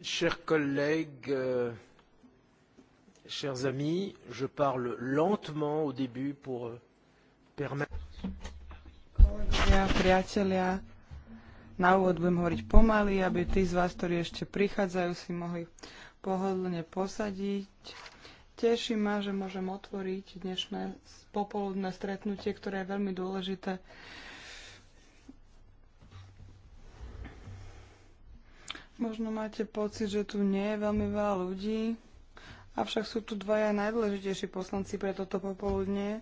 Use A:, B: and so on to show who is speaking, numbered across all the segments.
A: Chers collègues, euh, chers amis, je parle lentement au début pour euh, permettre.
B: Kolegovia, na úvod budem hovoriť pomaly, aby tí z vás, ktorí ešte prichádzajú, si mohli pohodlne posadiť. Teší ma, že môžem otvoriť dnešné popoludné stretnutie, ktoré je veľmi dôležité Možno máte pocit, že tu nie je veľmi veľa ľudí, avšak sú tu dvaja najdôležitejší poslanci pre toto popoludne.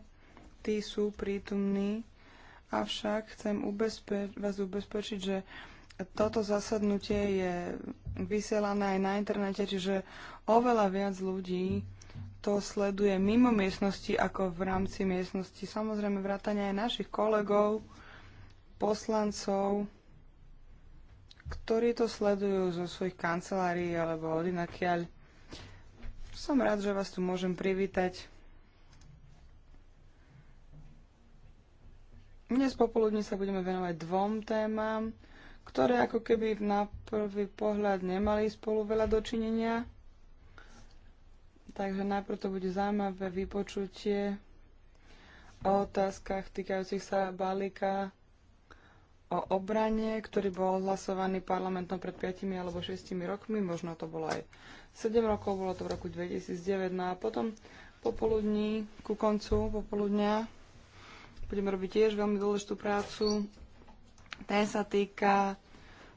B: Tí sú prítomní, avšak chcem ubezpe- vás ubezpečiť, že toto zasadnutie je vysielané aj na internete, čiže oveľa viac ľudí to sleduje mimo miestnosti ako v rámci miestnosti. Samozrejme vrátane aj našich kolegov, poslancov, ktorí to sledujú zo svojich kancelárií alebo odinakiaľ. Som rád, že vás tu môžem privítať. Dnes popoludne sa budeme venovať dvom témam, ktoré ako keby na prvý pohľad nemali spolu veľa dočinenia. Takže najprv to bude zaujímavé vypočutie o otázkach týkajúcich sa balíka o obrane, ktorý bol hlasovaný parlamentom pred 5 alebo 6 rokmi, možno to bolo aj 7 rokov, bolo to v roku 2009. No a potom popoludní, ku koncu popoludňa, budeme robiť tiež veľmi dôležitú prácu. Ten sa týka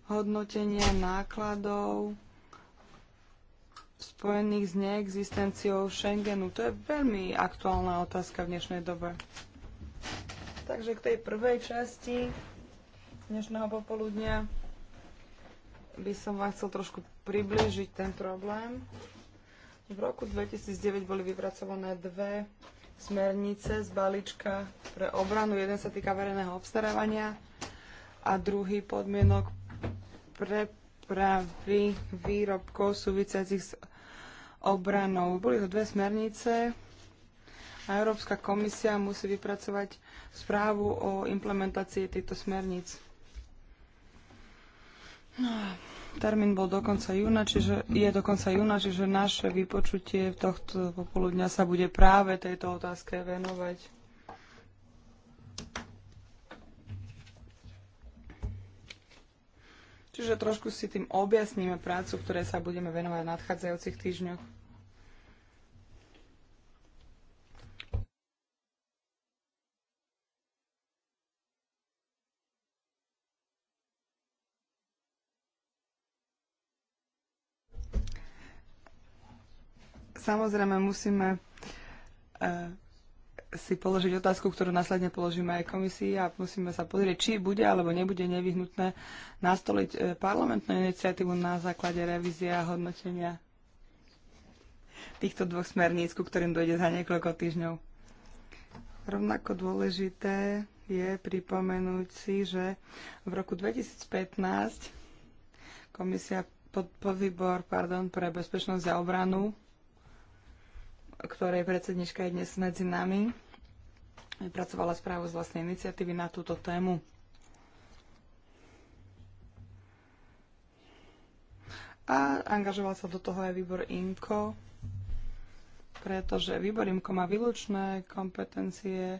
B: hodnotenia nákladov spojených s neexistenciou Schengenu. To je veľmi aktuálna otázka v dnešnej dobe. Takže k tej prvej časti dnešného popoludnia by som vám chcel trošku priblížiť ten problém. V roku 2009 boli vypracované dve smernice z balíčka pre obranu. Jeden sa týka verejného obstarávania a druhý podmienok prepravy výrobkov súvisiacich s obranou. Boli to dve smernice a Európska komisia musí vypracovať správu o implementácii týchto smerníc. No termín bol do konca júna, čiže je do konca júna, čiže naše vypočutie tohto popoludňa sa bude práve tejto otázke venovať. Čiže trošku si tým objasníme prácu, ktoré sa budeme venovať v nadchádzajúcich týždňoch. Samozrejme musíme eh, si položiť otázku, ktorú následne položíme aj komisii a musíme sa pozrieť, či bude alebo nebude nevyhnutné nastoliť eh, parlamentnú iniciatívu na základe revízia a hodnotenia týchto dvoch smerníc, ku ktorým dojde za niekoľko týždňov. Rovnako dôležité je pripomenúť si, že v roku 2015 komisia pod, podvýbor pardon, pre bezpečnosť a obranu ktorej predsednička je dnes medzi nami, vypracovala správu z vlastnej iniciatívy na túto tému. A angažoval sa do toho aj výbor INKO, pretože výbor INKO má výlučné kompetencie e,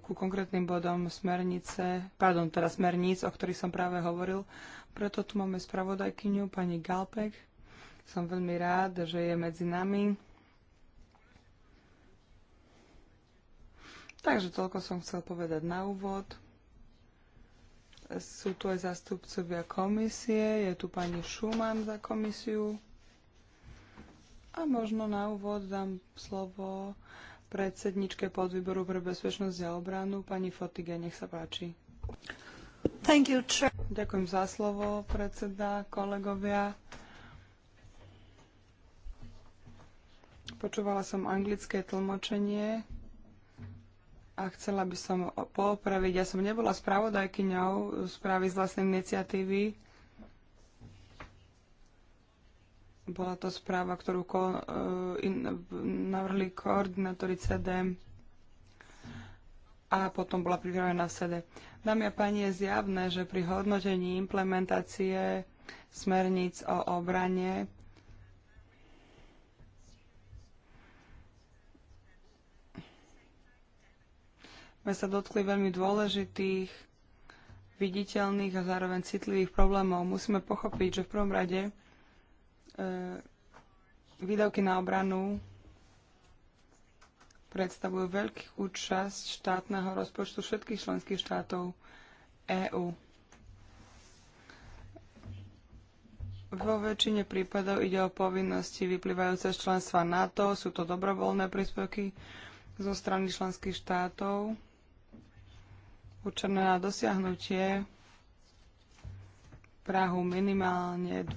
B: ku konkrétnym bodom smernice, pardon, teda smerníc, o ktorých som práve hovoril. Preto tu máme spravodajkyňu, pani Galpek. Som veľmi rád, že je medzi nami Takže toľko som chcel povedať na úvod. Sú tu aj zastupcovia komisie, je tu pani Šuman za komisiu. A možno na úvod dám slovo predsedničke podvýboru pre bezpečnosť a obranu, pani Fotige, nech sa páči. You, Ďakujem za slovo, predseda, kolegovia. Počúvala som anglické tlmočenie, a chcela by som poopraviť, ja som nebola spravodajkyňou správy z vlastnej iniciatívy. Bola to správa, ktorú ko, e, in, navrhli koordinátori CD a potom bola pripravená v CD. Dámy a páni, je zjavné, že pri hodnotení implementácie smerníc o obrane sme sa dotkli veľmi dôležitých, viditeľných a zároveň citlivých problémov. Musíme pochopiť, že v prvom rade e, výdavky na obranu predstavujú veľkú časť štátneho rozpočtu všetkých členských štátov EÚ. Vo väčšine prípadov ide o povinnosti vyplývajúce z členstva NATO, sú to dobrovoľné príspevky zo strany členských štátov určené na dosiahnutie Prahu minimálne 2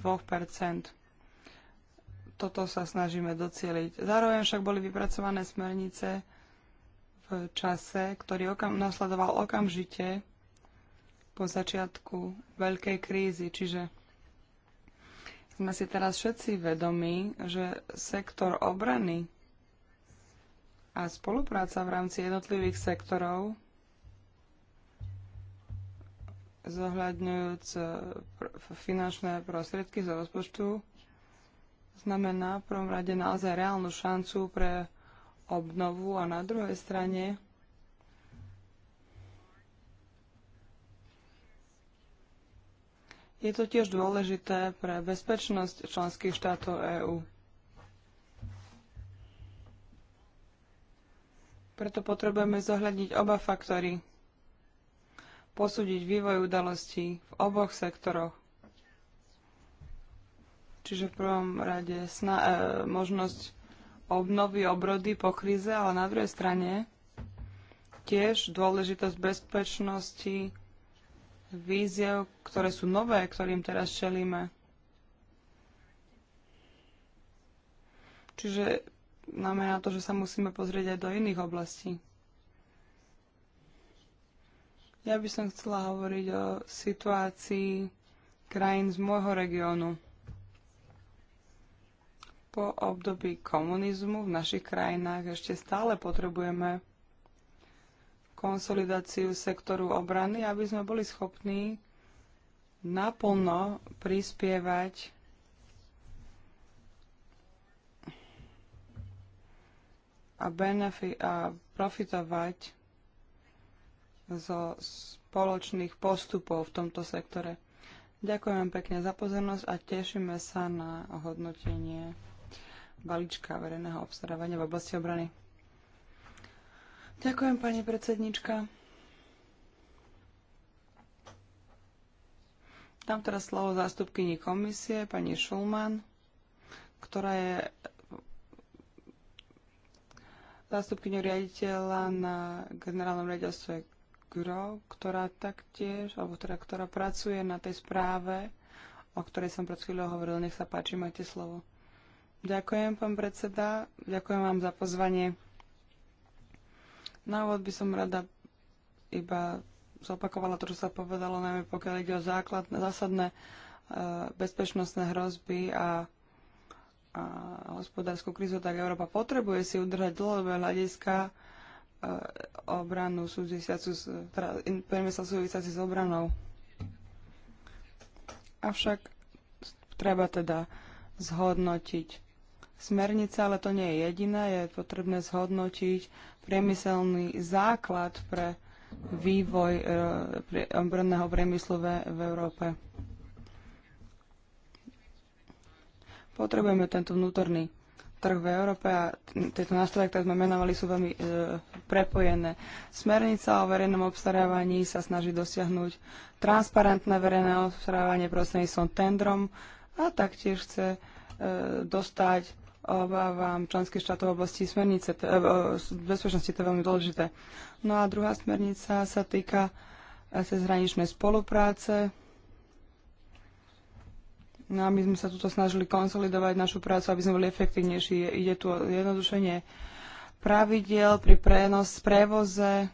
B: Toto sa snažíme docieliť. Zároveň však boli vypracované smernice v čase, ktorý okam- nasledoval okamžite po začiatku veľkej krízy. Čiže sme si teraz všetci vedomí, že sektor obrany a spolupráca v rámci jednotlivých sektorov zohľadňujúc eh, finančné prostriedky z rozpočtu, znamená v prvom rade naozaj reálnu šancu pre obnovu a na druhej strane Je to tiež dôležité pre bezpečnosť členských štátov EÚ. Preto potrebujeme zohľadniť oba faktory posúdiť vývoj udalostí v oboch sektoroch. Čiže v prvom rade sna- e, možnosť obnovy obrody po kríze, ale na druhej strane tiež dôležitosť bezpečnosti víziev, ktoré sú nové, ktorým teraz čelíme. Čiže znamená to, že sa musíme pozrieť aj do iných oblastí. Ja by som chcela hovoriť o situácii krajín z môjho regiónu. Po období komunizmu v našich krajinách ešte stále potrebujeme konsolidáciu sektoru obrany, aby sme boli schopní naplno prispievať a, benefi- a profitovať zo spoločných postupov v tomto sektore. Ďakujem pekne za pozornosť a tešíme sa na hodnotenie balíčka verejného obstarávania v oblasti obrany. Ďakujem, pani predsednička. Dám teraz slovo zástupkyni komisie, pani Šulman, ktorá je zástupkyňou riaditeľa na generálnom riaditeľstve Gro, ktorá taktiež, alebo teda, ktorá pracuje na tej správe, o ktorej som pred chvíľou hovoril. Nech sa páči, majte slovo. Ďakujem, pán predseda. Ďakujem vám za pozvanie. Na úvod by som rada iba zopakovala to, čo sa povedalo, najmä pokiaľ ide o základ, zásadné e, bezpečnostné hrozby a, a hospodárskú krízu, tak Európa potrebuje si udržať dlhodobé hľadiska obranu súvisiacu s, teda priemysel súvisiaci s obranou. Avšak treba teda zhodnotiť smernice, ale to nie je jediné, je potrebné zhodnotiť priemyselný základ pre vývoj e, obranného priemyslu v, v Európe. Potrebujeme tento vnútorný trh v Európe a tieto nástroje, ktoré sme menovali, sú veľmi e, prepojené. Smernica o verejnom obstarávaní sa snaží dosiahnuť transparentné verejné obstarávanie prostredníctvom tendrom a taktiež chce e, dostať obávam členských štátov v oblasti smernice, t- e, e, bezpečnosti, to je veľmi dôležité. No a druhá smernica sa týka e, cezhraničnej spolupráce No a my sme sa tuto snažili konsolidovať našu prácu, aby sme boli efektívnejší. Ide tu o jednodušenie pravidel pri prenos, prevoze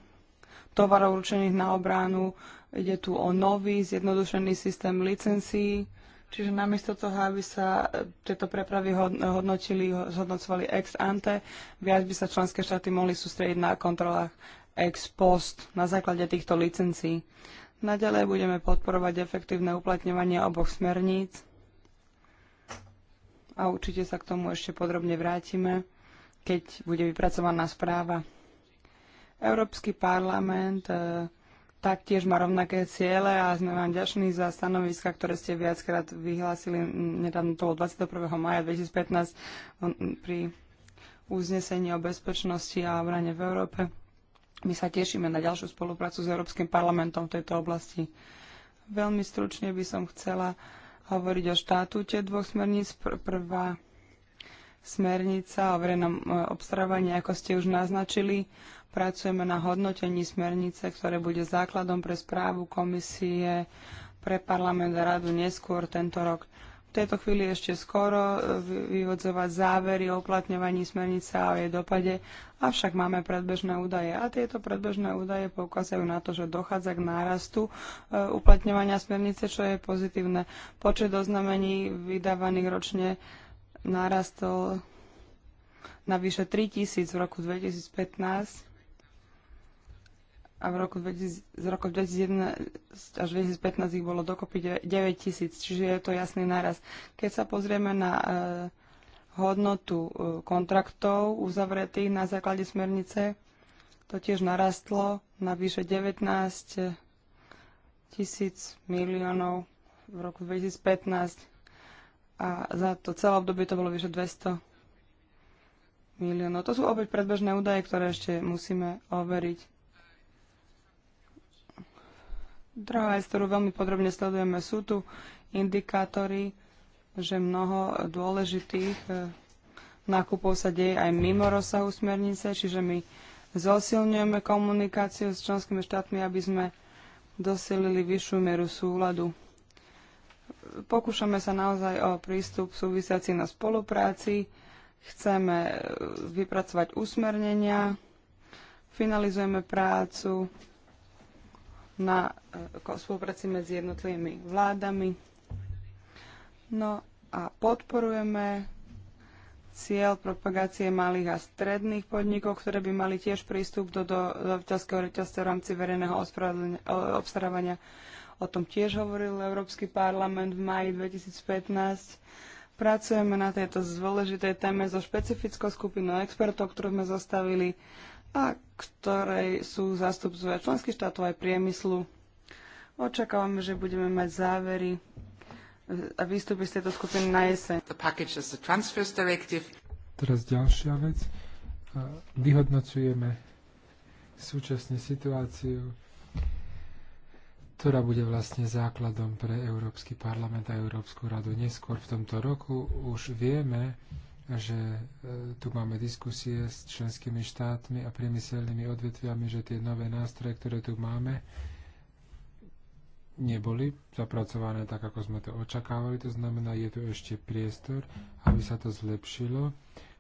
B: tovarov určených na obránu, Ide tu o nový zjednodušený systém licencií. Čiže namiesto toho, aby sa tieto prepravy hodnotili, zhodnocovali ex ante, viac by sa členské štáty mohli sústrediť na kontrolách ex post na základe týchto licencií. Naďalej budeme podporovať efektívne uplatňovanie oboch smerníc a určite sa k tomu ešte podrobne vrátime, keď bude vypracovaná správa. Európsky parlament e, taktiež má rovnaké ciele a sme vám ďační za stanoviska, ktoré ste viackrát vyhlásili nedávno toho 21. maja 2015 pri uznesení o bezpečnosti a obrane v Európe. My sa tešíme na ďalšiu spoluprácu s Európskym parlamentom v tejto oblasti. Veľmi stručne by som chcela uh, hovoriť o štatúte dvoch smerníc. Pr- prvá smernica o verejnom e, obstarávaní, ako ste už naznačili, pracujeme na hodnotení smernice, ktoré bude základom pre správu komisie pre parlament a radu neskôr tento rok tejto chvíli ešte skoro e, vyvodzovať závery o uplatňovaní smernice a o jej dopade, avšak máme predbežné údaje. A tieto predbežné údaje poukazujú na to, že dochádza k nárastu e, uplatňovania smernice, čo je pozitívne. Počet oznamení vydávaných ročne narastol na vyše 3000 v roku 2015 a v roku 2000, z roku 2011 až 2015 ich bolo dokopy 9 tisíc, čiže je to jasný naraz. Keď sa pozrieme na uh, hodnotu uh, kontraktov uzavretých na základe smernice, to tiež narastlo na vyše 19 tisíc miliónov v roku 2015 a za to celé obdobie to bolo vyše 200 miliónov. To sú opäť predbežné údaje, ktoré ešte musíme overiť. Druhá vec, ktorú veľmi podrobne sledujeme, sú tu indikátory, že mnoho dôležitých e, nákupov sa deje aj mimo rozsahu smernice, čiže my zosilňujeme komunikáciu s členskými štátmi, aby sme dosilili vyššiu mieru súladu. Pokúšame sa naozaj o prístup súvisiaci na spolupráci, chceme e, vypracovať usmernenia, finalizujeme prácu na e, spolupráci medzi jednotlivými vládami. No a podporujeme cieľ propagácie malých a stredných podnikov, ktoré by mali tiež prístup do dodavateľského reťazca v rámci verejného e, obstarávania. O tom tiež hovoril Európsky parlament v maji 2015. Pracujeme na tejto zvoležitej téme so špecifickou skupinou expertov, ktorú sme zostavili a ktorej sú zástupcovia členských štátov aj priemyslu. Očakávame, že budeme mať závery e, a výstupy z tejto skupiny na jeseň.
C: Teraz ďalšia vec. E, vyhodnocujeme súčasne situáciu, ktorá bude vlastne základom pre Európsky parlament a Európsku radu. Neskôr v tomto roku už vieme, že e, tu máme diskusie s členskými štátmi a priemyselnými odvetviami, že tie nové nástroje, ktoré tu máme, neboli zapracované tak, ako sme to očakávali. To znamená, je tu ešte priestor, aby sa to zlepšilo.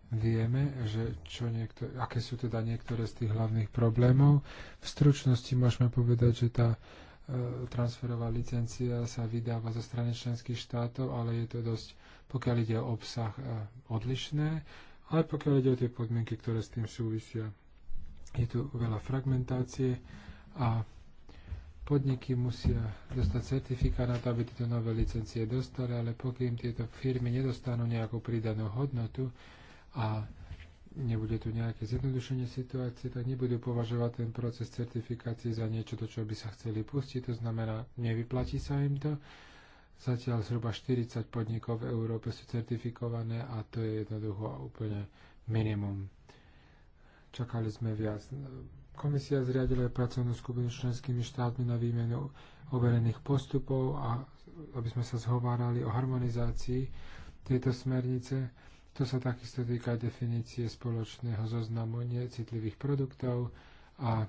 C: Vieme, že čo niektor- aké sú teda niektoré z tých hlavných problémov. V stručnosti môžeme povedať, že tá e, transferová licencia sa vydáva zo strany členských štátov, ale je to dosť pokiaľ ide o obsah e, odlišné, ale pokiaľ ide o tie podmienky, ktoré s tým súvisia. Je tu veľa fragmentácie a podniky musia dostať certifikát na to, aby tieto nové licencie dostali, ale pokiaľ im tieto firmy nedostanú nejakú pridanú hodnotu a nebude tu nejaké zjednodušenie situácie, tak nebudú považovať ten proces certifikácie za niečo, do čo by sa chceli pustiť. To znamená, nevyplatí sa im to Zatiaľ zhruba 40 podnikov v Európe sú certifikované a to je jednoducho úplne minimum. Čakali sme viac. Komisia zriadila aj pracovnú skupinu s členskými štátmi na výmenu overených postupov a aby sme sa zhovárali o harmonizácii tejto smernice. To sa takisto týka definície spoločného zoznamu necitlivých produktov a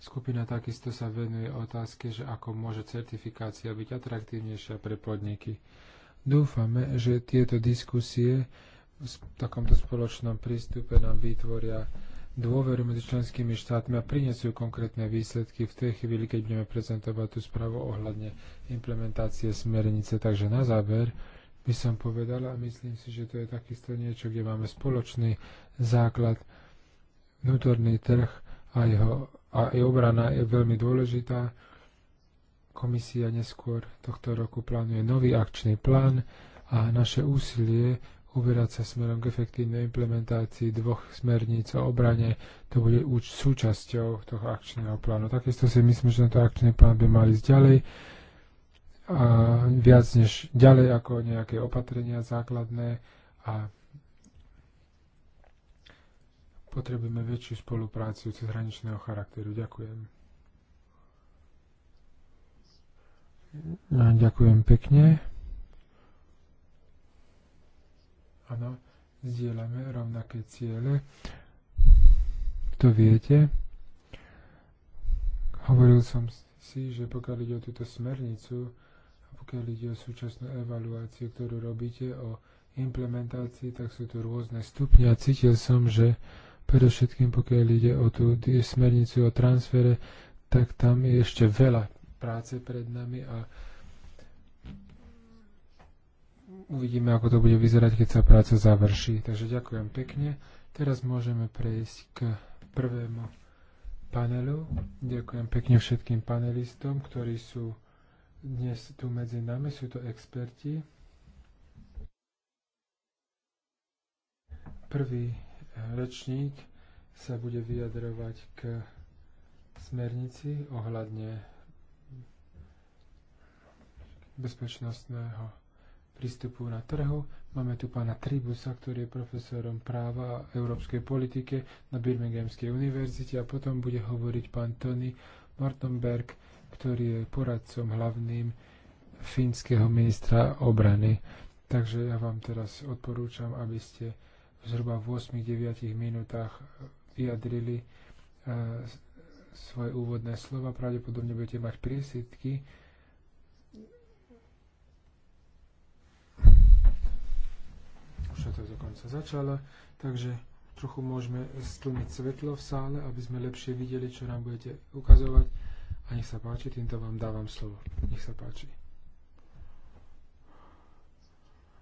C: Skupina takisto sa venuje otázke, že ako môže certifikácia byť atraktívnejšia pre podniky. Dúfame, že tieto diskusie v takomto spoločnom prístupe nám vytvoria dôveru medzi členskými štátmi a prinesú konkrétne výsledky v tej chvíli, keď budeme prezentovať tú správu ohľadne implementácie smernice. Takže na záver by som povedala a myslím si, že to je takisto niečo, kde máme spoločný základ, vnútorný trh a jeho a aj obrana je veľmi dôležitá. Komisia neskôr tohto roku plánuje nový akčný plán a naše úsilie uberať sa smerom k efektívnej implementácii dvoch smerníc o obrane, to bude už súčasťou toho akčného plánu. Takisto si myslím, že tento akčný plán by mal ísť ďalej a viac než ďalej ako nejaké opatrenia základné a Potrebujeme väčšiu spoluprácu cezhraničného charakteru. Ďakujem. ďakujem pekne. Áno, zdieľame rovnaké ciele. To viete. Hovoril som si, že pokiaľ ide o túto smernicu a pokiaľ ide o súčasnú evaluáciu, ktorú robíte o implementácii, tak sú tu rôzne stupne a cítil som, že Predovšetkým, pokiaľ ide o tú smernicu o transfere, tak tam je ešte veľa práce pred nami a uvidíme, ako to bude vyzerať, keď sa práca završí. Takže ďakujem pekne. Teraz môžeme prejsť k prvému panelu. Ďakujem pekne všetkým panelistom, ktorí sú dnes tu medzi nami. Sú to experti. Prvý rečník sa bude vyjadrovať k smernici ohľadne bezpečnostného prístupu na trhu. Máme tu pána Tribusa, ktorý je profesorom práva a európskej politike na Birminghamskej univerzite a potom bude hovoriť pán Tony Martenberg, ktorý je poradcom hlavným fínskeho ministra obrany. Takže ja vám teraz odporúčam, aby ste zhruba v 8-9 minútach vyjadrili e, svoje úvodné slova. Pravdepodobne budete mať priesvitky. Už to dokonca začalo, takže trochu môžeme stlmiť svetlo v sále, aby sme lepšie videli, čo nám budete ukazovať. A nech sa páči, týmto vám dávam slovo. Nech sa páči.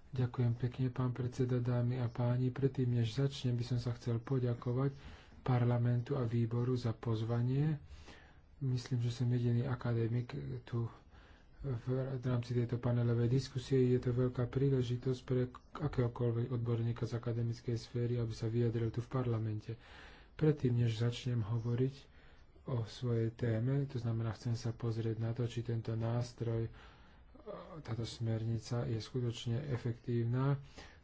C: Ďakujem pekne, pán predseda, dámy a páni. Predtým, než začnem, by som sa chcel poďakovať parlamentu a výboru za pozvanie. Myslím, že som jediný akadémik tu v rámci tejto panelovej diskusie. Je to veľká príležitosť pre akéhokoľvek odborníka z akademickej sféry, aby sa vyjadril tu v parlamente. Predtým, než začnem hovoriť o svojej téme, to znamená, chcem sa pozrieť na to, či tento nástroj táto smernica je skutočne efektívna.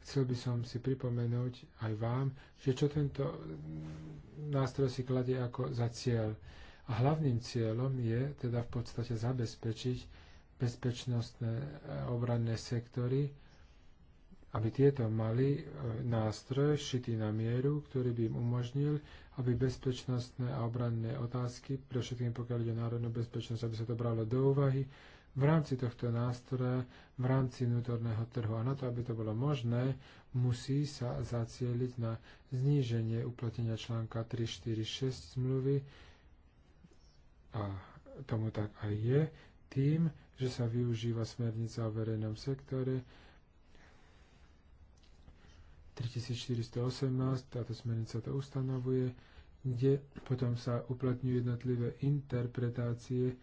C: Chcel by som si pripomenúť aj vám, že čo tento nástroj si kladie ako za cieľ. A hlavným cieľom je teda v podstate zabezpečiť bezpečnostné e, obranné sektory, aby tieto mali e, nástroj šitý na mieru, ktorý by im umožnil, aby bezpečnostné a obranné otázky, pre všetkým pokiaľ ide o národnú bezpečnosť, aby sa to bralo do úvahy, v rámci tohto nástroja, v rámci vnútorného trhu. A na to, aby to bolo možné, musí sa zacieliť na zníženie uplatnenia článka 346 zmluvy a tomu tak aj je, tým, že sa využíva smernica o verejnom sektore 3418, táto smernica to ustanovuje, kde potom sa uplatňujú jednotlivé interpretácie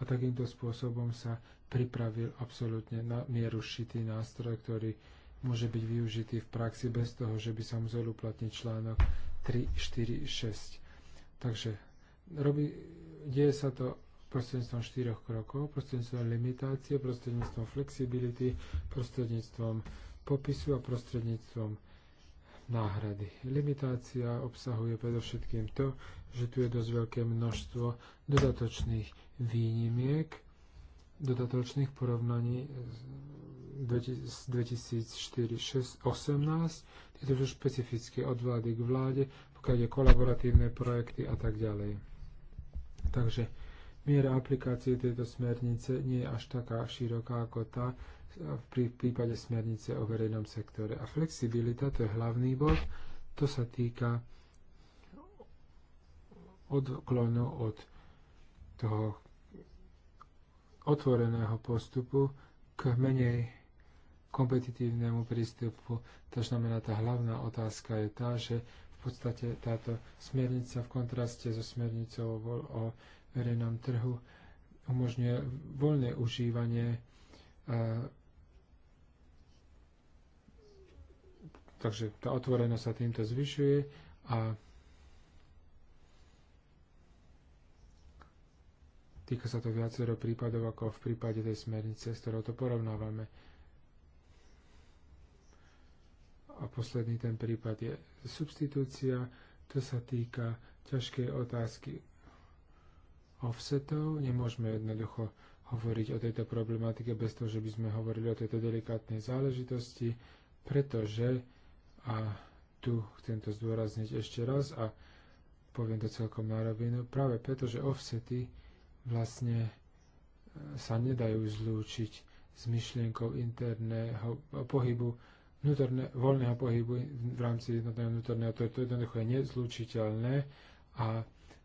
C: a takýmto spôsobom sa pripravil absolútne na mieru šitý nástroj, ktorý môže byť využitý v praxi bez toho, že by sa musel uplatniť článok 3, 4, 6. Takže robí, deje sa to prostredníctvom štyroch krokov, prostredníctvom limitácie, prostredníctvom flexibility, prostredníctvom popisu a prostredníctvom náhrady. Limitácia obsahuje predovšetkým to, že tu je dosť veľké množstvo dodatočných výnimiek, dodatočných porovnaní z 2004-2018. Tieto sú špecifické od vlády k vláde, pokiaľ je kolaboratívne projekty a tak ďalej. Takže miera aplikácie tejto smernice nie je až taká široká ako tá, v prípade smernice o verejnom sektore. A flexibilita, to je hlavný bod, to sa týka odklonu od toho otvoreného postupu k menej kompetitívnemu prístupu. To znamená, tá hlavná otázka je tá, že v podstate táto smernica v kontraste so smernicou o verejnom trhu umožňuje voľné užívanie eh, Takže tá otvorenosť sa týmto zvyšuje a týka sa to viacero prípadov ako v prípade tej smernice, s ktorou to porovnávame. A posledný ten prípad je substitúcia, to sa týka ťažkej otázky offsetov. Nemôžeme jednoducho hovoriť o tejto problematike bez toho, že by sme hovorili o tejto delikátnej záležitosti, pretože a tu chcem to zdôrazniť ešte raz a poviem to celkom na rovinu, práve preto, že offsety vlastne e, sa nedajú zlúčiť s myšlienkou interného pohybu, vnútorné, voľného pohybu v rámci jednotného vnútorného, to je to jednoducho je nezlučiteľné a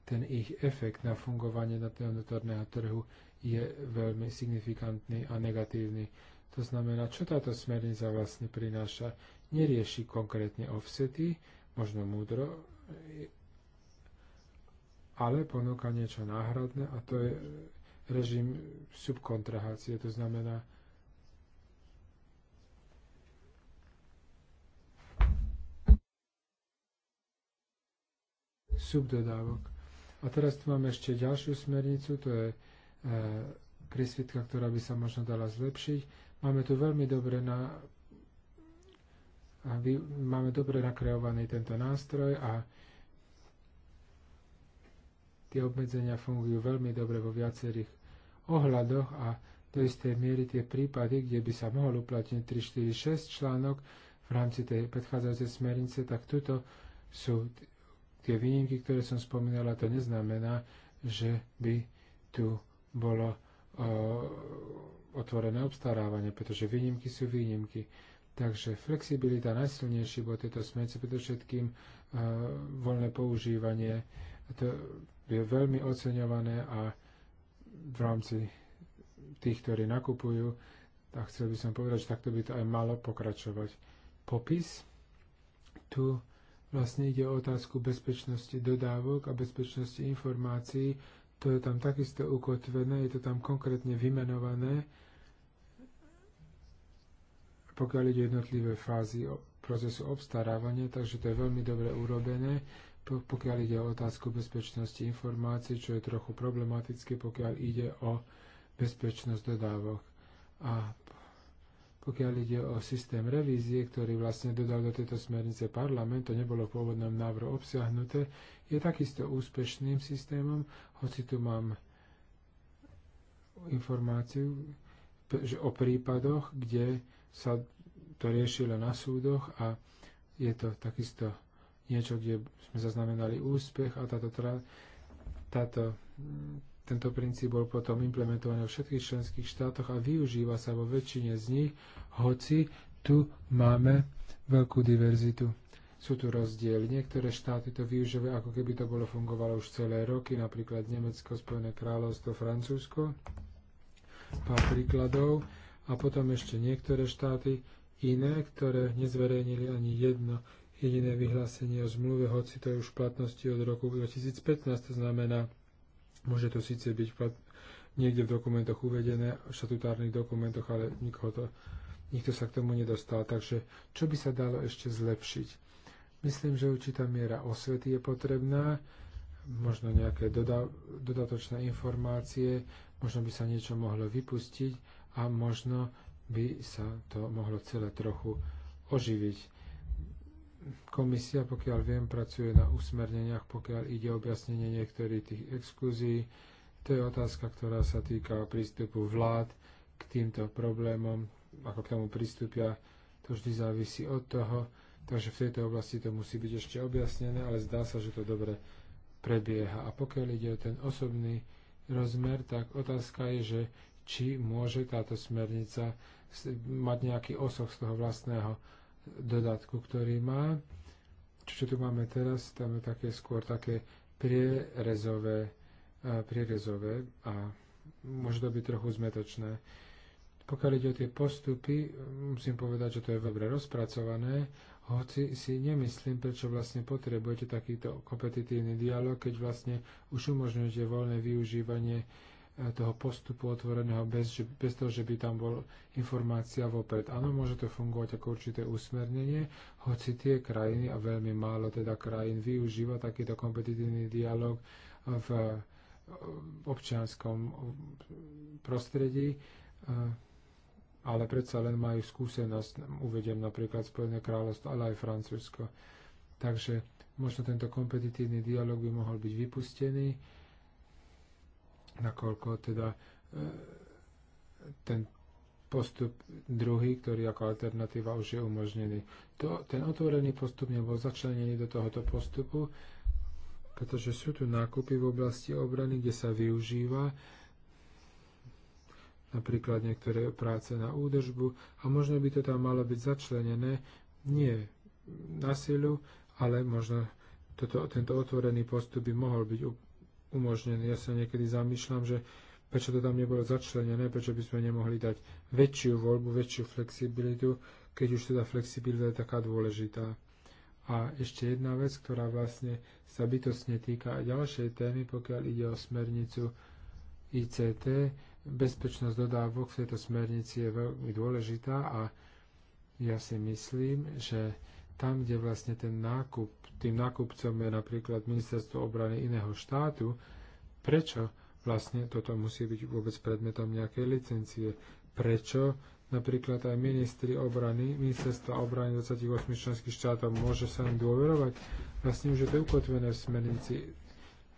C: ten ich efekt na fungovanie jednotného vnútorného trhu je veľmi signifikantný a negatívny. To znamená, čo táto smernica vlastne prináša? nerieši konkrétne offsety, možno múdro, ale ponúka niečo náhradné a to je režim subkontrahácie, to znamená, subdodávok. A teraz tu máme ešte ďalšiu smernicu, to je e, prísvitka, ktorá by sa možno dala zlepšiť. Máme tu veľmi dobre na vy, máme dobre nakreovaný tento nástroj a tie obmedzenia fungujú veľmi dobre vo viacerých ohľadoch a do istej miery tie prípady, kde by sa mohol uplatniť 3, 4, 6 článok v rámci tej predchádzajúcej smernice, tak tuto sú tie výnimky, ktoré som spomínala, to neznamená, že by tu bolo o, e, otvorené obstarávanie, pretože výnimky sú výnimky. Takže flexibilita najsilnejší bol tejto smernice, predovšetkým eh, voľné používanie. To je veľmi oceňované a v rámci tých, ktorí nakupujú, tak chcel by som povedať, že takto by to aj malo pokračovať. Popis. Tu vlastne ide o otázku bezpečnosti dodávok a bezpečnosti informácií. To je tam takisto ukotvené, je to tam konkrétne vymenované pokiaľ ide jednotlivé fázy procesu obstarávania, takže to je veľmi dobre urobené. Pokiaľ ide o otázku bezpečnosti informácií, čo je trochu problematické, pokiaľ ide o bezpečnosť dodávok. A pokiaľ ide o systém revízie, ktorý vlastne dodal do tejto smernice parlament, to nebolo v pôvodnom návrhu obsiahnuté, je takisto úspešným systémom, hoci tu mám informáciu že o prípadoch, kde sa to riešilo na súdoch a je to takisto niečo, kde sme zaznamenali úspech a táto, táto, tento princíp bol potom implementovaný vo všetkých členských štátoch a využíva sa vo väčšine z nich, hoci tu máme veľkú diverzitu. Sú tu rozdiely. Niektoré štáty to využívajú, ako keby to bolo fungovalo už celé roky, napríklad Nemecko, Spojené kráľovstvo, Francúzsko. Pár príkladov a potom ešte niektoré štáty iné, ktoré nezverejnili ani jedno jediné vyhlásenie o zmluve, hoci to je už v platnosti od roku 2015, to znamená, môže to síce byť niekde v dokumentoch uvedené, v štatutárnych dokumentoch, ale nikoho to, nikto sa k tomu nedostal. Takže čo by sa dalo ešte zlepšiť? Myslím, že určitá miera osvety je potrebná, možno nejaké doda- dodatočné informácie, možno by sa niečo mohlo vypustiť, a možno by sa to mohlo celé trochu oživiť. Komisia, pokiaľ viem, pracuje na usmerneniach, pokiaľ ide o objasnenie niektorých tých exkluzí. To je otázka, ktorá sa týka prístupu vlád k týmto problémom, ako k tomu prístupia. To vždy závisí od toho, takže v tejto oblasti to musí byť ešte objasnené, ale zdá sa, že to dobre prebieha. A pokiaľ ide o ten osobný rozmer, tak otázka je, že či môže táto smernica mať nejaký osoch z toho vlastného dodatku, ktorý má. Čo, čo tu máme teraz, tam je také skôr také prierezové, prierezové a môže to byť trochu zmetočné. Pokiaľ ide o tie postupy, musím povedať, že to je dobre rozpracované, hoci si nemyslím, prečo vlastne potrebujete takýto kompetitívny dialog, keď vlastne už umožňujete voľné využívanie toho postupu otvoreného bez, že, bez toho, že by tam bol informácia vopred. Áno, môže to fungovať ako určité usmernenie, hoci tie krajiny, a veľmi málo teda krajín, využíva takýto kompetitívny dialog v eh, občianskom prostredí, eh, ale predsa len majú skúsenosť, uvediem napríklad Spojené kráľovstvo, ale aj Francúzsko. Takže možno tento kompetitívny dialog by mohol byť vypustený nakoľko teda e, ten postup druhý, ktorý ako alternatíva už je umožnený. To, ten otvorený postup nebol začlenený do tohoto postupu, pretože sú tu nákupy v oblasti obrany, kde sa využíva napríklad niektoré práce na údržbu a možno by to tam malo byť začlenené nie na silu, ale možno toto, tento otvorený postup by mohol byť umožnený. Ja sa niekedy zamýšľam, že prečo to tam nebolo začlenené, prečo by sme nemohli dať väčšiu voľbu, väčšiu flexibilitu, keď už teda flexibilita je taká dôležitá. A ešte jedna vec, ktorá vlastne sa bytostne týka aj ďalšej témy, pokiaľ ide o smernicu ICT, bezpečnosť dodávok v tejto smernici je veľmi dôležitá a ja si myslím, že tam, kde vlastne ten nákup, tým nákupcom je napríklad ministerstvo obrany iného štátu, prečo vlastne toto musí byť vôbec predmetom nejakej licencie? Prečo napríklad aj ministri obrany, ministerstva obrany 28 členských štátov môže sa im dôverovať? Vlastne už je to ukotvené v smernici.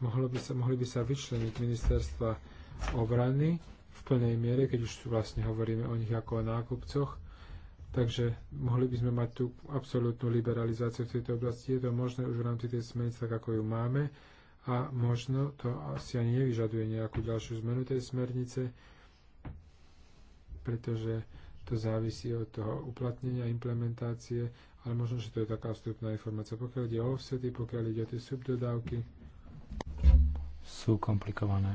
C: Mohlo by sa, mohli by sa vyčleniť ministerstva obrany v plnej miere, keď už tu vlastne hovoríme o nich ako o nákupcoch, Takže mohli by sme mať tú absolútnu liberalizáciu v tejto oblasti. Je to možné už v rámci tej smernice, tak ako ju máme. A možno to asi ani nevyžaduje nejakú ďalšiu zmenu tej smernice, pretože to závisí od toho uplatnenia, implementácie, ale možno, že to je taká vstupná informácia. Pokiaľ ide o offsety, pokiaľ ide o tie subdodávky,
D: sú komplikované.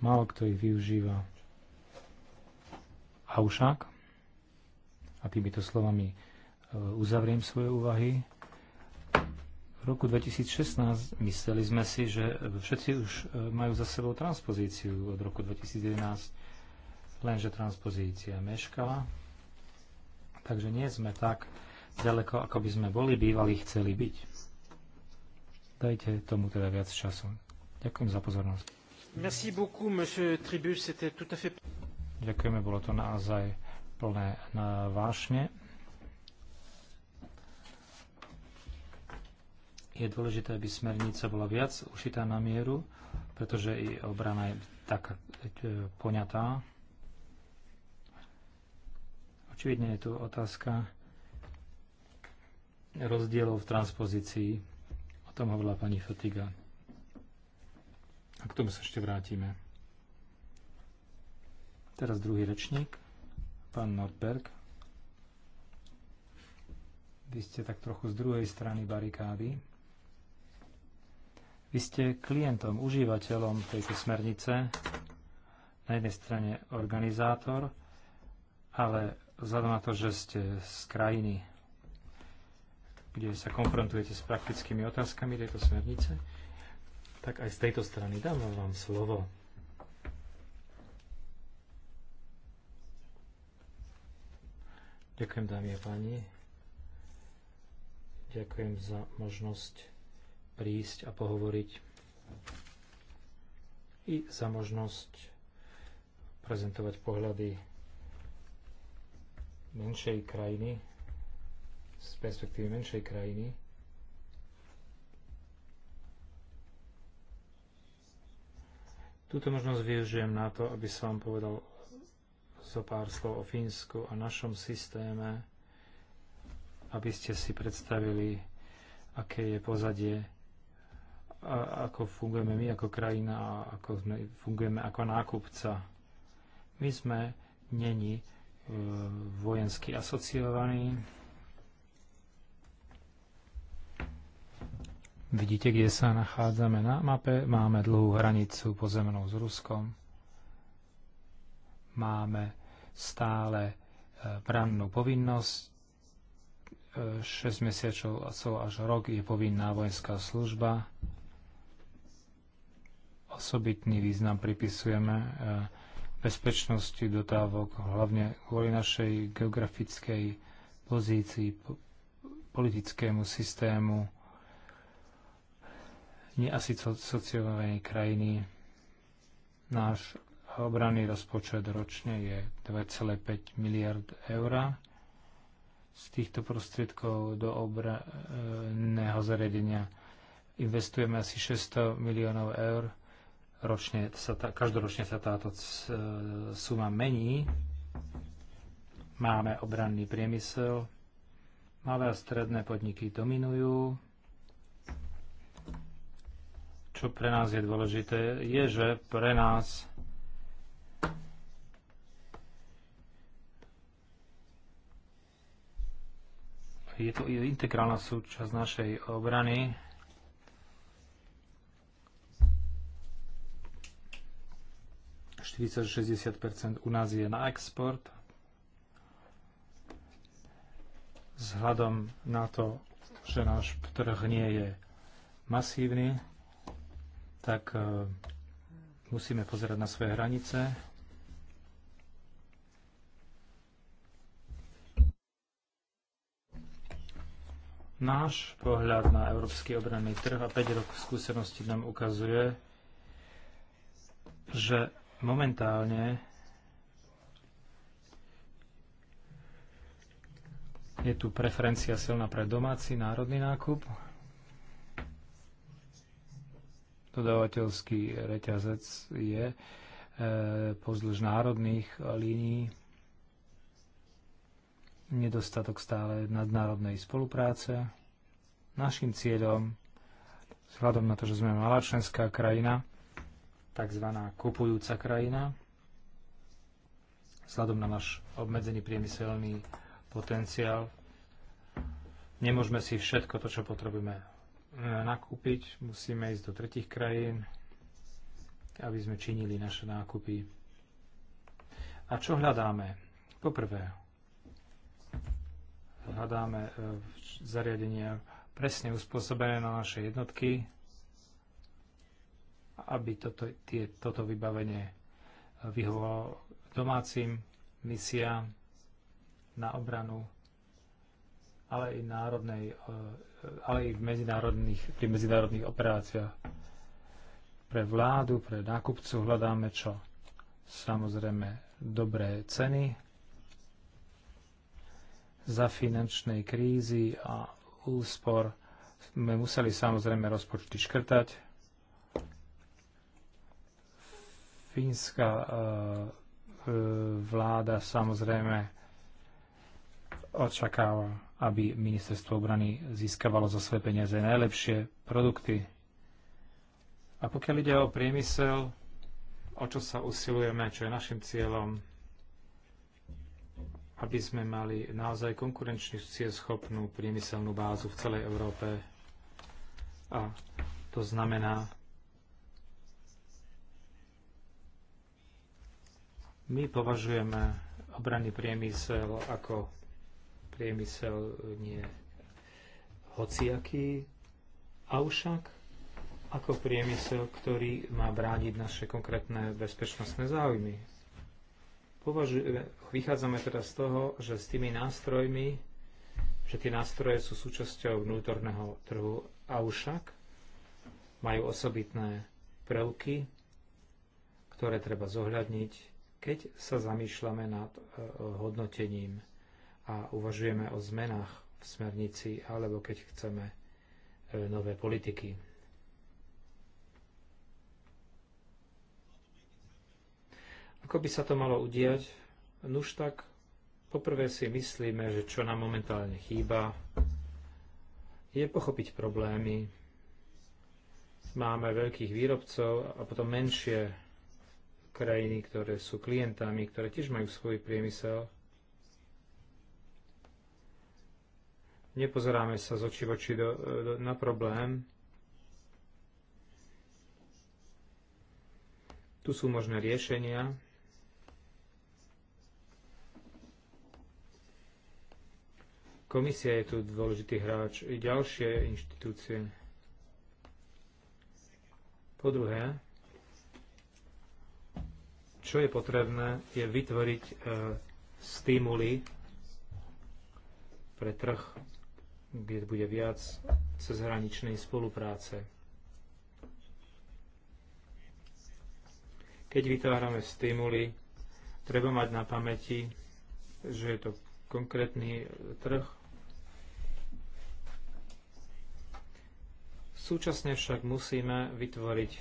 D: Málo kto ich využíva. A ušak? týmito slovami e, uzavriem svoje úvahy. V roku 2016 mysleli sme si, že všetci už e, majú za sebou transpozíciu od roku 2011, lenže transpozícia meškala. Takže nie sme tak ďaleko, ako by sme boli bývali chceli byť. Dajte tomu teda viac času. Ďakujem za pozornosť.
A: Merci beaucoup, monsieur Tribus, c'était tout à fait...
D: Ďakujeme, bolo to naozaj plné na vášne. Je dôležité, aby smernica bola viac ušitá na mieru, pretože i obrana je tak e, poňatá. Očividne je tu otázka rozdielov v transpozícii. O tom hovorila pani Fatiga. A k tomu sa ešte vrátime. Teraz druhý rečník. Pán Nordberg, vy ste tak trochu z druhej strany barikády. Vy ste klientom, užívateľom tejto smernice, na jednej strane organizátor, ale vzhľadom na to, že ste z krajiny, kde sa konfrontujete s praktickými otázkami tejto smernice, tak aj z tejto strany dám vám slovo. Ďakujem, dámy a páni. Ďakujem za možnosť prísť a pohovoriť i za možnosť prezentovať pohľady menšej krajiny, z perspektívy menšej krajiny. Túto možnosť využijem na to, aby som vám povedal so pár slov o Fínsku a našom systéme, aby ste si predstavili, aké je pozadie, a ako fungujeme my ako krajina a ako sme, fungujeme ako nákupca. My sme není e, vojensky asociovaní. Vidíte, kde sa nachádzame na mape. Máme dlhú hranicu pozemnou s Ruskom. Máme stále e, brannú povinnosť. 6 e, mesiacov až rok je povinná vojenská služba. Osobitný význam pripisujeme e, bezpečnosti dotávok, hlavne kvôli našej geografickej pozícii, politickému systému, neasociovanej krajiny. Náš obranný rozpočet ročne je 2,5 miliard eur. Z týchto prostriedkov do obranného zariadenia investujeme asi 600 miliónov eur. Ročne sa tá, každoročne sa táto suma mení. Máme obranný priemysel, malé a stredné podniky dominujú. Čo pre nás je dôležité, je, že pre nás je to integrálna súčasť našej obrany. ...40-60% u nás je na export. Vzhľadom na to, že náš trh nie je masívny, tak e, musíme pozerať na svoje hranice. Náš pohľad na európsky obranný trh a 5 rokov skúsenosti nám ukazuje, že momentálne je tu preferencia silná pre domáci národný nákup, dodávateľský reťazec je e, pozdĺž národných línií nedostatok stále nadnárodnej spolupráce. Našim cieľom, vzhľadom na to, že sme malá členská krajina, tzv. kupujúca krajina, vzhľadom na náš obmedzený priemyselný potenciál, nemôžeme si všetko to, čo potrebujeme e, nakúpiť, musíme ísť do tretich krajín, aby sme činili naše nákupy. A čo hľadáme? Poprvé, hľadáme e, zariadenia presne uspôsobené na naše jednotky, aby toto, tie, toto vybavenie e, vyhovovalo domácim misiám na obranu, ale i, národnej, e, ale i v medzinárodných, pri medzinárodných operáciách. Pre vládu, pre nákupcu hľadáme čo? Samozrejme dobré ceny, za finančnej krízy a úspor sme museli samozrejme rozpočty škrtať. Fínska e, e, vláda samozrejme očakáva, aby ministerstvo obrany získavalo za svoje peniaze najlepšie produkty. A pokiaľ ide o priemysel, o čo sa usilujeme, čo je našim cieľom, aby sme mali naozaj konkurenčnú schopnú priemyselnú bázu v celej Európe. A to znamená, my považujeme obranný priemysel ako priemysel nie hociaký, avšak ako priemysel, ktorý má brániť naše konkrétne bezpečnostné záujmy. Považujeme, vychádzame teda z toho, že s tými nástrojmi, že tie nástroje sú súčasťou vnútorného trhu avšak majú osobitné prvky, ktoré treba zohľadniť, keď sa zamýšľame nad e, hodnotením a uvažujeme o zmenách v smernici alebo keď chceme e, nové politiky. Ako by sa to malo udiať? Nuž tak, poprvé si myslíme, že čo nám momentálne chýba, je pochopiť problémy. Máme veľkých výrobcov a potom menšie krajiny, ktoré sú klientami, ktoré tiež majú svoj priemysel. Nepozeráme sa z očí v oči do, do, na problém, Tu sú možné riešenia. Komisia je tu dôležitý hráč i ďalšie inštitúcie. Po druhé, čo je potrebné, je vytvoriť e, stimuly pre trh, kde bude viac cezhraničnej spolupráce. Keď vytvárame stimuly, treba mať na pamäti, že je to konkrétny trh, Súčasne však musíme vytvoriť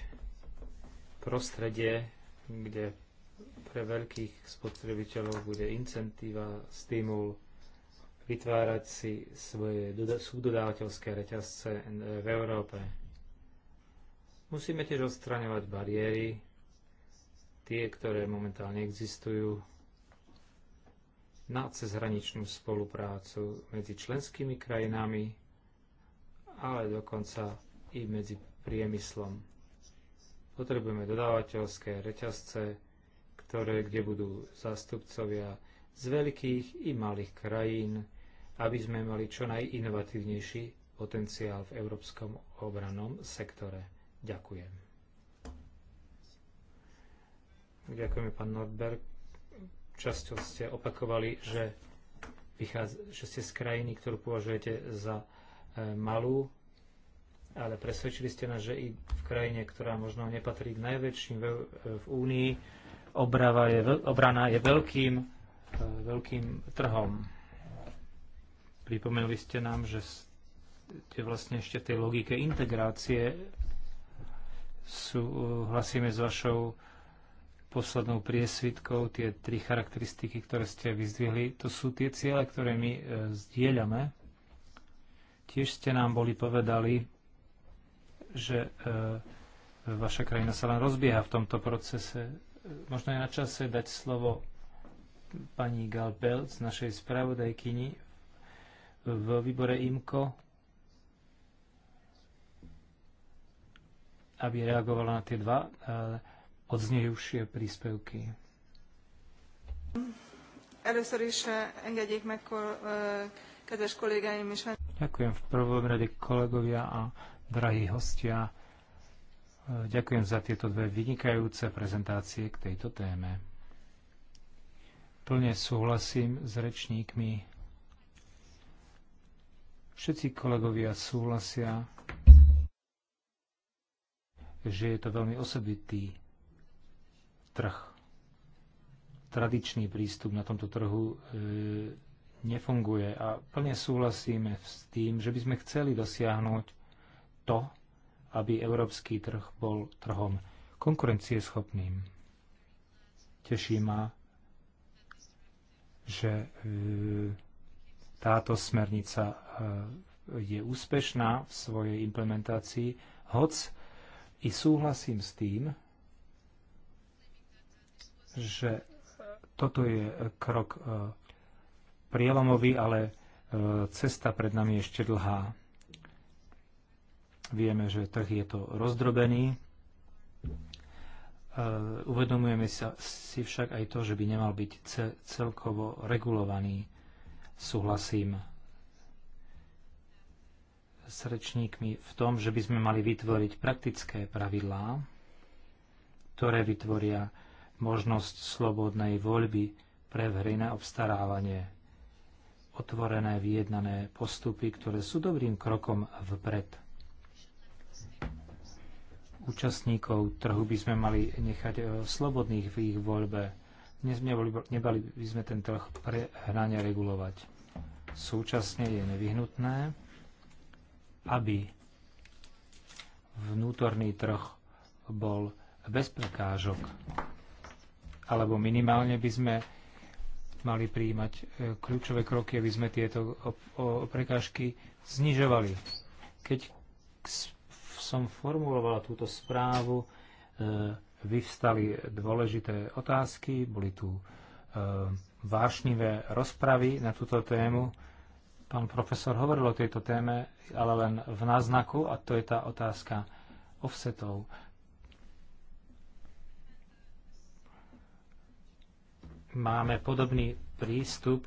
D: prostredie, kde pre veľkých spotrebiteľov bude incentíva, stimul vytvárať si svoje súdodávateľské reťazce v Európe. Musíme tiež odstraňovať bariéry, tie, ktoré momentálne existujú, na cezhraničnú spoluprácu medzi členskými krajinami, ale dokonca i medzi priemyslom. Potrebujeme dodávateľské reťazce, ktoré, kde budú zástupcovia z veľkých i malých krajín, aby sme mali čo najinovatívnejší potenciál v európskom obranom sektore. Ďakujem. Ďakujeme, pán Nordberg. Často ste opakovali, že, vychádza, že ste z krajiny, ktorú považujete za e, malú ale presvedčili ste nás, že i v krajine, ktorá možno nepatrí k najväčším v Únii, obrava je, obrana je veľkým, e, veľkým trhom. Pripomenuli ste nám, že ste vlastne ešte v tej logike integrácie súhlasíme e, s vašou poslednou priesvitkou, tie tri charakteristiky, ktoré ste vyzdvihli, to sú tie ciele, ktoré my e, zdieľame. Tiež ste nám boli povedali, že e, vaša krajina sa len rozbieha v tomto procese. Možno je na čase dať slovo pani Galbel z našej spravodajkyni v výbore IMKO, aby reagovala na tie dva e, odznejúšie príspevky.
E: Először is e, engedjék meg, kedves kollégáim is.
D: Ďakujem v prvom rade kolegovia a drahí hostia, e, ďakujem za tieto dve vynikajúce prezentácie k tejto téme. Plne súhlasím s rečníkmi. Všetci kolegovia súhlasia, že je to veľmi osobitý trh. Tradičný prístup na tomto trhu e, nefunguje a plne súhlasíme s tým, že by sme chceli dosiahnuť to, aby európsky trh bol trhom konkurencieschopným. Teší ma, že e, táto smernica e, je úspešná v svojej implementácii, hoc i súhlasím s tým, že toto je krok e, prielomový, ale cesta pred nami je ešte dlhá. Vieme, že trh je to rozdrobený. E, uvedomujeme si však aj to, že by nemal byť celkovo regulovaný. Súhlasím s rečníkmi v tom, že by sme mali vytvoriť praktické pravidlá, ktoré vytvoria možnosť slobodnej voľby pre verejné obstarávanie, otvorené vyjednané postupy, ktoré sú dobrým krokom vpred účastníkov trhu by sme mali nechať e, slobodných v ich voľbe. Nebali by sme ten trh prehnane regulovať. Súčasne je nevyhnutné, aby vnútorný trh bol bez prekážok. Alebo minimálne by sme mali príjmať e, kľúčové kroky, aby sme tieto prekážky znižovali. Keď som formulovala túto správu, e, vyvstali dôležité otázky, boli tu e, vášnivé rozpravy na túto tému. Pán profesor hovoril o tejto téme, ale len v náznaku, a to je tá otázka offsetov. Máme podobný prístup.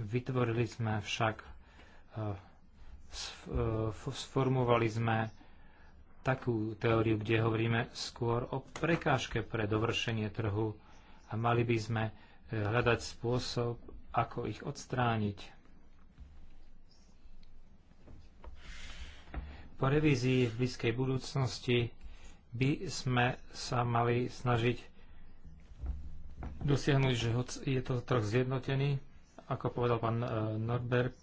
D: Vytvorili sme však e, E, sformovali sme takú teóriu, kde hovoríme skôr o prekážke pre dovršenie trhu a mali by sme e, hľadať spôsob, ako ich odstrániť. Po revízii v blízkej budúcnosti by sme sa mali snažiť dosiahnuť, že je to trh zjednotený, ako povedal pán e, Norbert,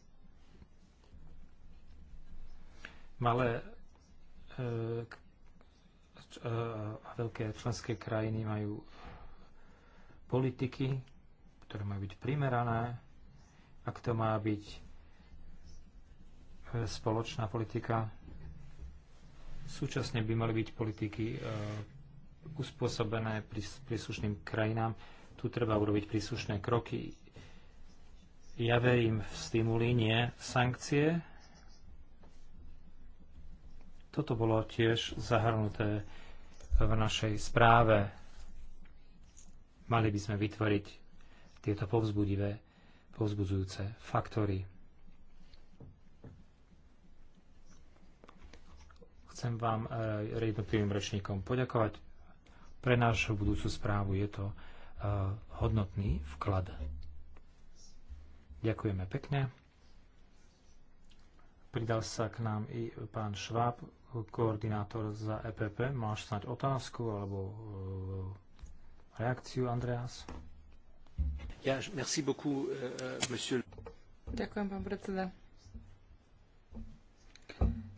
D: Malé e, e, a veľké členské krajiny majú politiky, ktoré majú byť primerané. Ak to má byť e, spoločná politika, súčasne by mali byť politiky uspôsobené príslušným krajinám. Tu treba urobiť príslušné kroky. Ja verím v stimuli, nie sankcie, toto bolo tiež zahrnuté v našej správe. Mali by sme vytvoriť tieto povzbudivé, povzbudzujúce faktory. Chcem vám e, jednotlivým ročníkom poďakovať. Pre našu budúcu správu je to e, hodnotný vklad. Ďakujeme pekne. Pridal sa k nám i pán Šváb, koordinátor za EPP. Máš snáď otázku alebo e, reakciu, Andreas?
A: Ja, merci beaucoup, e, e, monsieur.
B: Ďakujem, pán predseda.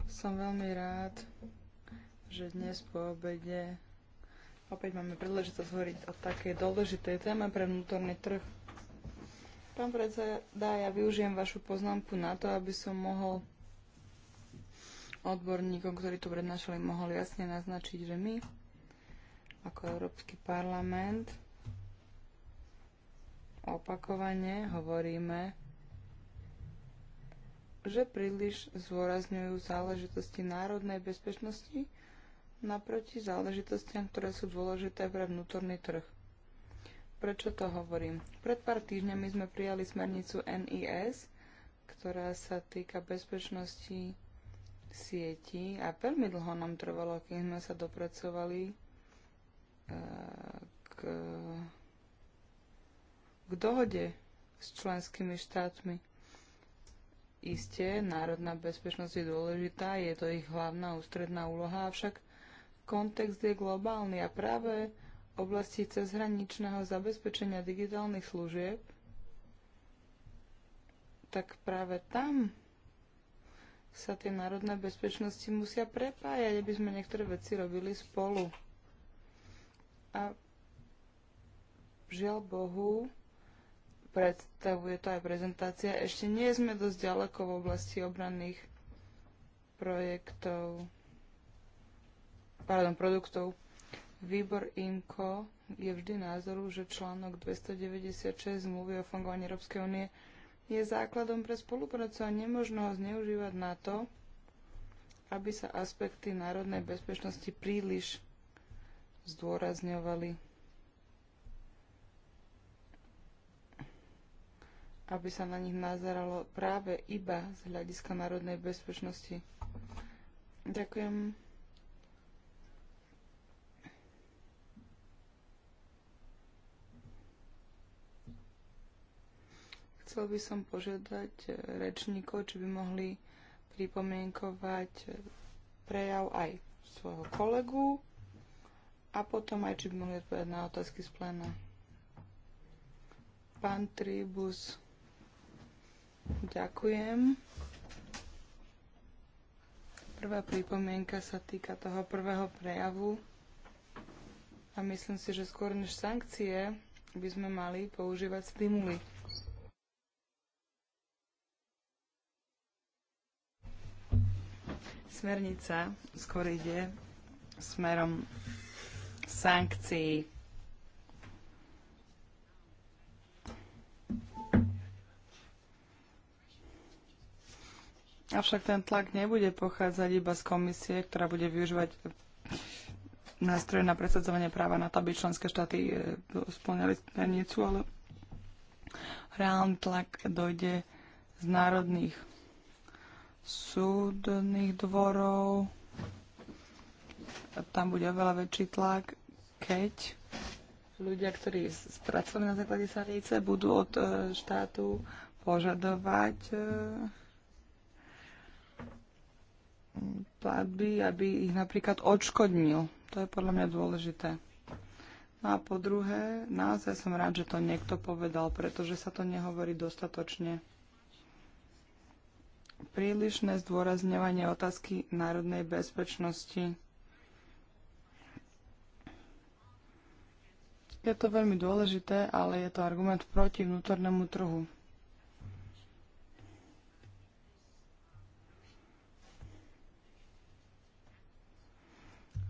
B: Som veľmi rád, že dnes po obede opäť máme príležitosť hovoriť o takej dôležitej téme pre vnútorný trh. Pán predseda, ja využijem vašu poznámku na to, aby som mohol odborníkom, ktorí tu prednášali, mohol jasne naznačiť, že my ako Európsky parlament opakovane hovoríme, že príliš zvorazňujú záležitosti národnej bezpečnosti naproti záležitostiam, ktoré sú dôležité pre vnútorný trh. Prečo to hovorím? Pred pár týždňami sme prijali smernicu NIS, ktorá sa týka bezpečnosti sieti a veľmi dlho nám trvalo, keď sme sa dopracovali e, k, k dohode s členskými štátmi. Isté, národná bezpečnosť je dôležitá, je to ich hlavná ústredná úloha, avšak kontext je globálny a práve v oblasti cezhraničného zabezpečenia digitálnych služieb, tak práve tam sa tie národné bezpečnosti musia prepájať, aby sme niektoré veci robili spolu. A žiaľ Bohu, predstavuje to aj prezentácia, ešte nie sme dosť ďaleko v oblasti obranných projektov, pardon, produktov. Výbor IMCO je vždy názoru, že článok 296 zmluvy o fungovaní Európskej únie je základom pre spoluprácu a nemožno ho zneužívať na to, aby sa aspekty národnej bezpečnosti príliš zdôrazňovali. aby sa na nich nazeralo práve iba z hľadiska národnej bezpečnosti. Ďakujem. Chcel by som požiadať eh, rečníkov, či by mohli pripomienkovať eh, prejav aj svojho kolegu a potom aj, či by mohli odpovedať na otázky z pléna. Pán Tribus, ďakujem. Prvá pripomienka sa týka toho prvého prejavu a myslím si, že skôr než sankcie by sme mali používať stimuly Smernica skôr ide smerom sankcií. Avšak ten tlak nebude pochádzať iba z komisie, ktorá bude využívať nástroje na presadzovanie práva na to, aby členské štáty e, splňali smernicu, ale reálny tlak dojde z národných súdnych dvorov. Tam bude oveľa väčší tlak, keď ľudia, ktorí pracovali na základe smernice, budú od e, štátu požadovať e, platby, aby ich napríklad odškodnil. To je podľa mňa dôležité. No a po druhé, naozaj som rád, že to niekto povedal, pretože sa to nehovorí dostatočne prílišné zdôrazňovanie otázky národnej bezpečnosti. Je to veľmi dôležité, ale je to argument proti vnútornému trhu.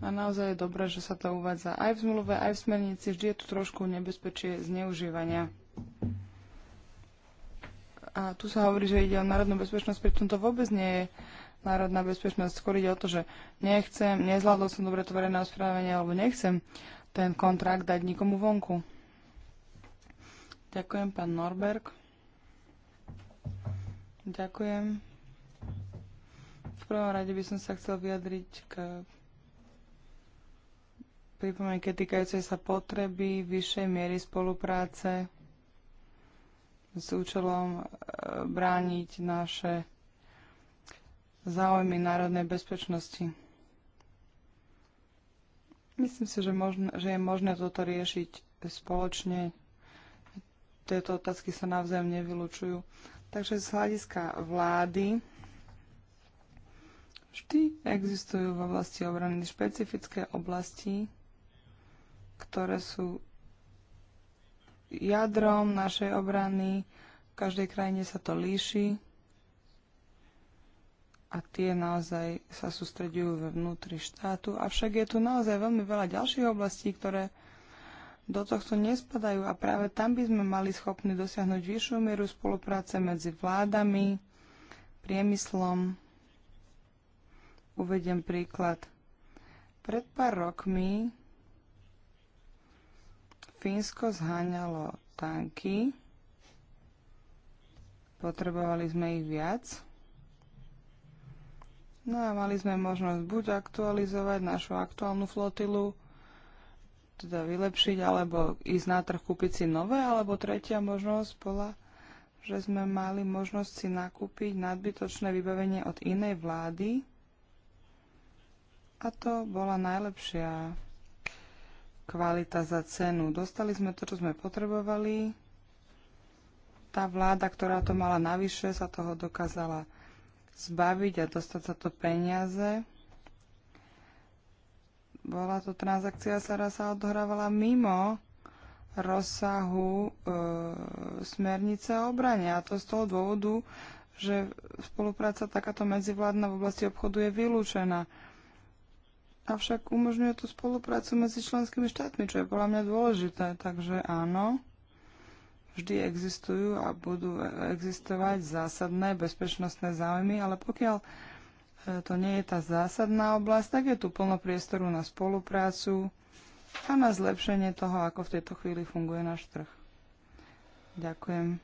B: A naozaj je dobré, že sa to uvádza aj v zmluve, aj v smernici. Vždy je tu trošku nebezpečie zneužívania. A tu sa hovorí, že ide o národnú bezpečnosť, pritom to vôbec nie je národná bezpečnosť. Skôr ide o to, že nechcem, nezvládol som dobre to verejné osprávanie, alebo nechcem ten kontrakt dať nikomu vonku. Ďakujem, pán Norberg. Ďakujem. V prvom rade by som sa chcel vyjadriť k pripomienke týkajúcej sa potreby vyššej miery spolupráce s účelom e, brániť naše záujmy národnej bezpečnosti. Myslím si, že, možno, že je možné toto riešiť spoločne. Tieto otázky sa navzájom nevylučujú. Takže z hľadiska vlády vždy existujú v oblasti obrany špecifické oblasti, ktoré sú jadrom našej obrany. V každej krajine sa to líši a tie naozaj sa sústredujú ve vnútri štátu. Avšak je tu naozaj veľmi veľa ďalších oblastí, ktoré do tohto nespadajú a práve tam by sme mali schopní dosiahnuť vyššiu mieru spolupráce medzi vládami, priemyslom. Uvediem príklad. Pred pár rokmi Fínsko zháňalo tanky, potrebovali sme ich viac. No a mali sme možnosť buď aktualizovať našu aktuálnu flotilu, teda vylepšiť, alebo ísť na trh kúpiť si nové, alebo tretia možnosť bola, že sme mali možnosť si nakúpiť nadbytočné vybavenie od inej vlády a to bola najlepšia kvalita za cenu. Dostali sme to, čo sme potrebovali. Tá vláda, ktorá to mala navyše, sa toho dokázala zbaviť a dostať sa to peniaze. Bola to transakcia, ktorá sa odhrávala mimo rozsahu e, smernice o obrane. A to z toho dôvodu, že spolupráca takáto medzivládna v oblasti obchodu je vylúčená avšak umožňuje to spoluprácu medzi členskými štátmi, čo je podľa mňa dôležité. Takže áno, vždy existujú a budú existovať zásadné bezpečnostné záujmy, ale pokiaľ e, to nie je tá zásadná oblasť, tak je tu plno priestoru na spoluprácu a na zlepšenie toho, ako v tejto chvíli funguje náš trh. Ďakujem.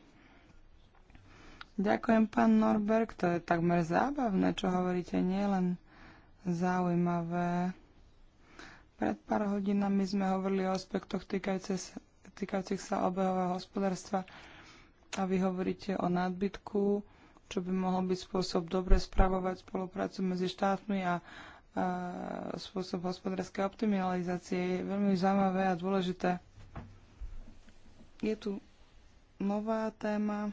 B: Ďakujem, pán Norberg, to je takmer zábavné, čo hovoríte, nie len zaujímavé. Pred pár hodinami sme hovorili o aspektoch týkajúcich sa obehového hospodárstva a vy hovoríte o nadbytku, čo by mohol byť spôsob dobre spravovať spoluprácu medzi štátmi a, a spôsob hospodárskej optimalizácie. Je veľmi zaujímavé a dôležité. Je tu nová téma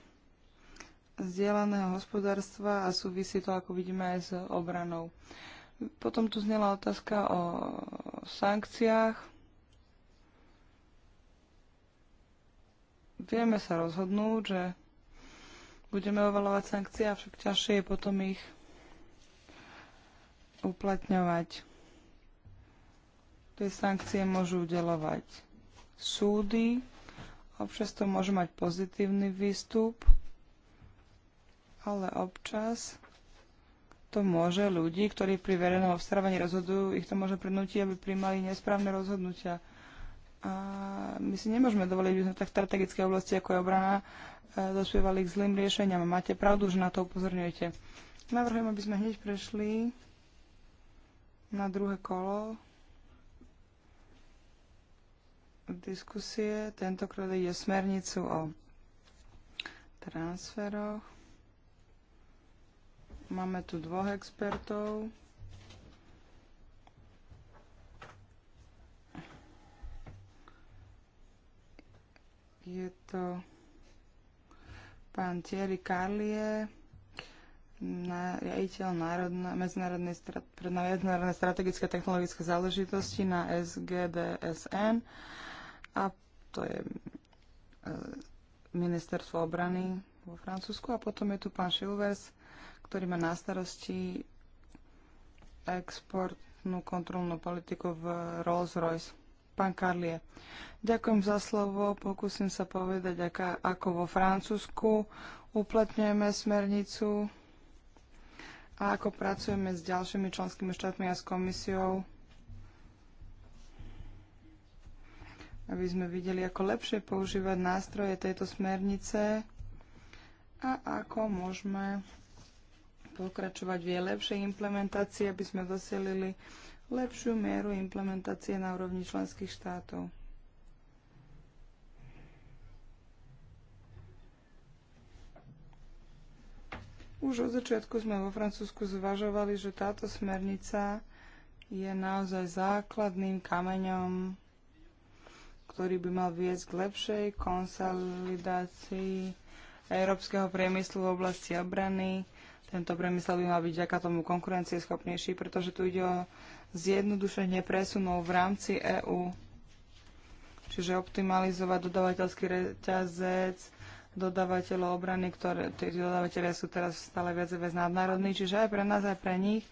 B: zdieľaného hospodárstva a súvisí to, ako vidíme, aj s obranou. Potom tu znela otázka o sankciách. Vieme sa rozhodnúť, že budeme ovalovať sankcie, avšak ťažšie je potom ich uplatňovať. Tie sankcie môžu udelovať súdy, občas to môže mať pozitívny výstup, ale občas to môže ľudí, ktorí pri verejnom obstarávaní rozhodujú, ich to môže prinútiť, aby príjmali nesprávne rozhodnutia. A my si nemôžeme dovoliť, aby sme tak strategické oblasti, ako je obrana, e, dospievali k zlým riešeniam. Máte pravdu, že na to upozorňujete. Navrhujem, aby sme hneď prešli na druhé kolo diskusie. Tentokrát ide smernicu o transferoch. Máme tu dvoch expertov. Je to pán Thierry Carlie, riaditeľ národná, medzinárodnej, pre medzinárodné strategické technologické záležitosti na SGDSN a to je e, ministerstvo obrany vo Francúzsku a potom je tu pán Šilvers, ktorý má na starosti exportnú kontrolnú politiku v Rolls-Royce. Pán Karlie, ďakujem za slovo. Pokúsim sa povedať, aká, ako vo Francúzsku uplatňujeme smernicu a ako pracujeme s ďalšími členskými štátmi a s komisiou, aby sme videli, ako lepšie používať nástroje tejto smernice a ako môžeme pokračovať v jej lepšej implementácii, aby sme dosielili lepšiu mieru implementácie na úrovni členských štátov. Už od začiatku sme vo Francúzsku zvažovali, že táto smernica je naozaj základným kameňom, ktorý by mal viesť k lepšej konsolidácii európskeho priemyslu v oblasti obrany tento priemysel by mal byť vďaka tomu konkurencieschopnejší, pretože tu ide o zjednodušenie presunov v rámci EÚ, čiže optimalizovať dodavateľský reťazec, dodavateľov obrany, ktoré, tí dodavateľe sú teraz stále viac a viac nadnárodní, čiže aj pre nás, aj pre nich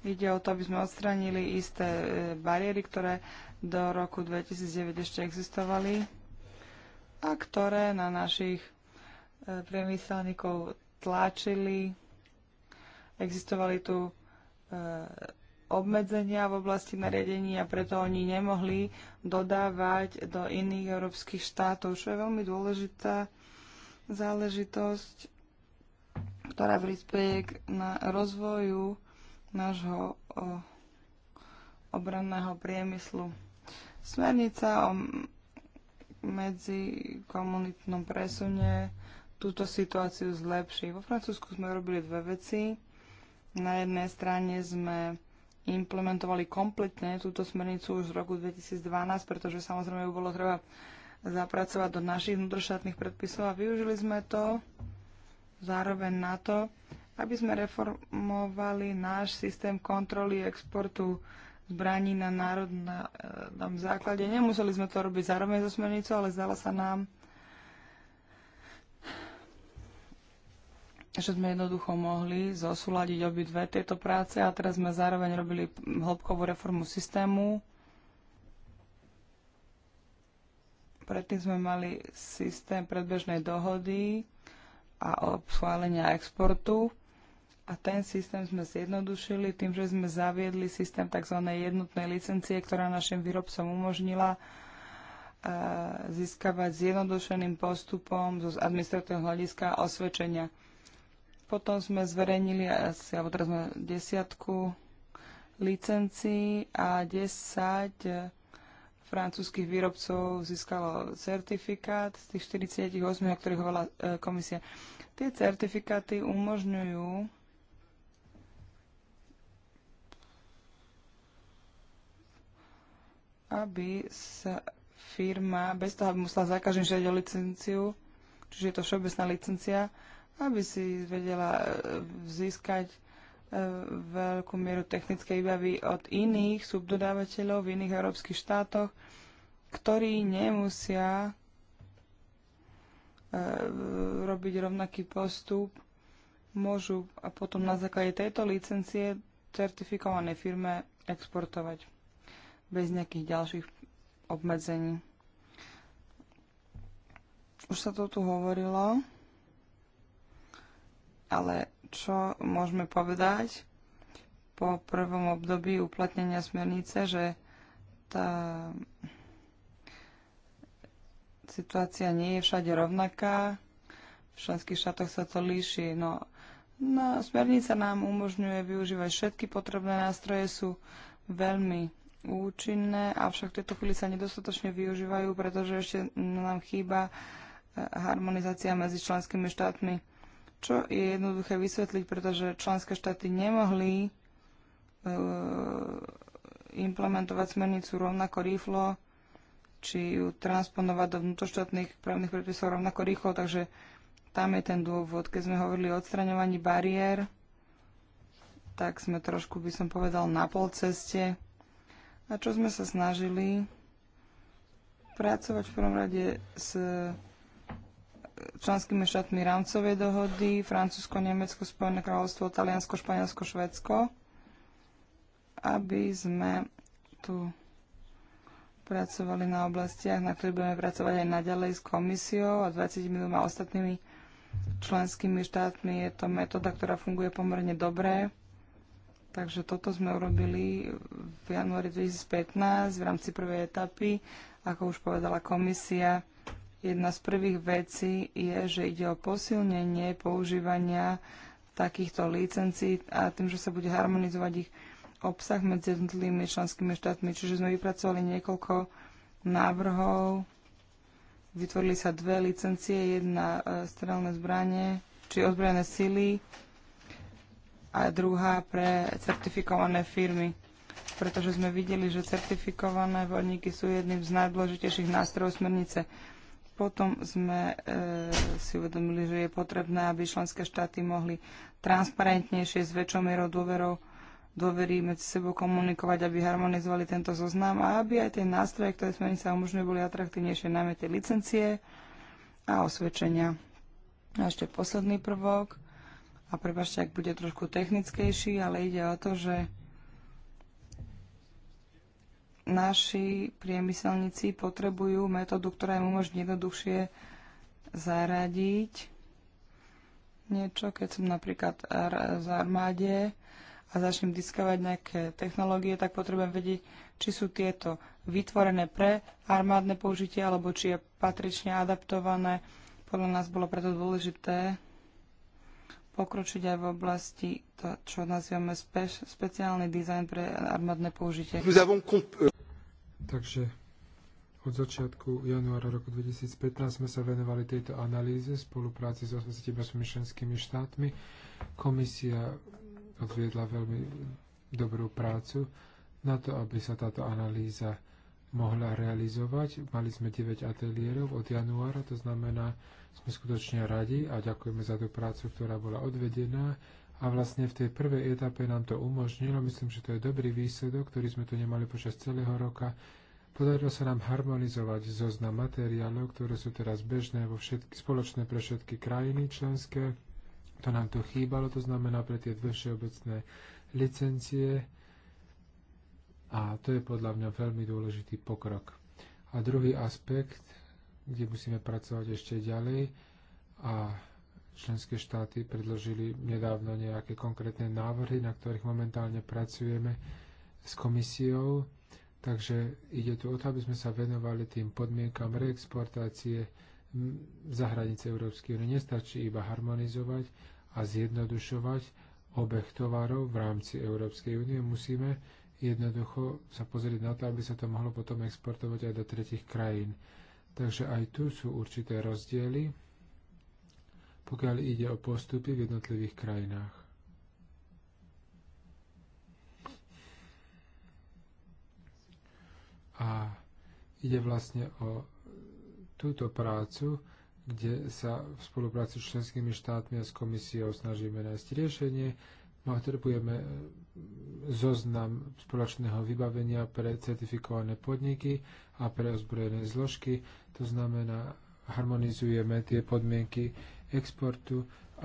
B: ide o to, aby sme odstranili isté e, bariéry, ktoré do roku 2009 ešte existovali a ktoré na našich e, priemyselníkov tlačili Existovali tu e, obmedzenia v oblasti nariadení a preto oni nemohli dodávať do iných európskych štátov, čo je veľmi dôležitá záležitosť, ktorá prispieje k na rozvoju nášho o, obranného priemyslu. Smernica o medzi komunitnom presune túto situáciu zlepší. Vo Francúzsku sme robili dve veci na jednej strane sme implementovali kompletne túto smernicu už z roku 2012, pretože samozrejme ju bolo treba zapracovať do našich vnútroštátnych predpisov a využili sme to zároveň na to, aby sme reformovali náš systém kontroly exportu zbraní na národnom eh, základe. Nemuseli sme to robiť zároveň so smernicou, ale zdala sa nám, že sme jednoducho mohli zosúľadiť obidve tieto práce a teraz sme zároveň robili hĺbkovú reformu systému. Predtým sme mali systém predbežnej dohody a obschválenia exportu a ten systém sme zjednodušili tým, že sme zaviedli systém tzv. jednotnej licencie, ktorá našim výrobcom umožnila e, získavať zjednodušeným postupom zo administratívneho hľadiska osvedčenia. Potom sme zverejnili asi, alebo teraz sme desiatku licencií a 10 eh, francúzských výrobcov získalo certifikát z tých 48, o ktorých hovorila eh, komisia. Tie certifikáty umožňujú aby sa firma, bez toho, aby musela za každým žiadať o licenciu, čiže je to všeobecná licencia, aby si vedela e, získať e, veľkú mieru technickej výbavy od iných subdodávateľov v iných európskych štátoch, ktorí nemusia e, robiť rovnaký postup, môžu a potom na základe tejto licencie certifikovanej firme exportovať bez nejakých ďalších obmedzení. Už sa to tu hovorilo. Ale čo môžeme povedať po prvom období uplatnenia smernice, že tá situácia nie je všade rovnaká, v členských štátoch sa to líši. No, no, smernica nám umožňuje využívať všetky potrebné nástroje, sú veľmi účinné, avšak v tejto chvíli sa nedostatočne využívajú, pretože ešte nám chýba harmonizácia medzi členskými štátmi čo je jednoduché vysvetliť, pretože členské štáty nemohli e, implementovať smernicu rovnako rýchlo, či ju transponovať do vnútroštátnych právnych predpisov rovnako rýchlo, takže tam je ten dôvod. Keď sme hovorili o odstraňovaní bariér, tak sme trošku, by som povedal, na pol ceste. A čo sme sa snažili? Pracovať v prvom rade s členskými štátmi rámcovej dohody, Francúzsko, Nemecko, Spojené kráľovstvo, Taliansko, Španielsko, Švédsko. aby sme tu pracovali na oblastiach, na ktorých budeme pracovať aj naďalej s komisiou a 20 ostatnými členskými štátmi. Je to metóda, ktorá funguje pomerne dobre. Takže toto sme urobili v januári 2015 v rámci prvej etapy, ako už povedala komisia Jedna z prvých vecí je, že ide o posilnenie používania takýchto licencií a tým, že sa bude harmonizovať ich obsah medzi jednotlivými členskými štátmi. Čiže sme vypracovali niekoľko návrhov, vytvorili sa dve licencie, jedna e, strelné zbranie, či ozbrojené sily a druhá pre certifikované firmy pretože sme videli, že certifikované voľníky sú jedným z najdôležitejších nástrojov smernice. Potom sme e, si uvedomili, že je potrebné, aby členské štáty mohli transparentnejšie, s väčšou mierou dôverov, dôvery medzi sebou komunikovať, aby harmonizovali tento zoznam a aby aj tie nástroje, ktoré sme sa umožňujú, boli atraktívnejšie, najmä tie licencie a osvedčenia. A ešte posledný prvok, a prepašte, ak bude trošku technickejší, ale ide o to, že naši priemyselníci potrebujú metódu, ktorá im umožní jednoduchšie zaradiť niečo, keď som napríklad z armáde a začnem diskovať nejaké technológie, tak potrebujem vedieť, či sú tieto vytvorené pre armádne použitie, alebo či je patrične adaptované. Podľa nás bolo preto dôležité pokročiť aj v oblasti, to, čo nazývame speš, speciálny dizajn pre armádne použitie.
C: Euh, Takže od začiatku januára roku 2015 sme sa venovali tejto analýze v spolupráci s 88 členskými štátmi. Komisia odviedla veľmi dobrú prácu na to, aby sa táto analýza mohla realizovať. Mali sme 9 ateliérov od januára, to znamená, sme skutočne radi a ďakujeme za tú prácu, ktorá bola odvedená. A vlastne v tej prvej etape nám to umožnilo, myslím, že to je dobrý výsledok, ktorý sme tu nemali počas celého roka. Podarilo sa nám harmonizovať zoznam materiálov, ktoré sú teraz bežné vo všetky, spoločné pre všetky krajiny členské. To nám to chýbalo, to znamená pre tie dve všeobecné licencie, a to je podľa mňa veľmi dôležitý pokrok. A druhý aspekt, kde musíme pracovať ešte ďalej, a členské štáty predložili nedávno nejaké konkrétne návrhy, na ktorých momentálne pracujeme s komisiou. Takže ide tu o to, aby sme sa venovali tým podmienkam reexportácie za hranice Európskej únie. Nestačí iba harmonizovať a zjednodušovať obeh tovarov v rámci Európskej únie. Musíme jednoducho sa pozrieť na to, aby sa to mohlo potom exportovať aj do tretich krajín. Takže aj tu sú určité rozdiely, pokiaľ ide o postupy v jednotlivých krajinách. A ide vlastne o túto prácu, kde sa v spolupráci s členskými štátmi a s komisiou snažíme nájsť riešenie. No a potrebujeme zoznam spoločného vybavenia pre certifikované podniky a pre ozbrojené zložky. To znamená, harmonizujeme tie podmienky exportu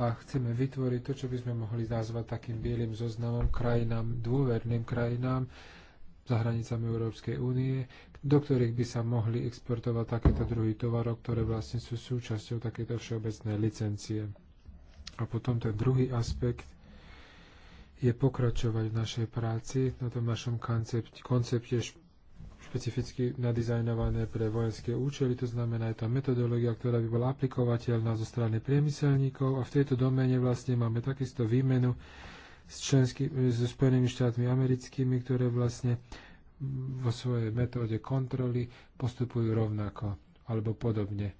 C: a chceme vytvoriť to, čo by sme mohli nazvať takým bielým zoznamom krajinám, dôverným krajinám za hranicami Európskej únie, do ktorých by sa mohli exportovať takéto druhy tovarov, ktoré vlastne sú súčasťou takéto všeobecnej licencie. A potom ten druhý aspekt je pokračovať v našej práci, na tom našom koncepte, koncepte špecificky nadizajnované pre vojenské účely, to znamená, je tam metodológia, ktorá by bola aplikovateľná zo strany priemyselníkov a v tejto domene vlastne máme takisto výmenu s, členský, so Spojenými štátmi americkými, ktoré vlastne vo svojej metóde kontroly postupujú rovnako alebo podobne.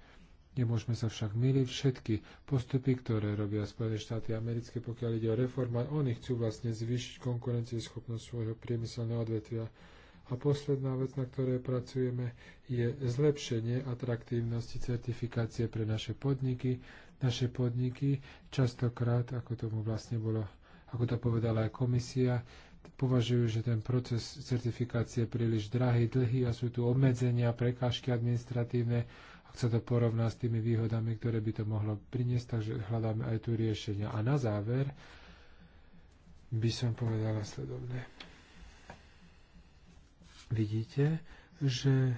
C: Nemôžeme sa však miliť. Všetky postupy, ktoré robia Spojené štáty americké, pokiaľ ide o reforma, oni chcú vlastne zvýšiť konkurencieschopnosť svojho priemyselného odvetvia. A posledná vec, na ktorej pracujeme, je zlepšenie atraktívnosti certifikácie pre naše podniky. Naše podniky častokrát, ako tomu vlastne bolo, ako to povedala aj komisia, považujú, že ten proces certifikácie je príliš drahý, dlhý a sú tu obmedzenia, prekážky administratívne, sa to porovná s tými výhodami, ktoré by to mohlo priniesť, takže hľadáme aj tu riešenia. A na záver by som povedala nasledovne. Vidíte, že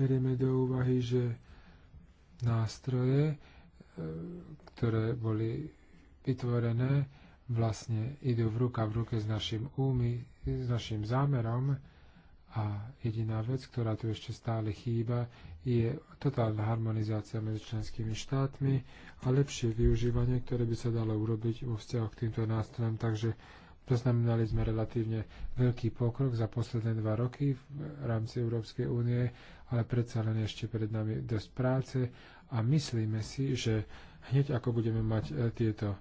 C: berieme do úvahy, že nástroje, e, ktoré boli vytvorené, vlastne idú v ruka v ruke s našim úmy, s našim zámerom, a jediná vec, ktorá tu ešte stále chýba, je totálna harmonizácia medzi členskými štátmi a lepšie využívanie, ktoré by sa dalo urobiť vo vzťahu k týmto nástrojom. Takže zaznamenali sme relatívne veľký pokrok za posledné dva roky v rámci Európskej únie, ale predsa len ešte pred nami dosť práce a myslíme si, že hneď ako budeme mať e, tieto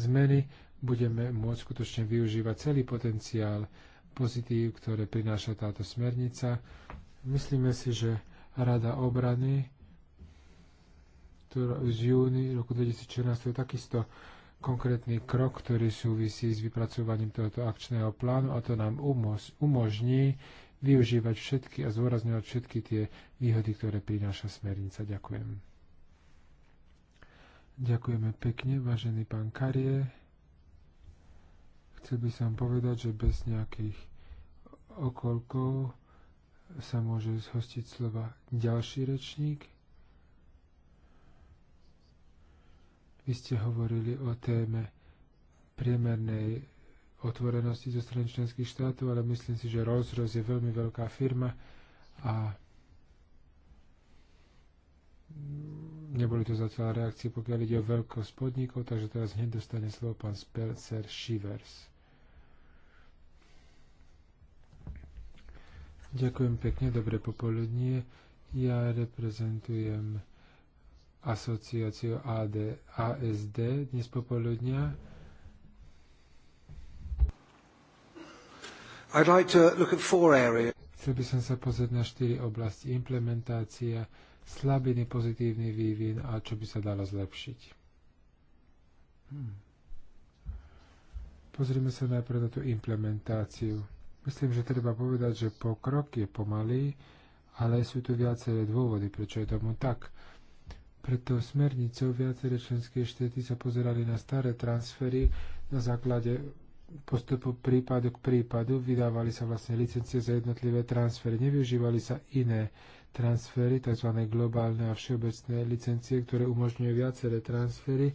C: zmeny, budeme môcť skutočne využívať celý potenciál pozitív, ktoré prináša táto smernica. Myslíme si, že Rada obrany ktorá z júni roku 2014 je takisto konkrétny krok, ktorý súvisí s vypracovaním tohoto akčného plánu a to nám umožní využívať všetky a zdôrazňovať všetky tie výhody, ktoré prináša smernica. Ďakujem. Ďakujeme pekne, vážený pán Karie. Chcel by som povedať, že bez nejakých okolkov sa môže zhostiť slova ďalší rečník. Vy ste hovorili o téme priemernej otvorenosti zo strany členských štátov, ale myslím si, že Rolls Royce je veľmi veľká firma a neboli to zatiaľ reakcie, pokiaľ ide o veľkosť podnikov, takže teraz hneď dostane slovo pán Spelcer Shivers. Ďakujem pekne, dobre popoludnie. Ja reprezentujem asociáciu AD, ASD dnes popoludnia. I'd like
B: to look at four areas.
C: Chcel by som sa pozrieť na štyri oblasti. Implementácia, slabiny, pozitívny vývin a čo by sa dalo zlepšiť. Hmm. Pozrime sa najprv na tú implementáciu. Myslím, že treba povedať, že pokrok je pomalý, ale sú tu viaceré dôvody, prečo je tomu tak. Preto smernicou viaceré členské štáty sa pozerali na staré transfery na základe postupu prípadu k prípadu. Vydávali sa vlastne licencie za jednotlivé transfery. Nevyužívali sa iné transfery, tzv. globálne a všeobecné licencie, ktoré umožňuje viaceré transfery.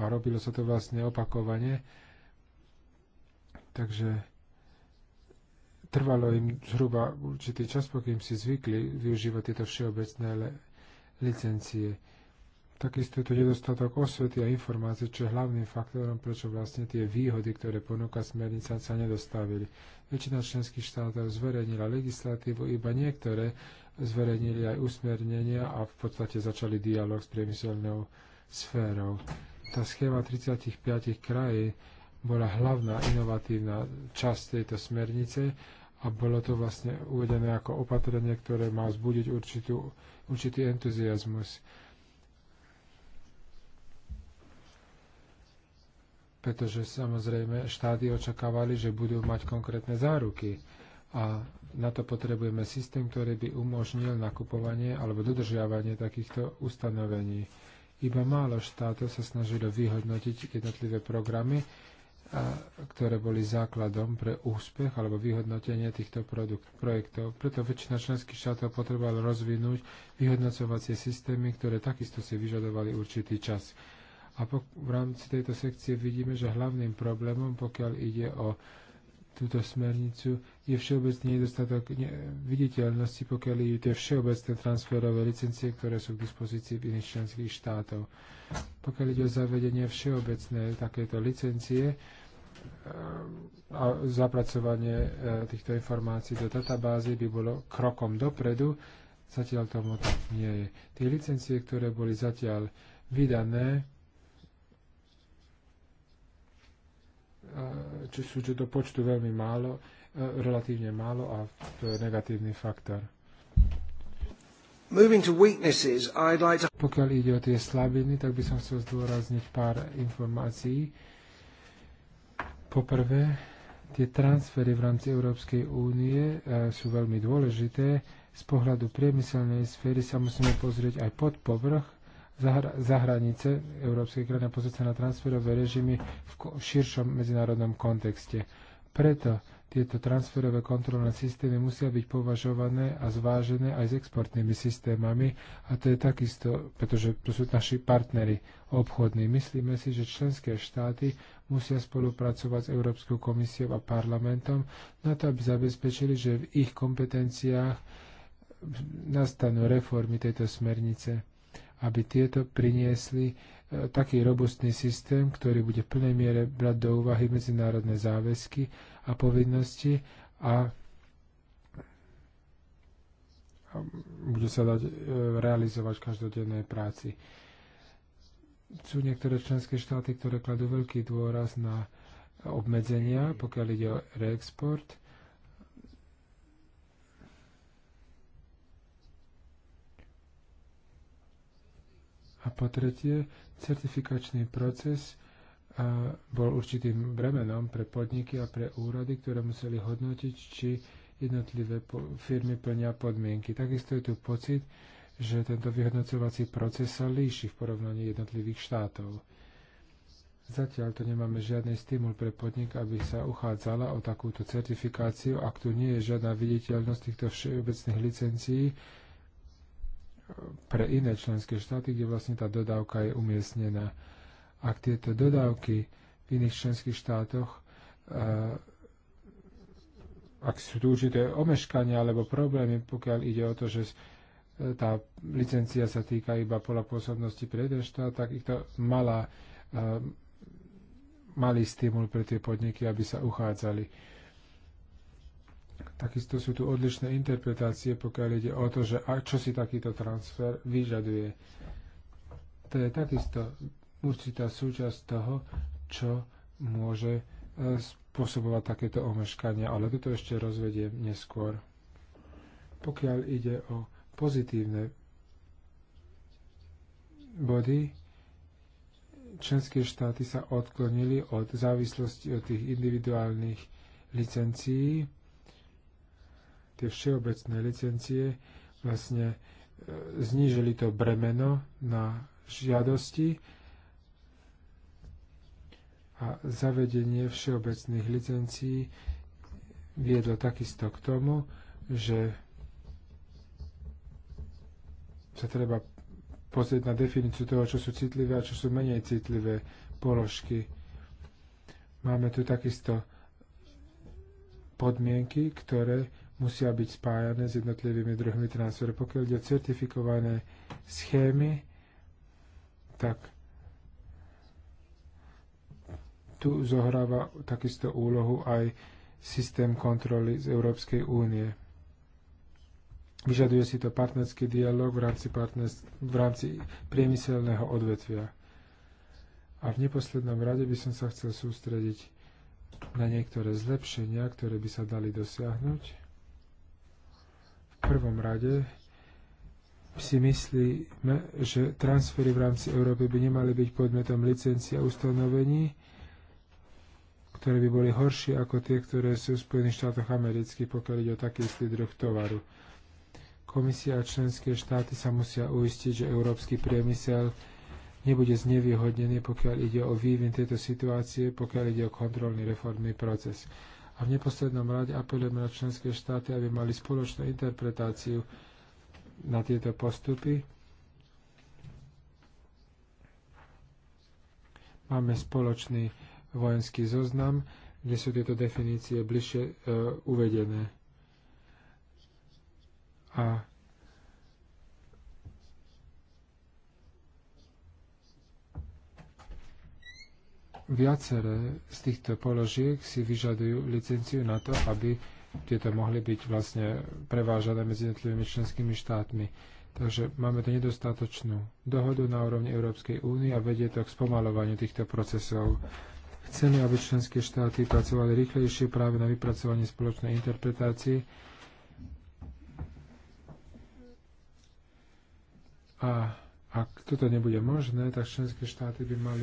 C: A robilo sa to vlastne opakovane. Takže trvalo im zhruba určitý čas, pokým si zvykli využívať tieto všeobecné licencie. Takisto to nedostatok osvety a informácií, čo je hlavným faktorom, prečo vlastne tie výhody, ktoré ponúka smernica, sa nedostavili. Väčšina členských štátov zverejnila legislatívu, iba niektoré zverejnili aj usmernenia a v podstate začali dialog s priemyselnou sférou. Tá schéma 35 krajín bola hlavná inovatívna časť tejto smernice a bolo to vlastne uvedené ako opatrenie, ktoré má vzbudiť určitú, určitý entuziasmus. pretože samozrejme štáty očakávali, že budú mať konkrétne záruky. A na to potrebujeme systém, ktorý by umožnil nakupovanie alebo dodržiavanie takýchto ustanovení. Iba málo štátov sa snažilo vyhodnotiť jednotlivé programy, a, ktoré boli základom pre úspech alebo vyhodnotenie týchto produkt, projektov. Preto väčšina členských štátov potrebovala rozvinúť vyhodnocovacie systémy, ktoré takisto si vyžadovali určitý čas. A pok- v rámci tejto sekcie vidíme, že hlavným problémom, pokiaľ ide o túto smernicu, je všeobecný nedostatok viditeľnosti, pokiaľ ide tie všeobecné transferové licencie, ktoré sú k dispozícii v iných členských štátov. Pokiaľ ide o zavedenie všeobecnej takéto licencie ehm, a zapracovanie e, týchto informácií do databázy by bolo krokom dopredu, zatiaľ tomu tak nie je. Tie licencie, ktoré boli zatiaľ vydané, čo sú čo do počtu veľmi málo, e, relatívne málo a to je negatívny faktor. Like to... Pokiaľ ide o tie slabiny, tak by som chcel zdôrazniť pár informácií. Poprvé, tie transfery v rámci Európskej únie e, sú veľmi dôležité. Z pohľadu priemyselnej sféry sa musíme pozrieť aj pod povrch za hranice európskej krajiny a pozrieť sa na transferové režimy v, v širšom medzinárodnom kontexte. Preto tieto transferové kontrolné systémy musia byť považované a zvážené aj s exportnými systémami a to je takisto, pretože to sú naši partnery obchodní. Myslíme si, že členské štáty musia spolupracovať s Európskou komisiou a parlamentom na to, aby zabezpečili, že v ich kompetenciách nastanú reformy tejto smernice aby tieto priniesli e, taký robustný systém, ktorý bude v plnej miere brať do úvahy medzinárodné záväzky a povinnosti a bude sa dať e, realizovať v každodennej práci. Sú niektoré členské štáty, ktoré kladú veľký dôraz na obmedzenia, pokiaľ ide o reexport A po tretie, certifikačný proces e, bol určitým bremenom pre podniky a pre úrady, ktoré museli hodnotiť, či jednotlivé firmy plnia podmienky. Takisto je tu pocit, že tento vyhodnocovací proces sa líši v porovnaní jednotlivých štátov. Zatiaľ tu nemáme žiadny stimul pre podnik, aby sa uchádzala o takúto certifikáciu, ak tu nie je žiadna viditeľnosť týchto všeobecných licencií pre iné členské štáty, kde vlastne tá dodávka je umiestnená. Ak tieto dodávky v iných členských štátoch, eh, ak sú tu určité omeškania alebo problémy, pokiaľ ide o to, že tá licencia sa týka iba pola pôsobnosti pre jeden štát, tak ich to malá, eh, malý stimul pre tie podniky, aby sa uchádzali Takisto sú tu odlišné interpretácie, pokiaľ ide o to, že a čo si takýto transfer vyžaduje. To je takisto určitá súčasť toho, čo môže e, spôsobovať takéto omeškania, ale toto ešte rozvediem neskôr. Pokiaľ ide o pozitívne body, členské štáty sa odklonili od závislosti od tých individuálnych licencií tie všeobecné licencie vlastne e, znížili to bremeno na žiadosti a zavedenie všeobecných licencií viedlo takisto k tomu, že sa treba pozrieť na definíciu toho, čo sú citlivé a čo sú menej citlivé položky. Máme tu takisto podmienky, ktoré musia byť spájané s jednotlivými druhmi transferu. Pokiaľ ide o certifikované schémy, tak tu zohráva takisto úlohu aj systém kontroly z Európskej únie. Vyžaduje si to partnerský dialog v rámci, v rámci priemyselného odvetvia. A v neposlednom rade by som sa chcel sústrediť na niektoré zlepšenia, ktoré by sa dali dosiahnuť prvom rade si myslíme, že transfery v rámci Európy by nemali byť podmetom licencií a ustanovení, ktoré by boli horšie ako tie, ktoré sú v Spojených štátoch amerických, pokiaľ ide o taký istý druh tovaru. Komisia a členské štáty sa musia uistiť, že európsky priemysel nebude znevýhodnený, pokiaľ ide o vývin tejto situácie, pokiaľ ide o kontrolný reformný proces. A v neposlednom rade apelujeme na členské štáty, aby mali spoločnú interpretáciu na tieto postupy. Máme spoločný vojenský zoznam, kde sú tieto definície bližšie e, uvedené. A viaceré z týchto položiek si vyžadujú licenciu na to, aby tieto mohli byť vlastne prevážané medzi jednotlivými členskými štátmi. Takže máme tu nedostatočnú dohodu na úrovni Európskej únie a vedie to k spomalovaniu týchto procesov. Chceme, aby členské štáty pracovali rýchlejšie práve na vypracovanie spoločnej interpretácie a ak toto nebude možné, tak členské štáty by mali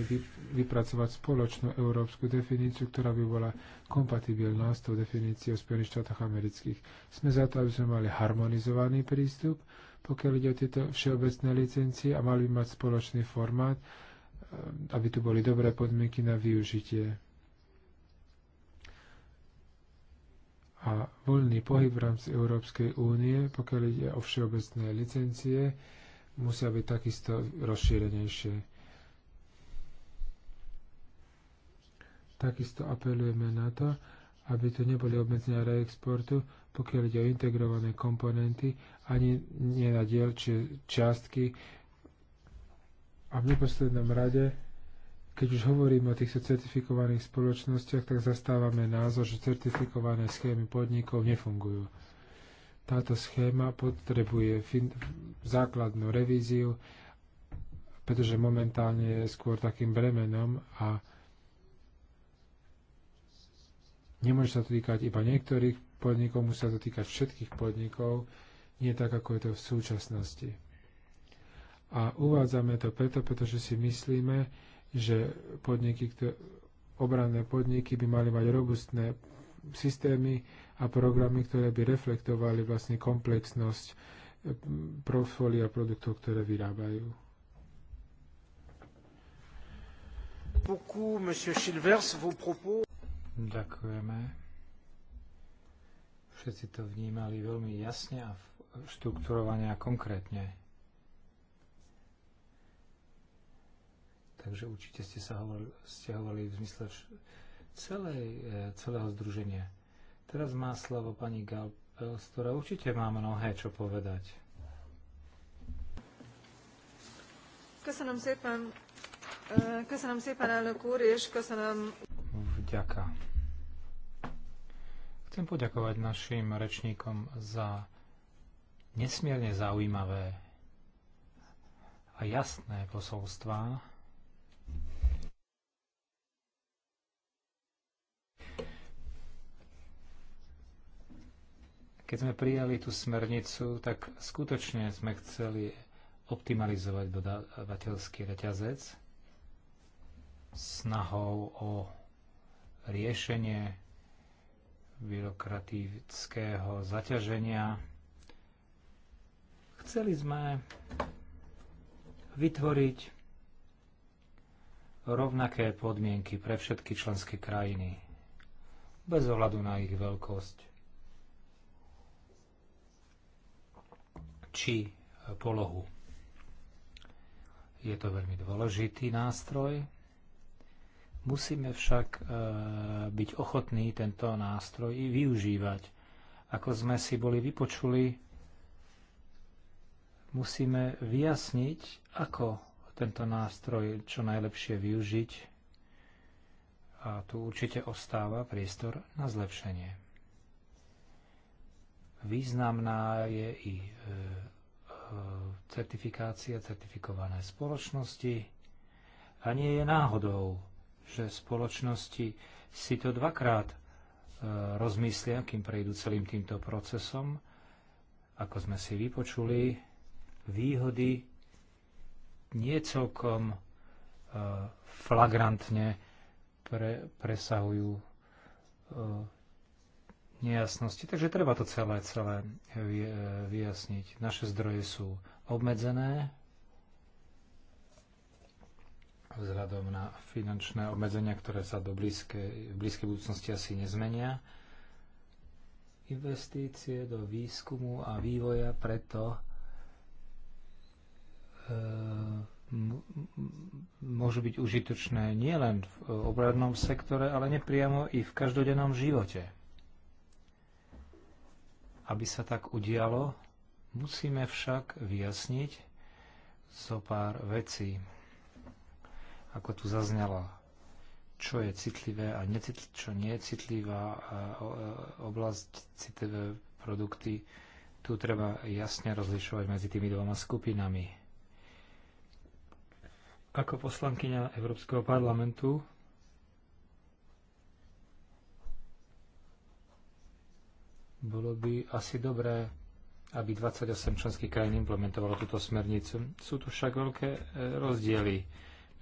C: vypracovať spoločnú európsku definíciu, ktorá by bola kompatibilná s tou definíciou v Spojených štátoch amerických. Sme za to, aby sme mali harmonizovaný prístup, pokiaľ ide o tieto všeobecné licencie a mali by mať spoločný formát, eh, aby tu boli dobré podmienky na využitie. A voľný pohyb v rámci Európskej únie, pokiaľ ide o všeobecné licencie, musia byť takisto rozšírenejšie. Takisto apelujeme na to, aby tu neboli obmedzenia reexportu, pokiaľ ide o integrované komponenty, ani nie na dielčie čiastky. A v neposlednom rade, keď už hovoríme o týchto certifikovaných spoločnostiach, tak zastávame názor, že certifikované schémy podnikov nefungujú. Táto schéma potrebuje základnú revíziu, pretože momentálne je skôr takým bremenom a nemôže sa to týkať iba niektorých podnikov, musí sa to týkať všetkých podnikov, nie tak, ako je to v súčasnosti. A uvádzame to preto, pretože si myslíme, že podniky, obranné podniky by mali mať robustné systémy a programy, ktoré by reflektovali vlastne komplexnosť eh, portfólia produktov, ktoré vyrábajú. Ďakujeme.
D: Všetci to vnímali veľmi jasne a štrukturovane a konkrétne. Takže určite ste sa hovorili, ste hovorili v zmysle celej, e, celého združenia. Teraz má slovo pani z ktorá určite má mnohé čo povedať.
E: Köszönöm szépen, e, köszönöm szépen elnök úr, és köszönöm...
D: Vďaka. Chcem poďakovať našim rečníkom za nesmierne zaujímavé a jasné posolstvá, Keď sme prijali tú smernicu, tak skutočne sme chceli optimalizovať dodávateľský reťazec snahou o riešenie byrokratického zaťaženia. Chceli sme vytvoriť rovnaké podmienky pre všetky členské krajiny, bez ohľadu na ich veľkosť. či polohu. Je to veľmi dôležitý nástroj. Musíme však e, byť ochotní tento nástroj i využívať. Ako sme si boli vypočuli, musíme vyjasniť, ako tento nástroj čo najlepšie využiť a tu určite ostáva priestor na zlepšenie. Významná je i e, e, certifikácia certifikované spoločnosti a nie je náhodou, že spoločnosti si to dvakrát e, rozmyslia, kým prejdú celým týmto procesom. Ako sme si vypočuli, výhody nie celkom flagrantne pre, presahujú nejasnosti. Takže treba to celé, celé e, vyjasniť. Naše zdroje sú obmedzené vzhľadom na finančné obmedzenia, ktoré sa do blízkej, v blízkej budúcnosti asi nezmenia. Investície do výskumu a vývoja preto e, môžu byť užitočné nielen v obradnom sektore, ale nepriamo i v každodennom živote aby sa tak udialo, musíme však vyjasniť zo pár vecí, ako tu zaznelo, čo je citlivé a necitl- čo nie je citlivá oblasť, citlivé produkty. Tu treba jasne rozlišovať medzi tými dvoma skupinami. Ako poslankyňa Európskeho parlamentu Bolo by asi dobré, aby 28 členských krajín implementovalo túto smernicu. Sú tu však veľké e, rozdiely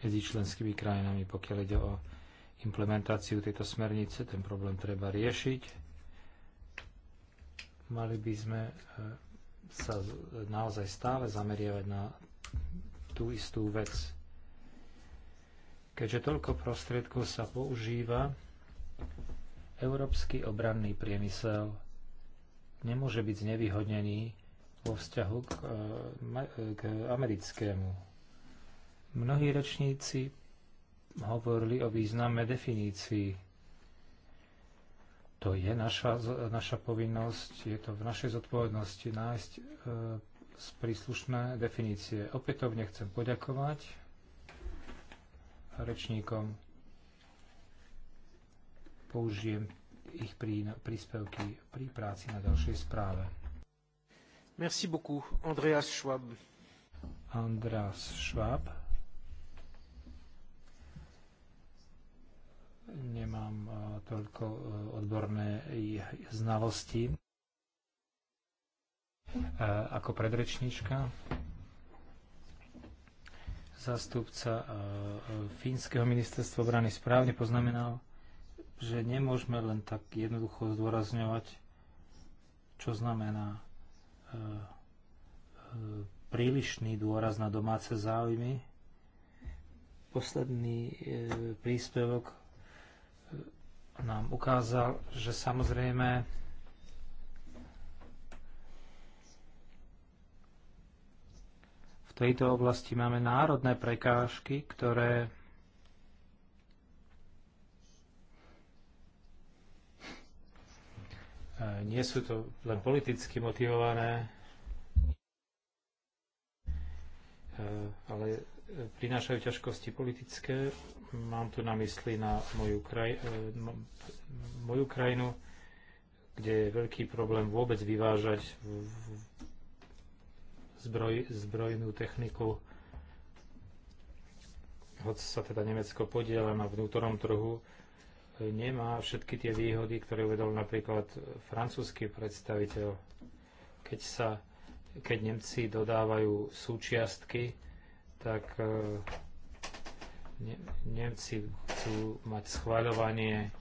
D: medzi členskými krajinami, pokiaľ ide o implementáciu tejto smernice. Ten problém treba riešiť. Mali by sme e, sa naozaj stále zameriavať na tú istú vec. Keďže toľko prostriedkov sa používa, európsky obranný priemysel nemôže byť znevýhodnený vo vzťahu k, e, k americkému. Mnohí rečníci hovorili o význame definícií. To je naša, naša povinnosť, je to v našej zodpovednosti nájsť e, príslušné definície. Opätovne chcem poďakovať rečníkom použijem ich príspevky pri práci na ďalšej správe.
A: Merci beaucoup, Andreas Schwab.
D: Andreas Schwab. Nemám eh, toľko eh, odborné eh, znalosti ako predrečníčka zástupca Fínskeho ministerstva obrany správne poznamenal, že nemôžeme len tak jednoducho zdôrazňovať, čo znamená e, e, prílišný dôraz na domáce záujmy. Posledný e, príspevok e, nám ukázal, že samozrejme v tejto oblasti máme národné prekážky, ktoré nie sú to len politicky motivované, eh, ale eh, prinášajú ťažkosti politické. Mám tu na mysli na moju, kraj, eh, moju krajinu, kde je veľký problém vôbec vyvážať zbroj, zbrojnú techniku, hoď sa teda Nemecko podiela na vnútornom trhu nemá všetky tie výhody, ktoré uvedol napríklad francúzsky predstaviteľ. Keď, sa, keď Nemci dodávajú súčiastky, tak e, ne, Nemci chcú mať schváľovanie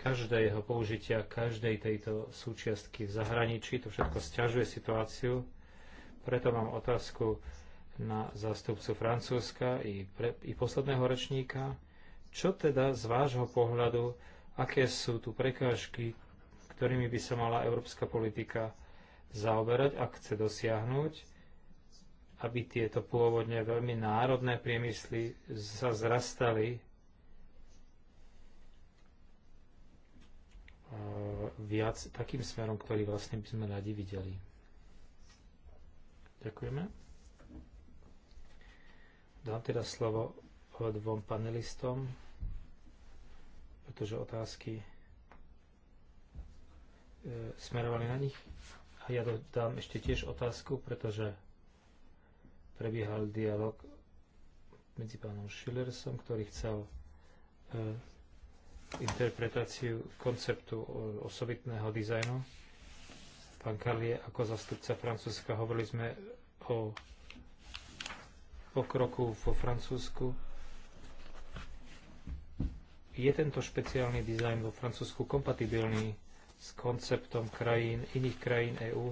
D: každého použitia, každej tejto súčiastky v zahraničí. To všetko stiažuje situáciu. Preto mám otázku na zástupcu Francúzska i, pre, i posledného rečníka čo teda z vášho pohľadu, aké sú tu prekážky, ktorými by sa mala európska politika zaoberať a chce dosiahnuť, aby tieto pôvodne veľmi národné priemysly sa zrastali viac takým smerom, ktorý vlastne by sme radi videli. Ďakujeme. Dám teda slovo dvom panelistom pretože otázky e, smerovali na nich. A ja dodám ešte tiež otázku, pretože prebiehal dialog medzi pánom Schillersom, ktorý chcel e, interpretáciu konceptu e, osobitného dizajnu. Pán Karlie, ako zastupca Francúzska, hovorili sme o pokroku vo Francúzsku je tento špeciálny dizajn vo Francúzsku kompatibilný s konceptom krajín, iných krajín EÚ?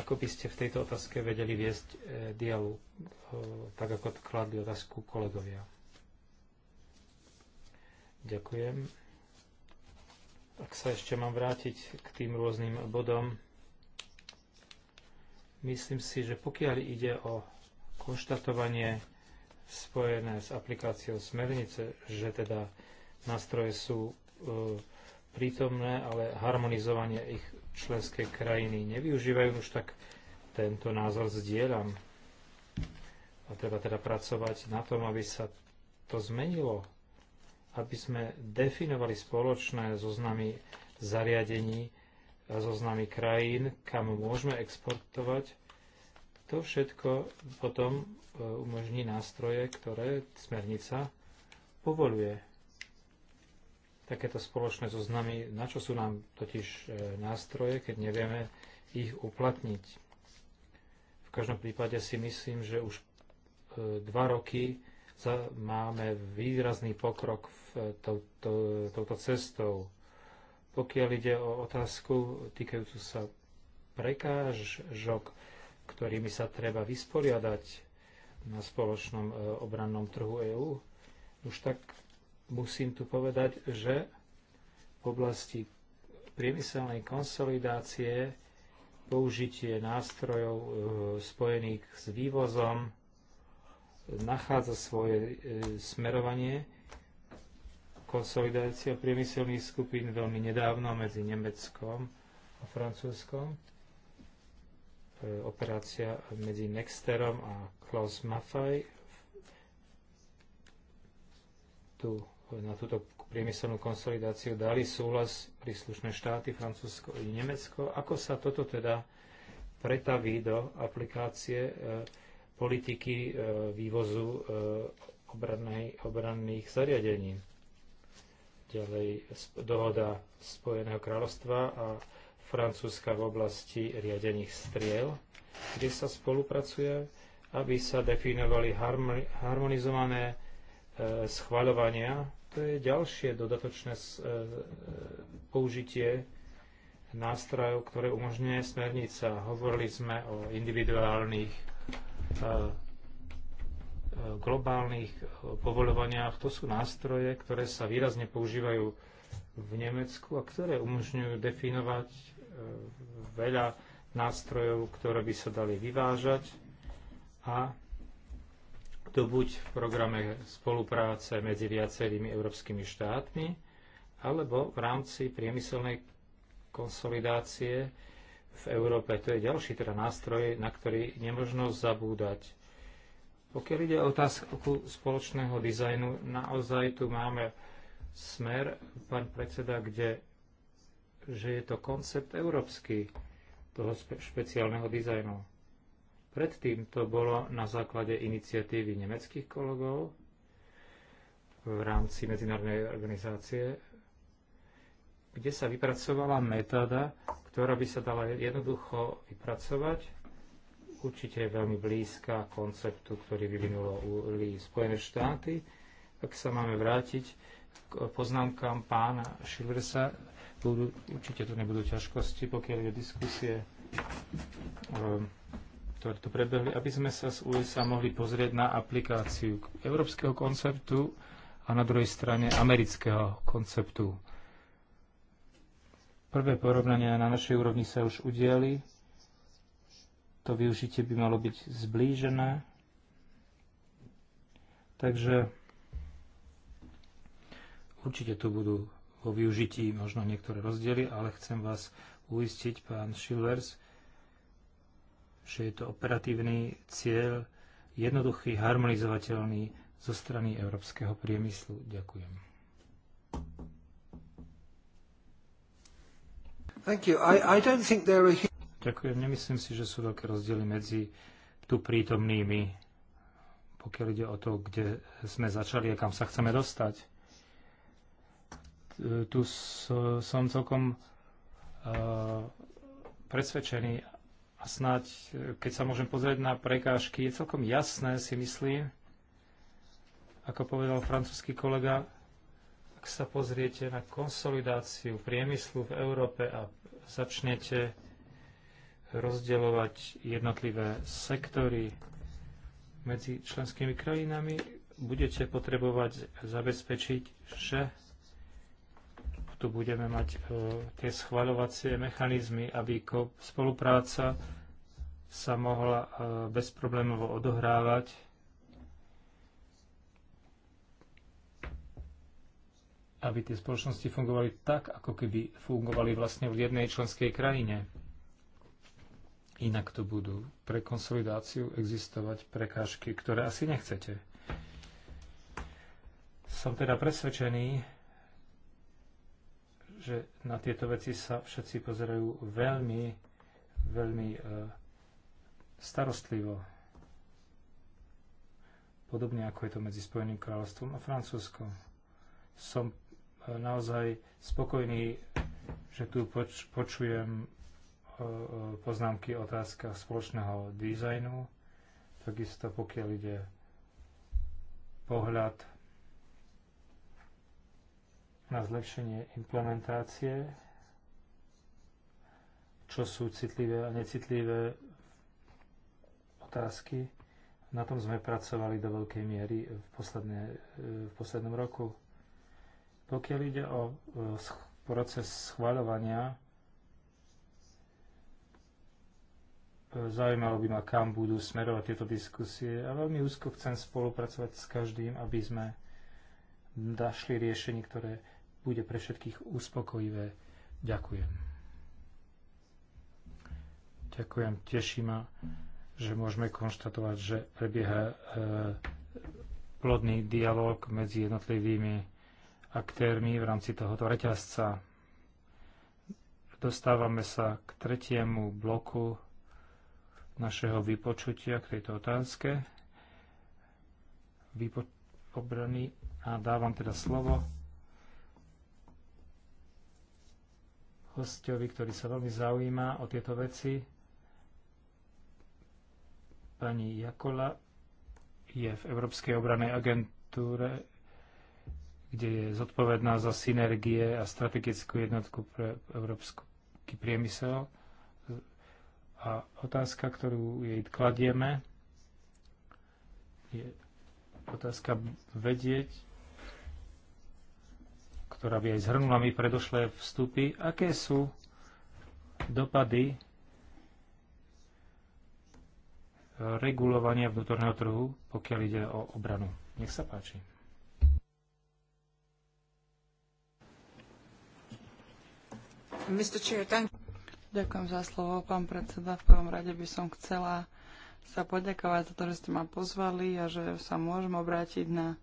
D: Ako by ste v tejto otázke vedeli viesť e, dialog, e, tak ako kladli otázku kolegovia? Ďakujem. Ak sa ešte mám vrátiť k tým rôznym bodom, myslím si, že pokiaľ ide o konštatovanie spojené s aplikáciou smernice, že teda nástroje sú e, prítomné, ale harmonizovanie ich členské krajiny nevyužívajú, už tak tento názor zdieľam. A treba teda pracovať na tom, aby sa to zmenilo, aby sme definovali spoločné zoznamy zariadení a zoznamy krajín, kam môžeme exportovať to všetko potom e, umožní nástroje, ktoré smernica povoluje. Takéto spoločné zoznamy, na čo sú nám totiž e, nástroje, keď nevieme ich uplatniť. V každom prípade si myslím, že už e, dva roky máme výrazný pokrok v to, to, touto cestou. Pokiaľ ide o otázku týkajúcu sa prekážok, ktorými sa treba vysporiadať na spoločnom e, obrannom trhu EÚ. Už tak musím tu povedať, že v oblasti priemyselnej konsolidácie použitie nástrojov e, spojených s vývozom nachádza svoje e, smerovanie. Konsolidácia priemyselných skupín veľmi nedávno medzi Nemeckom a Francúzskom E, operácia medzi Nexterom a Klaus Maffei. Tu, na túto priemyselnú konsolidáciu dali súhlas príslušné štáty, Francúzsko i Nemecko. Ako sa toto teda pretaví do aplikácie e, politiky e, vývozu e, obrannej, obranných zariadení? Ďalej dohoda Spojeného kráľovstva a Francúzska v oblasti riadených striel, kde sa spolupracuje, aby sa definovali harmonizované e, schvaľovania. To je ďalšie dodatočné e, použitie nástrojov, ktoré umožňuje smernica. Hovorili sme o individuálnych e, globálnych povoľovaniach. To sú nástroje, ktoré sa výrazne používajú v Nemecku a ktoré umožňujú definovať veľa nástrojov, ktoré by sa dali vyvážať a to buď v programe spolupráce medzi viacerými európskymi štátmi, alebo v rámci priemyselnej konsolidácie v Európe. To je ďalší teda nástroj, na ktorý nemožno zabúdať. Pokiaľ ide o otázku spoločného dizajnu, naozaj tu máme smer, pán predseda, kde že je to koncept európsky toho spe- špeciálneho dizajnu. Predtým to bolo na základe iniciatívy nemeckých kolegov v rámci medzinárodnej organizácie, kde sa vypracovala metóda, ktorá by sa dala jednoducho vypracovať. Určite je veľmi blízka konceptu, ktorý vyvinulo ULI Spojené štáty. Ak sa máme vrátiť k poznámkám pána Šilversa, budú, určite to nebudú ťažkosti, pokiaľ je diskusie, ehm, ktoré tu prebehli, aby sme sa z USA mohli pozrieť na aplikáciu európskeho konceptu a na druhej strane amerického konceptu. Prvé porovnania na našej úrovni sa už udiali. To využitie by malo byť zblížené. Takže určite tu budú vo využití možno niektoré rozdiely, ale chcem vás uistiť, pán Schilvers, že je to operatívny cieľ, jednoduchý, harmonizovateľný zo strany európskeho priemyslu. Ďakujem. Thank you. I, I don't think there are... Ďakujem. Nemyslím si, že sú veľké rozdiely medzi tu prítomnými, pokiaľ ide o to, kde sme začali a kam sa chceme dostať tu som celkom e, presvedčený a snáď, keď sa môžem pozrieť na prekážky, je celkom jasné, si myslím, ako povedal francúzsky kolega, ak sa pozriete na konsolidáciu priemyslu v Európe a začnete rozdeľovať jednotlivé sektory medzi členskými krajinami, budete potrebovať zabezpečiť, že tu budeme mať e, tie schvaľovacie mechanizmy, aby spolupráca sa mohla e, bezproblémovo odohrávať. aby tie spoločnosti fungovali tak, ako keby fungovali vlastne v jednej členskej krajine. Inak tu budú pre konsolidáciu existovať prekážky, ktoré asi nechcete. Som teda presvedčený, že na tieto veci sa všetci pozerajú veľmi, veľmi e, starostlivo. Podobne ako je to medzi Spojeným kráľovstvom a Francúzskom. Som e, naozaj spokojný, že tu poč- počujem e, poznámky o otázkach spoločného dizajnu, takisto pokiaľ ide pohľad na zlepšenie implementácie, čo sú citlivé a necitlivé otázky. Na tom sme pracovali do veľkej miery v, posledné, eh, v poslednom roku. Pokiaľ ide o eh, proces schváľovania, eh, zaujímalo by ma, kam budú smerovať tieto diskusie a veľmi úzko chcem spolupracovať s každým, aby sme našli riešenie, ktoré bude pre všetkých uspokojivé. Ďakujem. Ďakujem, teší ma, že môžeme konštatovať, že prebieha e, plodný dialog medzi jednotlivými aktérmi v rámci tohoto reťazca. Dostávame sa k tretiemu bloku našeho vypočutia k tejto otázke. Vypo- obrany a dávam teda slovo hostovi, ktorý sa veľmi zaujíma o tieto veci. Pani Jakola je v Európskej obranej agentúre, kde je zodpovedná za synergie a strategickú jednotku pre európsky priemysel. A otázka, ktorú jej kladieme, je otázka vedieť, ktorá by aj zhrnula mi predošlé vstupy, aké sú dopady regulovania vnútorného trhu, pokiaľ ide o obranu. Nech sa páči.
B: Ďakujem za slovo, pán predseda. V prvom rade by som chcela sa poďakovať za to, že ste ma pozvali a že sa môžem obrátiť na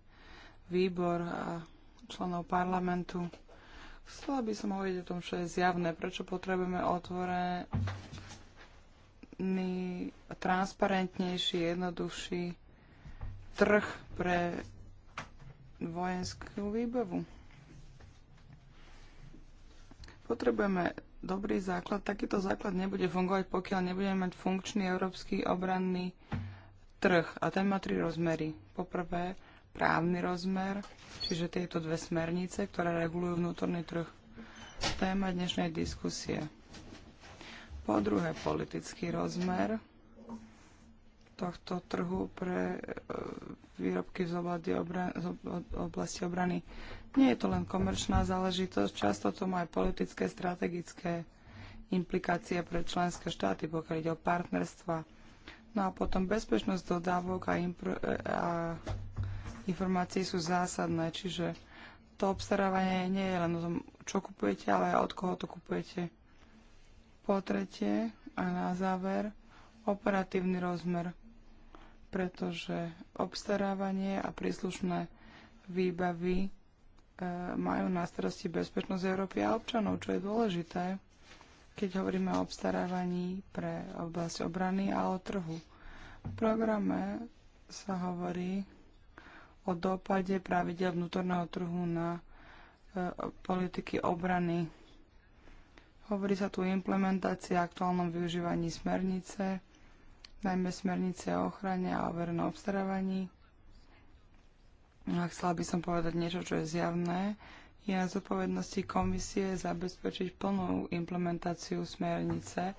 B: výbor a členov parlamentu. Chcela by som hovoriť o tom, čo je zjavné, prečo potrebujeme otvorený, transparentnejší, jednoduchší trh pre vojenskú výbavu. Potrebujeme dobrý základ. Takýto základ nebude fungovať, pokiaľ nebudeme mať funkčný európsky obranný trh. A ten má tri rozmery. Poprvé, právny rozmer, čiže tieto dve smernice, ktoré regulujú vnútorný trh. Téma dnešnej diskusie. Po druhé, politický rozmer tohto trhu pre e, výrobky z oblasti obrany. Nie je to len komerčná záležitosť, často to má aj politické, strategické implikácie pre členské štáty, pokiaľ ide o partnerstva. No a potom bezpečnosť dodávok a, e, a informácií sú zásadné, čiže to obstarávanie nie je len o tom, čo kupujete, ale aj od koho to kupujete. Po tretie a na záver, operatívny rozmer, pretože obstarávanie a príslušné výbavy e, majú na starosti bezpečnosť Európy a občanov, čo je dôležité, keď hovoríme o obstarávaní pre oblasť obrany a o trhu. V programe sa hovorí o dopade pravidel vnútorného trhu na e, politiky obrany. Hovorí sa tu o implementácii a aktuálnom využívaní smernice, najmä smernice o ochrane a overnom obstarávaní. A chcela by som povedať niečo, čo je zjavné. Je na zodpovednosti komisie zabezpečiť plnú implementáciu smernice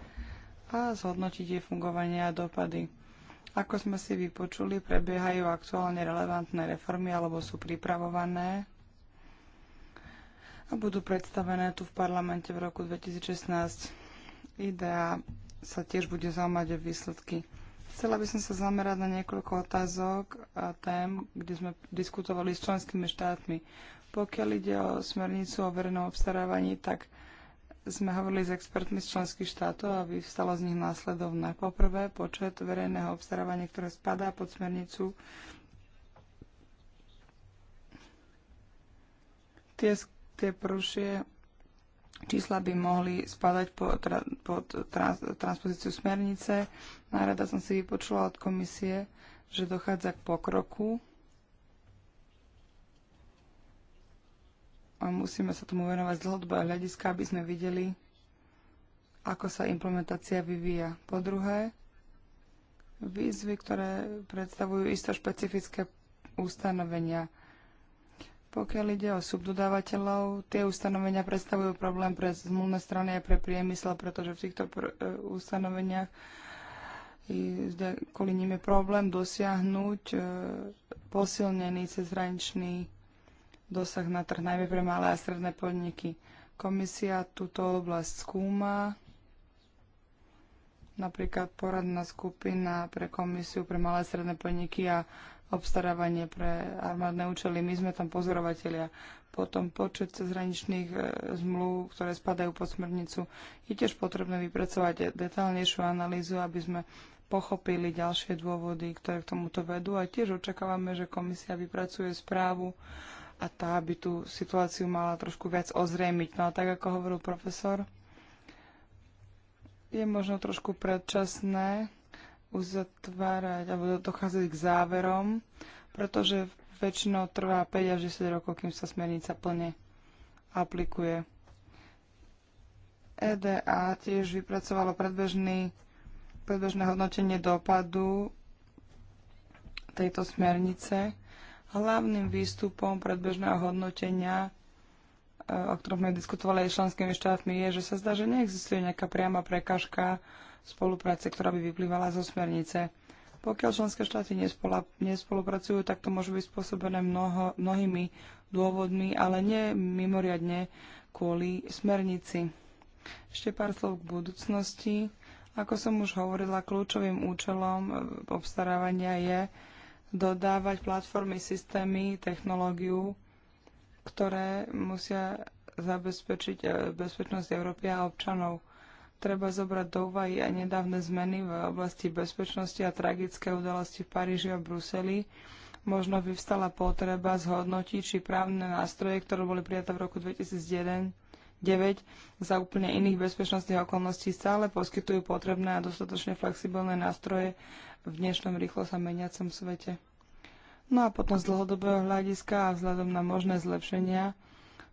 B: a zhodnotiť jej fungovanie a dopady. Ako sme si vypočuli, prebiehajú aktuálne relevantné reformy alebo sú pripravované a budú predstavené tu v parlamente v roku 2016. Idea sa tiež bude zaujímať o výsledky. Chcela by som sa zamerať na niekoľko otázok a tém, kde sme diskutovali s členskými štátmi. Pokiaľ ide o smernicu o verejnom obstarávaní, tak sme hovorili s expertmi z členských štátov a vyvstalo z nich následovné. Poprvé, počet verejného obstarávania, ktoré spadá pod smernicu, tie, tie prvšie čísla by mohli spadať pod, pod trans, transpozíciu smernice. Nárada som si vypočula od komisie, že dochádza k pokroku a musíme sa tomu venovať z dlhodobého hľadiska, aby sme videli, ako sa implementácia vyvíja. Po druhé, výzvy, ktoré predstavujú isto špecifické ustanovenia. Pokiaľ ide o subdodávateľov, tie ustanovenia predstavujú problém pre zmluvné strany a pre priemysel, pretože v týchto pr- e, ustanoveniach kvôli ním je problém dosiahnuť e, posilnený cezhraničný dosah na trh najmä pre malé a stredné podniky. Komisia túto oblasť skúma, napríklad poradná skupina pre komisiu pre malé a stredné podniky a obstarávanie pre armádne účely. My sme tam pozorovatelia. Potom počet cezhraničných e, zmluv, ktoré spadajú pod smernicu, je tiež potrebné vypracovať detálnejšiu analýzu, aby sme pochopili ďalšie dôvody, ktoré k tomuto vedú a tiež očakávame, že komisia vypracuje správu a tá by tú situáciu mala trošku viac ozrejmiť. No a tak, ako hovoril profesor, je možno trošku predčasné uzatvárať alebo dochádzať k záverom, pretože väčšinou trvá 5 až 10 rokov, kým sa smernica plne aplikuje. EDA tiež vypracovalo predbežný, predbežné hodnotenie dopadu tejto smernice Hlavným výstupom predbežného hodnotenia, e, o ktorom sme diskutovali aj s členskými štátmi, je, že sa zdá, že neexistuje nejaká priama prekažka spolupráce, ktorá by vyplývala zo smernice. Pokiaľ členské štáty nespola, nespolupracujú, tak to môže byť spôsobené mnoho, mnohými dôvodmi, ale nie mimoriadne kvôli smernici. Ešte pár slov k budúcnosti. Ako som už hovorila, kľúčovým účelom e, obstarávania je dodávať platformy, systémy, technológiu, ktoré musia zabezpečiť eh, bezpečnosť Európy a občanov. Treba zobrať do úvahy aj nedávne zmeny v oblasti bezpečnosti a tragické udalosti v Paríži a Bruseli. Možno vyvstala potreba zhodnotiť, či právne nástroje, ktoré boli prijaté v roku 2001, za úplne iných bezpečnostných okolností stále poskytujú potrebné a dostatočne flexibilné nástroje v dnešnom rýchlo sa meniacom svete. No a potom z dlhodobého hľadiska a vzhľadom na možné zlepšenia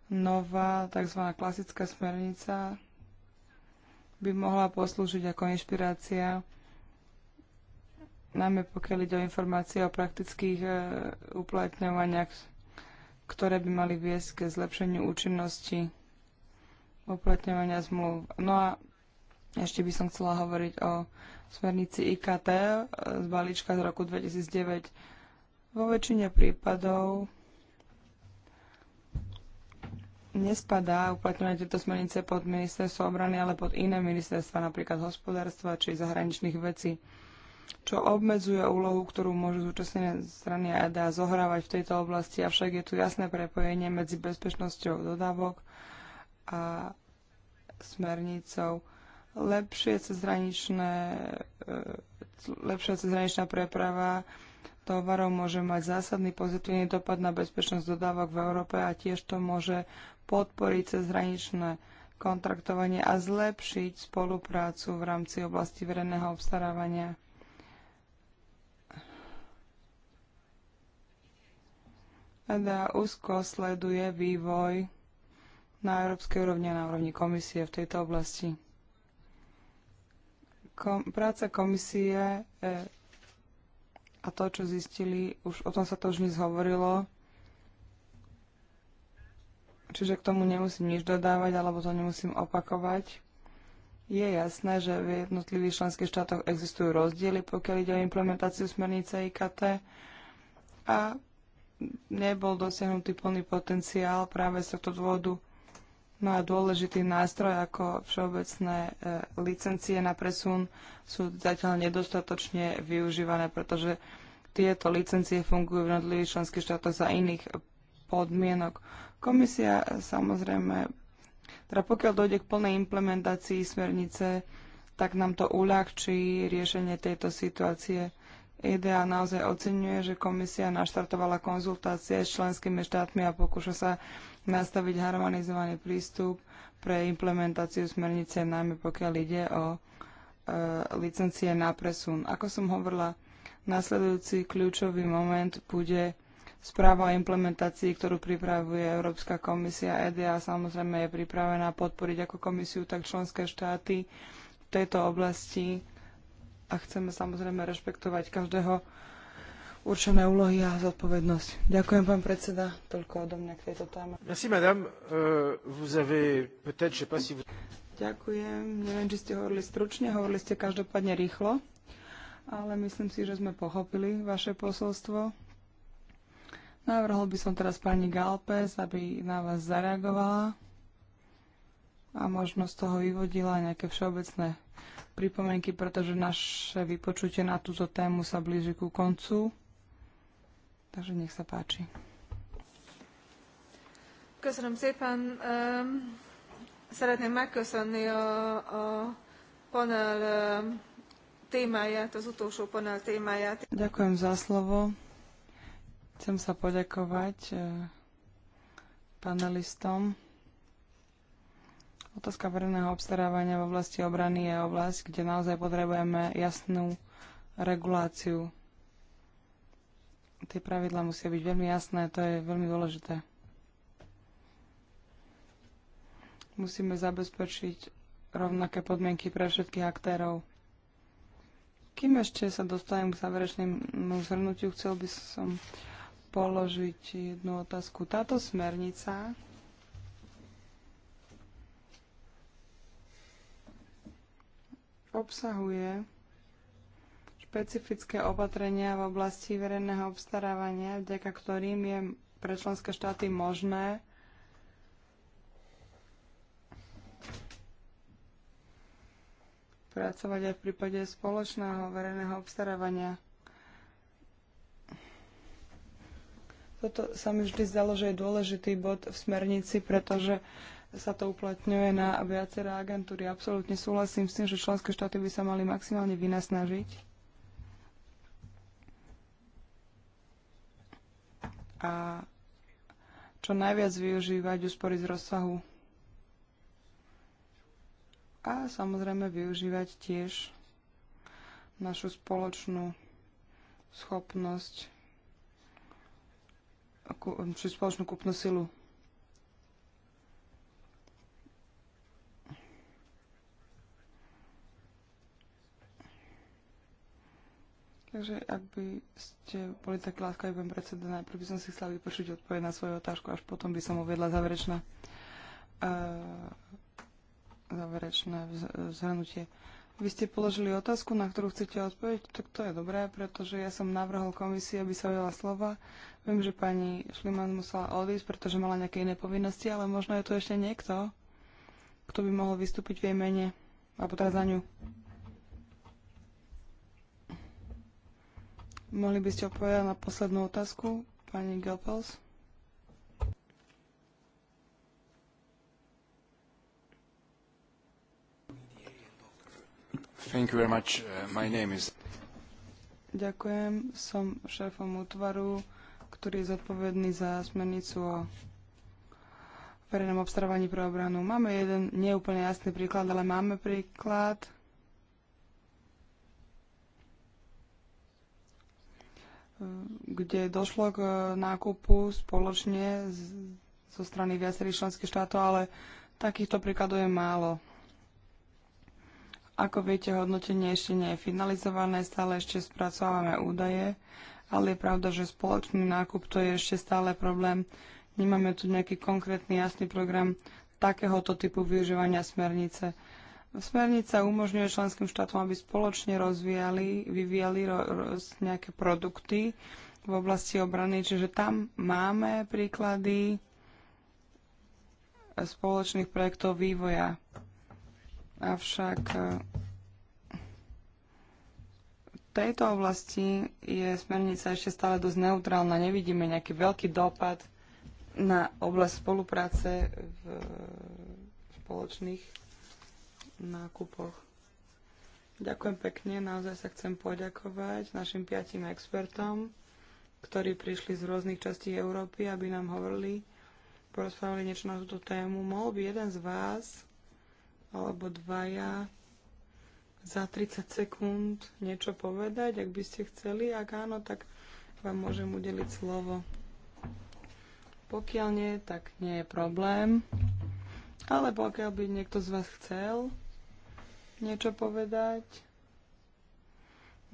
B: nová tzv. klasická smernica by mohla poslúžiť ako inšpirácia najmä pokiaľ ide o informácie o praktických e, uplatňovaniach, ktoré by mali viesť ke zlepšeniu účinnosti uplatňovania zmluv. No a ešte by som chcela hovoriť o smernici IKT e, z balíčka z roku 2009. Vo väčšine prípadov nespadá uplatňovanie tejto smernice pod ministerstvo obrany, ale pod iné ministerstva, napríklad hospodárstva či zahraničných vecí, čo obmedzuje úlohu, ktorú môžu zúčastnené strany ADA zohrávať v tejto oblasti, avšak je tu jasné prepojenie medzi bezpečnosťou dodávok, a smernicou. Lepšie cezhraničné, e, lepšia cezhraničná preprava tovarov môže mať zásadný pozitívny dopad na bezpečnosť dodávok v Európe a tiež to môže podporiť cezhraničné kontraktovanie a zlepšiť spoluprácu v rámci oblasti verejného obstarávania. EDA úzko sleduje vývoj na európskej úrovni a na úrovni komisie v tejto oblasti. Kom, práca komisie e, a to, čo zistili, už o tom sa to už nic hovorilo, čiže k tomu nemusím nič dodávať alebo to nemusím opakovať. Je jasné, že v jednotlivých členských štátoch existujú rozdiely, pokiaľ ide o implementáciu smernice IKT a nebol dosiahnutý plný potenciál práve z tohto dôvodu No a dôležitý nástroj ako všeobecné e, licencie na presun sú zatiaľ nedostatočne využívané, pretože tieto licencie fungujú v jednotlivých členských štátoch za iných podmienok. Komisia samozrejme, teda pokiaľ dojde k plnej implementácii smernice, tak nám to uľahčí riešenie tejto situácie. IDEA naozaj oceňuje, že komisia naštartovala konzultácie s členskými štátmi a pokúša sa nastaviť harmonizovaný prístup pre implementáciu smernice, najmä pokiaľ ide o e, licencie na presun. Ako som hovorila, nasledujúci kľúčový moment bude správa o implementácii, ktorú pripravuje Európska komisia. EDA samozrejme je pripravená podporiť ako komisiu, tak členské štáty v tejto oblasti a chceme samozrejme rešpektovať každého určené úlohy a zodpovednosť. Ďakujem, pán predseda, toľko odo mňa k tejto téme.
A: Merci, madame. Uh, vous avez peut-être, je pas si vous...
B: Ďakujem. Neviem, či ste hovorili stručne, hovorili ste každopádne rýchlo, ale myslím si, že sme pochopili vaše posolstvo. Navrhol by som teraz pani Galpes, aby na vás zareagovala a možno z toho vyvodila nejaké všeobecné pripomienky, pretože naše vypočutie na túto tému sa blíži ku koncu. Takže nech sa páči.
E: Köszönöm szépen. Um, szeretném megköszönni a, a panel um, témáját, az utolsó panel témáját.
B: Ďakujem za slovo. Chcem sa poďakovať panelistom. Otázka verejného obstarávania v oblasti obrany je oblasť, kde naozaj potrebujeme jasnú reguláciu Tie pravidla musia byť veľmi jasné, to je veľmi dôležité. Musíme zabezpečiť rovnaké podmienky pre všetkých aktérov. Kým ešte sa dostanem k záverečnému zhrnutiu, chcel by som položiť jednu otázku. Táto smernica obsahuje špecifické opatrenia v oblasti verejného obstarávania, vďaka ktorým je pre členské štáty možné pracovať aj v prípade spoločného verejného obstarávania. Toto sa mi vždy zdalo, že je dôležitý bod v smernici, pretože sa to uplatňuje na viaceré agentúry. Absolutne súhlasím s tým, že členské štáty by sa mali maximálne vynasnažiť a čo najviac využívať úspory z rozsahu. A samozrejme využívať tiež našu spoločnú schopnosť, či spoločnú kúpnu silu. Takže ak by ste boli také láskaví, pán predseda, najprv by som si chcela vypočuť odpoveď na svoju otázku, až potom by som uviedla e, záverečné uh, záverečné zhrnutie. Vy ste položili otázku, na ktorú chcete odpoveď, tak to je dobré, pretože ja som navrhol komisii, aby sa veľa slova. Viem, že pani Šliman musela odísť, pretože mala nejaké iné povinnosti, ale možno je tu ešte niekto, kto by mohol vystúpiť v jej mene, alebo teraz za ňu. Mohli by ste odpovedať na poslednú otázku, pani Gelpels.
C: Thank you very much. Uh, my name is...
B: Ďakujem. Som šéfom útvaru, ktorý je zodpovedný za smernicu o verejnom obstarávaní pre obranu. Máme jeden neúplne jasný príklad, ale máme príklad kde došlo k e, nákupu spoločne z, zo strany viacerých členských štátov, ale takýchto príkladov je málo. Ako viete, hodnotenie ešte nie je finalizované, stále ešte spracovávame údaje, ale je pravda, že spoločný nákup to je ešte stále problém. Nemáme tu nejaký konkrétny jasný program takéhoto typu využívania smernice. Smernica umožňuje členským štátom, aby spoločne rozvíjali, vyvíjali ro, ro, nejaké produkty v oblasti obrany, čiže tam máme príklady spoločných projektov vývoja. Avšak e, v tejto oblasti je smernica ešte stále dosť neutrálna. Nevidíme nejaký veľký dopad na oblasť spolupráce v e, spoločných nákupoch. Ďakujem pekne, naozaj sa chcem poďakovať našim piatim expertom, ktorí prišli z rôznych častí Európy, aby nám hovorili, porozprávali niečo na túto tému. Mohol by jeden z vás, alebo dvaja, za 30 sekúnd niečo povedať, ak by ste chceli. Ak áno, tak vám môžem udeliť slovo. Pokiaľ nie, tak nie je problém. Ale pokiaľ by niekto z vás chcel, niečo povedať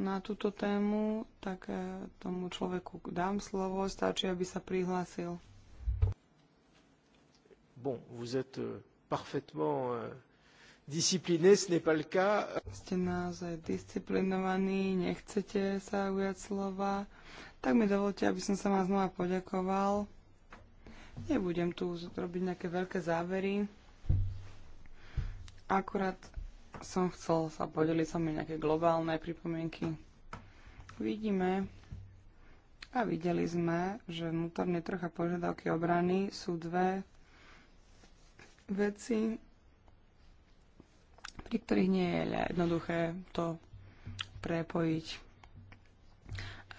B: na túto tému, tak e, tomu človeku dám slovo, stačí, aby sa prihlásil.
A: Bon, vous êtes e, parfaitement e, discipliné, ce n'est pas le
B: cas. Ste naozaj disciplinovaní, nechcete sa ujať slova, tak mi dovolte, aby som sa vám znova poďakoval. Nebudem tu robiť nejaké veľké závery. Akurát som chcel sa podeliť sa mi nejaké globálne pripomienky. Vidíme a videli sme, že vnútorne trh a požiadavky obrany sú dve veci, pri ktorých nie je jednoduché to prepojiť.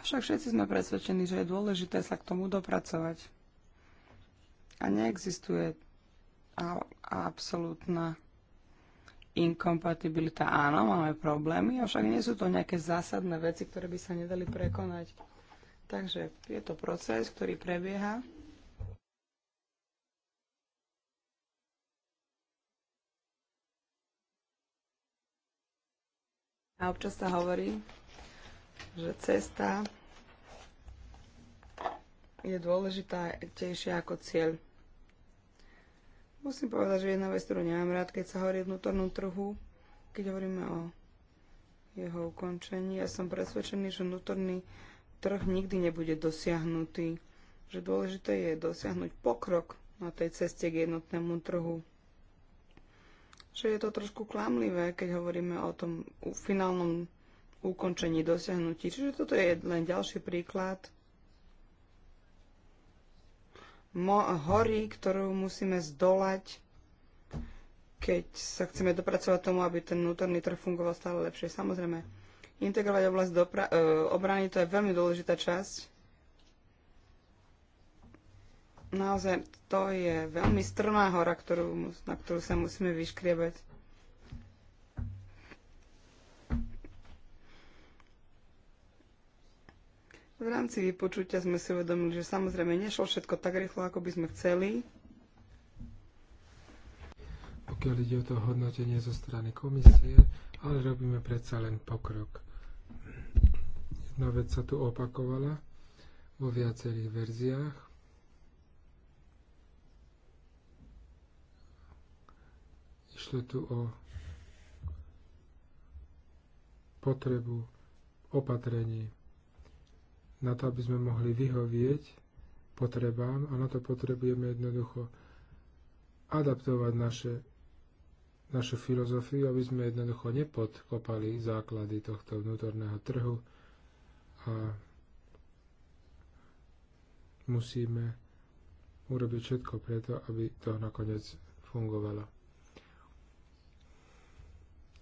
B: Avšak všetci sme presvedčení, že je dôležité sa k tomu dopracovať. A neexistuje absolútna inkompatibilita áno, máme problémy, avšak nie sú to nejaké zásadné veci, ktoré by sa nedali prekonať. Takže je to proces, ktorý prebieha. A občas sa hovorí, že cesta je dôležitá tejšia ako cieľ. Musím povedať, že jedna vec, ktorú nemám rád, keď sa hovorí o vnútornom trhu, keď hovoríme o jeho ukončení, ja som presvedčený, že vnútorný trh nikdy nebude dosiahnutý, že dôležité je dosiahnuť pokrok na tej ceste k jednotnému trhu. Že je to trošku klamlivé, keď hovoríme o tom finálnom ukončení dosiahnutí. Čiže toto je len ďalší príklad hory, ktorú musíme zdolať, keď sa chceme dopracovať tomu, aby ten vnútorný trh fungoval stále lepšie. Samozrejme, integrovať oblasť dopra- e, obrany to je veľmi dôležitá časť. Naozaj, to je veľmi strmá hora, ktorú, na ktorú sa musíme vyškriebať. V rámci vypočutia sme si uvedomili, že samozrejme nešlo všetko tak rýchlo, ako by sme chceli.
C: Pokiaľ ide o to hodnotenie zo strany komisie, ale robíme predsa len pokrok. Jedna vec sa tu opakovala vo viacerých verziách. Išlo tu o potrebu opatrení na to, aby sme mohli vyhovieť potrebám a na to potrebujeme jednoducho adaptovať naše, našu filozofiu, aby sme jednoducho nepodkopali základy tohto vnútorného trhu a musíme urobiť všetko preto, aby to nakoniec fungovalo.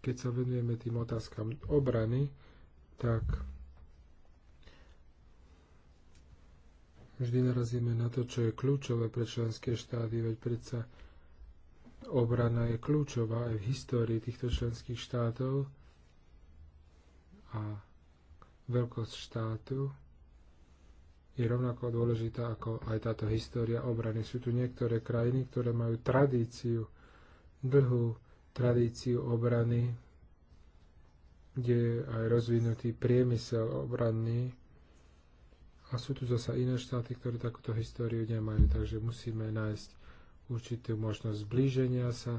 C: Keď sa venujeme tým otázkam obrany, tak vždy narazíme na to, čo je kľúčové pre členské štáty, veď predsa obrana je kľúčová aj v histórii týchto členských štátov a veľkosť štátu je rovnako dôležitá ako aj táto história obrany. Sú tu niektoré krajiny, ktoré majú tradíciu, dlhú tradíciu obrany, kde je aj rozvinutý priemysel obranný, a sú tu zasa iné štáty, ktoré takúto históriu nemajú, takže musíme nájsť určitú možnosť zblíženia sa,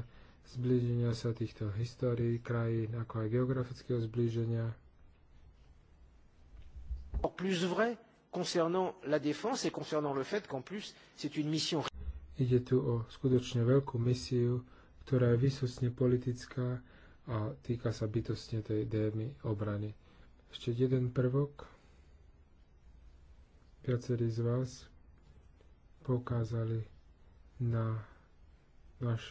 C: zblíženia sa týchto histórií krajín, ako aj geografického zblíženia. Ide tu o skutočne veľkú misiu, ktorá je vysosne politická a týka sa bytostne tej démy obrany. Ešte jeden prvok viacerí z vás poukázali na náš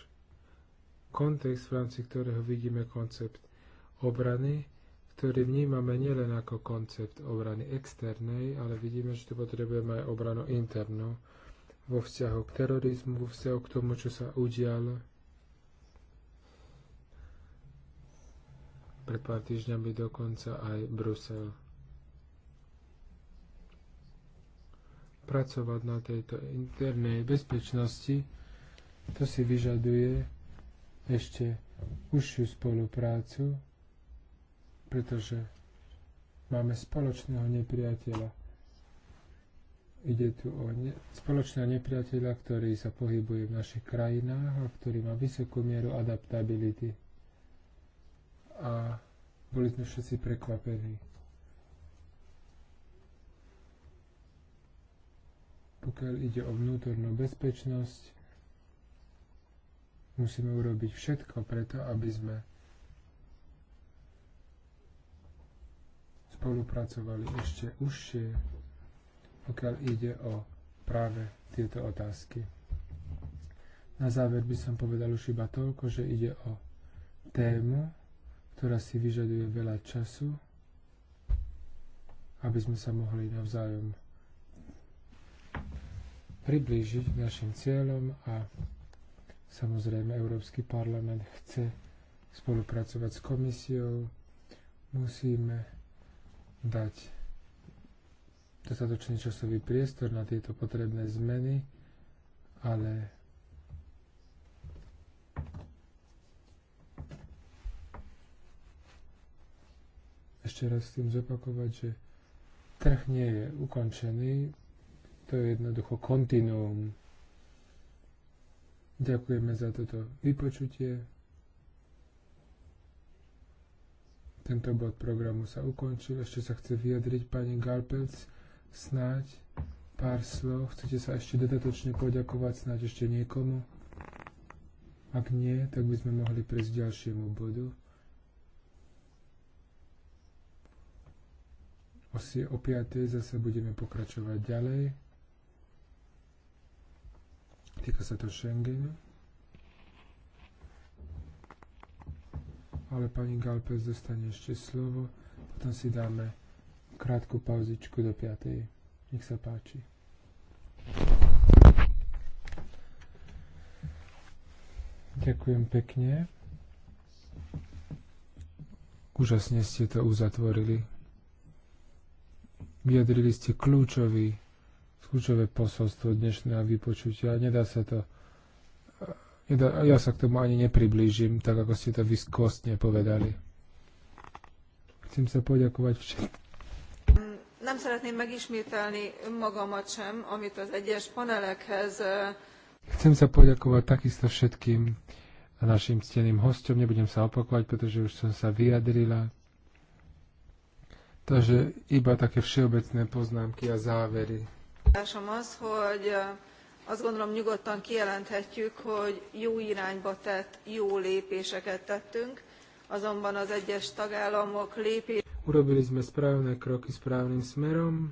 C: kontext, v rámci ktorého vidíme koncept obrany, ktorý vnímame nielen ako koncept obrany externej, ale vidíme, že tu potrebujeme aj obranu internú vo vzťahu k terorizmu, vo vzťahu k tomu, čo sa udialo pred pár týždňami dokonca aj Brusel pracovať na tejto internej bezpečnosti, to si vyžaduje ešte užšiu spoluprácu, pretože máme spoločného nepriateľa. Ide tu o ne- spoločného nepriateľa, ktorý sa pohybuje v našich krajinách a ktorý má vysokú mieru adaptability. A boli sme všetci prekvapení pokiaľ ide o vnútornú bezpečnosť, musíme urobiť všetko preto, aby sme spolupracovali ešte užšie, pokiaľ ide o práve tieto otázky. Na záver by som povedal už iba toľko, že ide o tému, ktorá si vyžaduje veľa času, aby sme sa mohli navzájom priblížiť k našim cieľom a samozrejme Európsky parlament chce spolupracovať s komisiou. Musíme dať dostatočný časový priestor na tieto potrebné zmeny, ale ešte raz chcem zopakovať, že trh nie je ukončený, to je jednoducho kontinuum. Ďakujeme za toto vypočutie. Tento bod programu sa ukončil. Ešte sa chce vyjadriť pani Galpelc. Snáď pár slov. Chcete sa ešte dodatočne poďakovať snáď ešte niekomu? Ak nie, tak by sme mohli prejsť k ďalšiemu bodu. o 5. zase budeme pokračovať ďalej. Týka sa to Schengenu. Ale pani Galpes dostane ešte slovo. Potom si dáme krátku pauzičku do 5. Nech sa páči. Ďakujem pekne. Úžasne ste to uzatvorili. Vyjadrili ste kľúčový kľúčové posolstvo dnešného vypočutia. Nedá sa to nedá, ja sa k tomu ani nepriblížim, tak ako ste to vyskostne povedali. Chcem sa poďakovať všetkým.
E: Nem szeretném megismételni magamat sem, amit az egyes panelekhez...
C: Chcem sa poďakovať takisto všetkým našim cteným hostom. Nebudem sa opakovať, pretože už som sa vyjadrila. Takže iba také všeobecné poznámky a závery
E: elvárásom Az, hogy azt gondolom nyugodtan kijelenthetjük, hogy jó irányba tett, jó lépéseket tettünk, azonban az egyes tagállamok lépés...
C: Urobili sme správne kroky správnym smerom,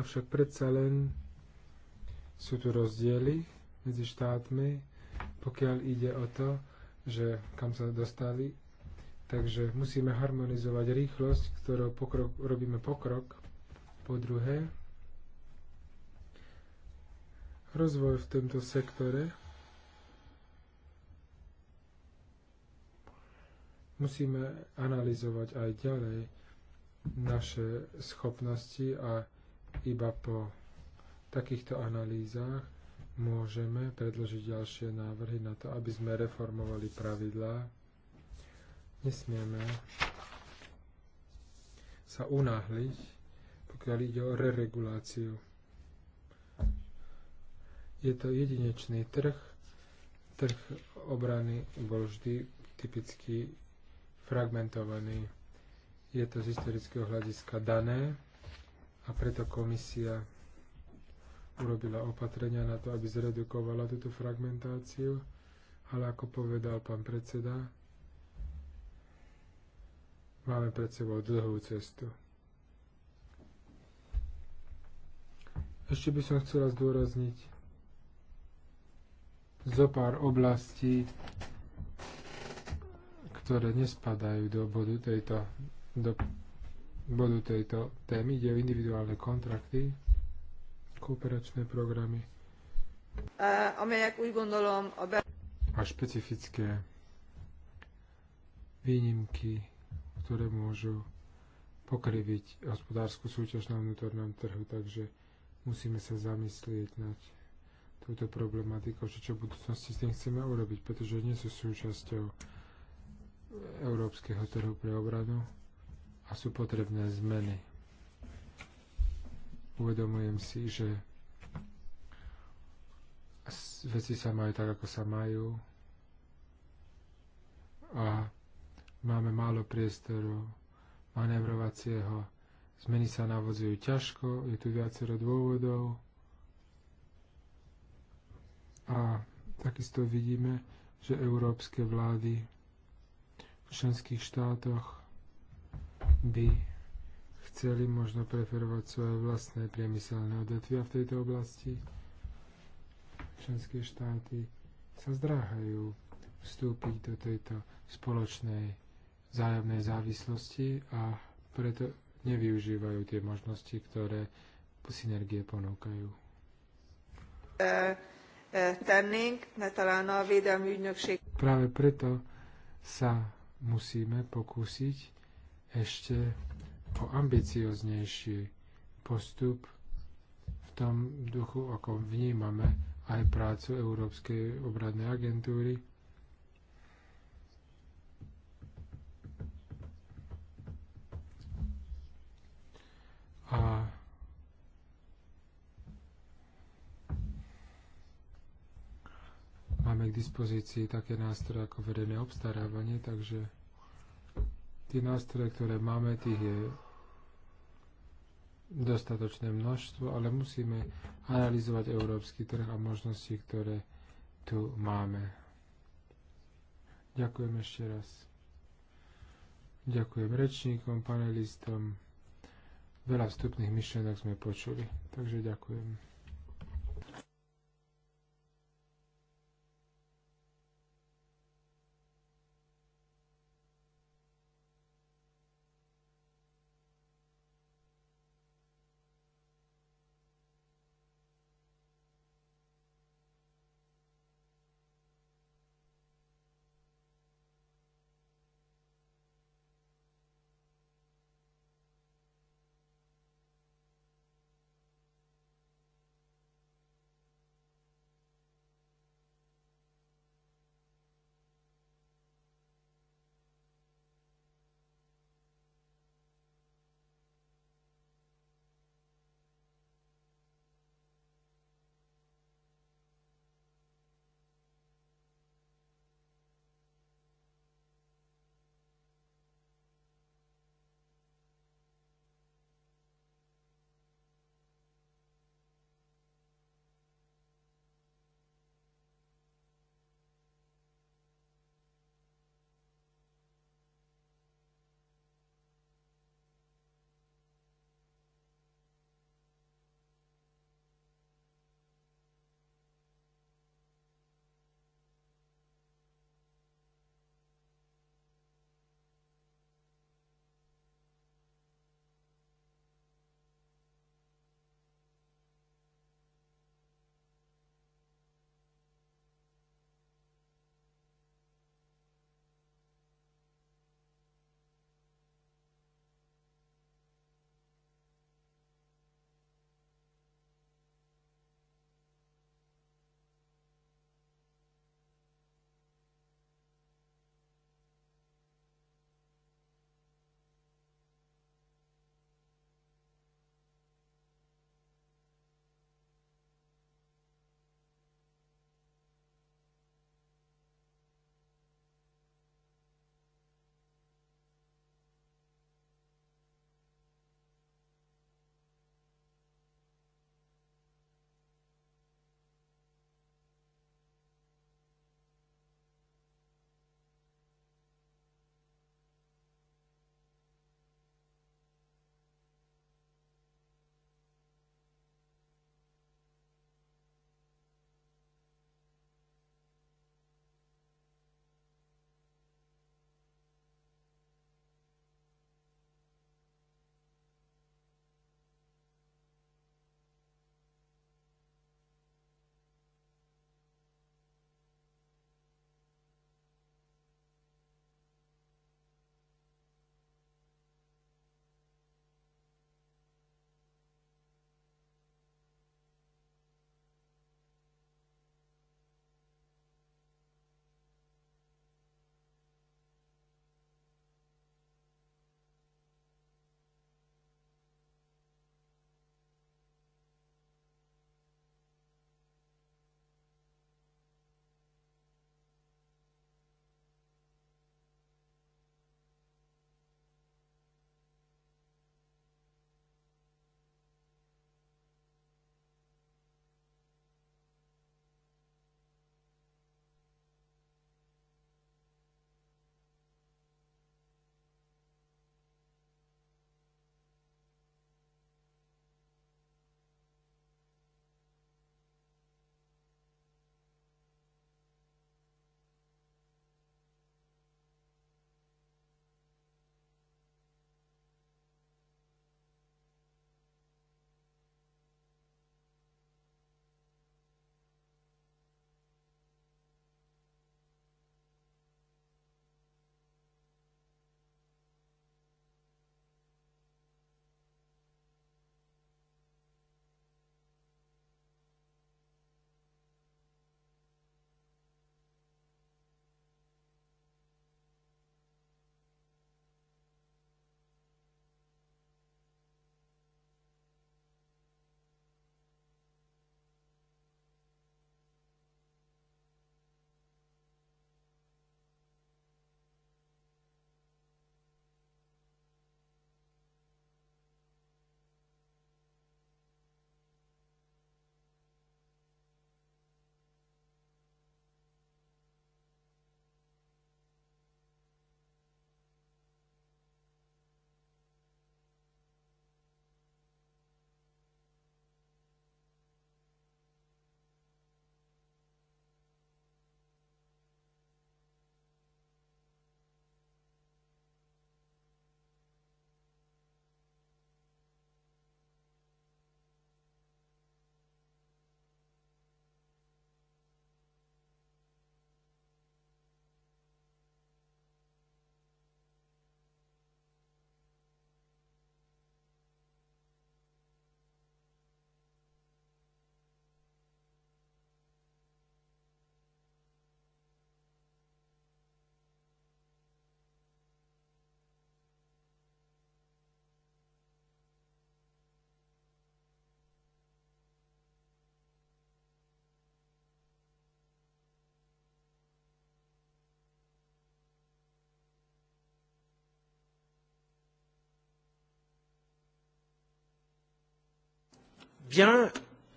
C: avšak predsa len sú tu rozdiely medzi štátmi, pokiaľ ide o to, že kam sa dostali. Takže musíme harmonizovať rýchlosť, ktorou pokrok, robíme pokrok. Po druhé, rozvoj v tomto sektore. Musíme analyzovať aj ďalej naše schopnosti a iba po takýchto analýzach môžeme predložiť ďalšie návrhy na to, aby sme reformovali pravidlá. Nesmieme sa unáhliť, pokiaľ ide o reguláciu. Je to jedinečný trh. Trh obrany bol vždy typicky fragmentovaný. Je to z historického hľadiska dané a preto komisia urobila opatrenia na to, aby zredukovala túto fragmentáciu, ale ako povedal pán predseda, máme pred sebou dlhú cestu. Ešte by som chcela zdôrazniť zo pár oblastí, ktoré nespadajú do bodu tejto, do bodu tejto témy. Ide o individuálne kontrakty, kooperačné programy. A špecifické výnimky, ktoré môžu pokriviť hospodárskú súťaž na vnútornom trhu, takže musíme sa zamyslieť nad túto problematiku, že čo v budúcnosti s tým chceme urobiť, pretože nie sú súčasťou európskeho trhu pre obranu a sú potrebné zmeny. Uvedomujem si, že veci sa majú tak, ako sa majú a máme málo priestoru manevrovacieho. Zmeny sa navodzujú ťažko, je tu viacero dôvodov a takisto vidíme, že európske vlády v členských štátoch by chceli možno preferovať svoje vlastné priemyselné odvetvia v tejto oblasti. Členské štáty sa zdráhajú vstúpiť do tejto spoločnej vzájomnej závislosti a preto nevyužívajú tie možnosti, ktoré synergie ponúkajú.
E: Uh. E, tennénk, mert talán a védelmi ügynökség.
C: Práve preto sa musíme pokúsiť ešte o ambicioznejší postup v tom duchu, ako vnímame aj prácu Európskej obradnej agentúry k dispozícii také nástroje ako verejné obstarávanie, takže tie nástroje, ktoré máme, tých je dostatočné množstvo, ale musíme analyzovať európsky trh a možnosti, ktoré tu máme. Ďakujem ešte raz. Ďakujem rečníkom, panelistom. Veľa vstupných myšlenok sme počuli, takže ďakujem.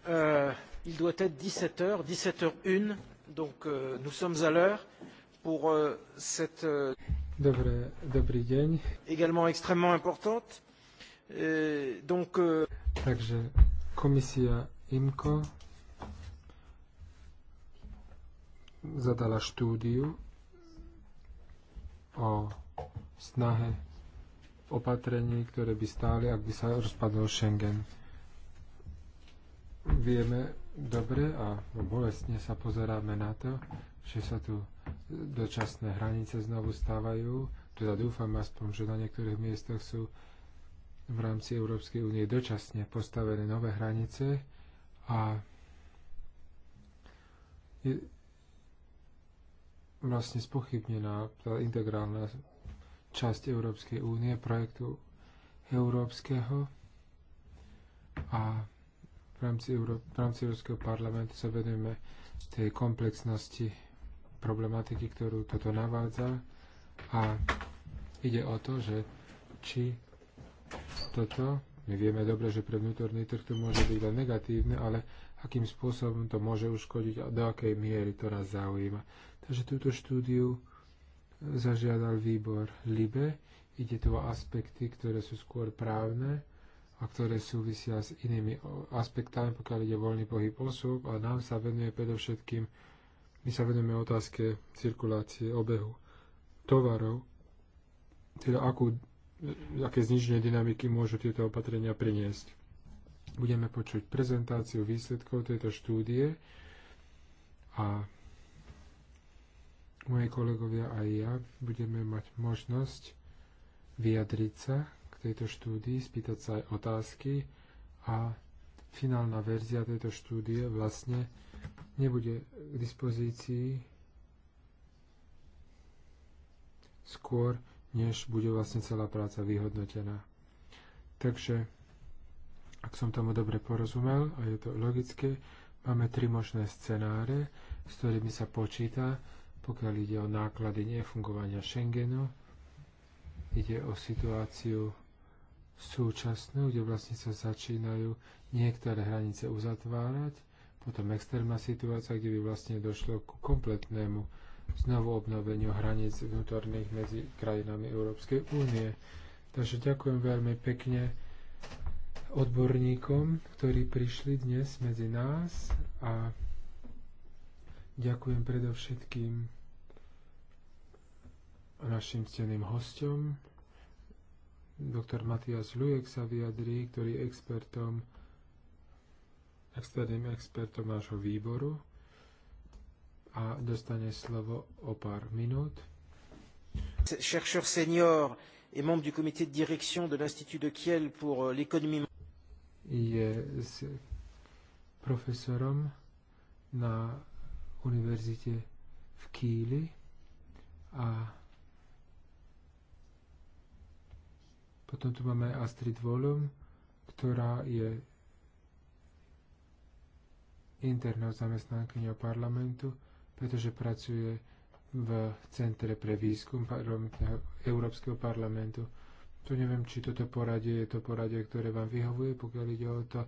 A: Euh, il doit être dix sept heures, dix sept heures une, donc euh, nous sommes à l'heure pour euh, cette euh,
C: Dobre, dobrý deň.
A: également extrêmement importante. Et donc, euh,
C: Takže komisia IMCO zadala štúdiu o snahe opatrení, ktoré by stáli, ak by sa rozpadol Schengen vieme dobre a bolestne sa pozeráme na to, že sa tu dočasné hranice znovu stávajú. Teda dúfam aspoň, že na niektorých miestach sú v rámci Európskej únie dočasne postavené nové hranice a je vlastne spochybnená tá integrálna časť Európskej únie, projektu európskeho a v rámci, Európskeho parlamentu sa vedeme tej komplexnosti problematiky, ktorú toto navádza a ide o to, že či toto, my vieme dobre, že pre vnútorný trh to môže byť len negatívne, ale akým spôsobom to môže uškodiť a do akej miery to nás zaujíma. Takže túto štúdiu zažiadal výbor LIBE. Ide tu o aspekty, ktoré sú skôr právne a ktoré súvisia s inými aspektami, pokiaľ ide voľný pohyb osôb a nám sa venuje predovšetkým, my sa venujeme otázke cirkulácie obehu tovarov, teda akú, aké zniženie dynamiky môžu tieto opatrenia priniesť. Budeme počuť prezentáciu výsledkov tejto štúdie a moje kolegovia aj ja budeme mať možnosť vyjadriť sa tejto štúdii, spýtať sa aj otázky a finálna verzia tejto štúdie vlastne nebude k dispozícii skôr, než bude vlastne celá práca vyhodnotená. Takže, ak som tomu dobre porozumel, a je to logické, máme tri možné scenáre, s ktorými sa počíta, pokiaľ ide o náklady nefungovania Schengenu, ide o situáciu súčasnú, kde vlastne sa začínajú niektoré hranice uzatvárať, potom externá situácia, kde by vlastne došlo ku kompletnému znovu obnoveniu hraníc vnútorných medzi krajinami Európskej únie. Takže ďakujem veľmi pekne odborníkom, ktorí prišli dnes medzi nás a ďakujem predovšetkým našim cteným hostom, Doktor Matias Lujek sa vyjadrí, ktorý je expertom, externým expertom nášho výboru a dostane slovo o pár minút.
A: Chercheur senior et membre du comité de direction de l'Institut de Kiel pour l'économie.
C: Je profesorom na univerzite v Kíli a Potom tu máme Astrid Volum, ktorá je internou zamestnankyňa parlamentu, pretože pracuje v Centre pre výskum Európskeho parlamentu. Tu neviem, či toto poradie je to poradie, ktoré vám vyhovuje, pokiaľ ide o to,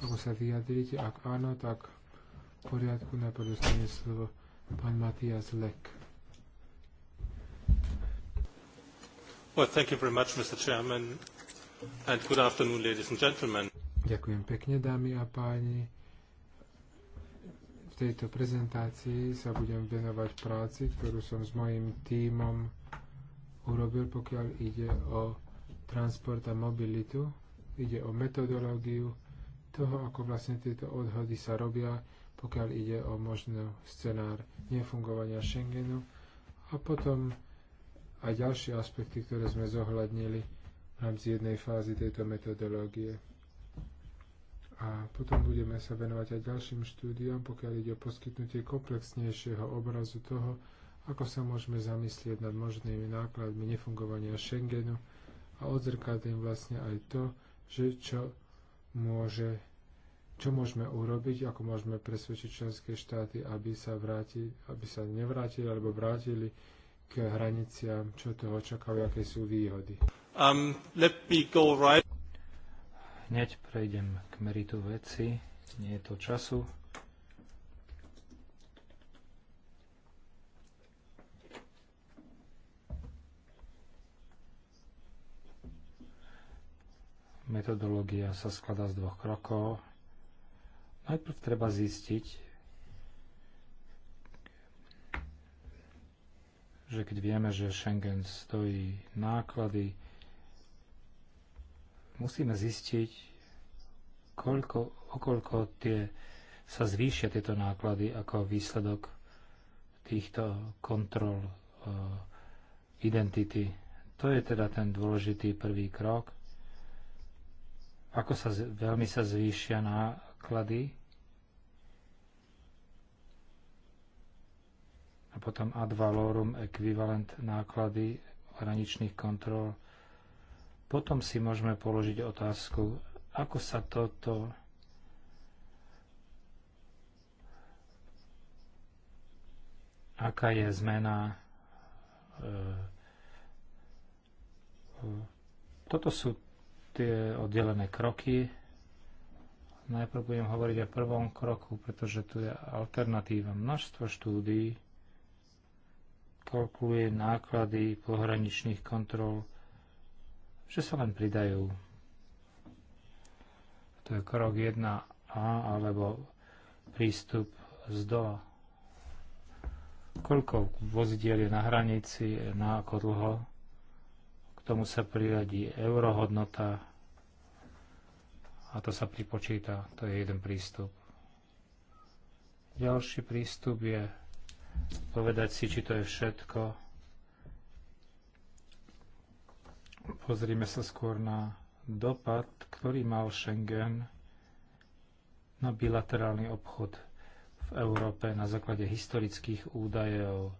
C: ako sa vyjadrite. Ak áno, tak v poriadku, najprv dostane slovo pán Matias Lek.
D: thank you very much, Mr. Chairman,
C: Ďakujem pekne, dámy a páni. V tejto prezentácii sa budem venovať práci, ktorú som s mojim tímom urobil, pokiaľ ide o transport a mobilitu. Ide o metodológiu toho, ako vlastne tieto odhody sa robia, pokiaľ ide o možný scenár nefungovania Schengenu. A potom a ďalšie aspekty, ktoré sme zohľadnili v rámci jednej fázy tejto metodológie. A potom budeme sa venovať aj ďalším štúdiom, pokiaľ ide o poskytnutie komplexnejšieho obrazu toho, ako sa môžeme zamyslieť nad možnými nákladmi nefungovania Schengenu a odzrkadlím vlastne aj to, že čo môže čo môžeme urobiť, ako môžeme presvedčiť členské štáty, aby sa, vráti, aby sa nevrátili alebo vrátili k hraniciam, čo to očakávajú, aké sú výhody.
E: Um, let me go right.
C: Hneď prejdem k meritu veci,
D: nie je to času. Metodológia sa skladá z dvoch krokov. Najprv treba zistiť, že keď vieme, že Schengen stojí náklady, musíme zistiť, koľko, okoľko tie, sa zvýšia tieto náklady ako výsledok týchto kontrol e, identity. To je teda ten dôležitý prvý krok. Ako sa veľmi sa zvýšia náklady potom ad valorum ekvivalent náklady hraničných kontrol. Potom si môžeme položiť otázku, ako sa toto aká je zmena e, toto sú tie oddelené kroky najprv budem hovoriť o prvom kroku, pretože tu je alternatíva množstvo štúdií kalkuluje náklady pohraničných kontrol, že sa len pridajú. To je krok 1a alebo prístup z dola. Koľko vozidiel je na hranici, na ako dlho? K tomu sa priradí eurohodnota a to sa pripočíta. To je jeden prístup. Ďalší prístup je povedať si, či to je všetko. Pozrime sa skôr na dopad, ktorý mal Schengen na bilaterálny obchod v Európe na základe historických údajov.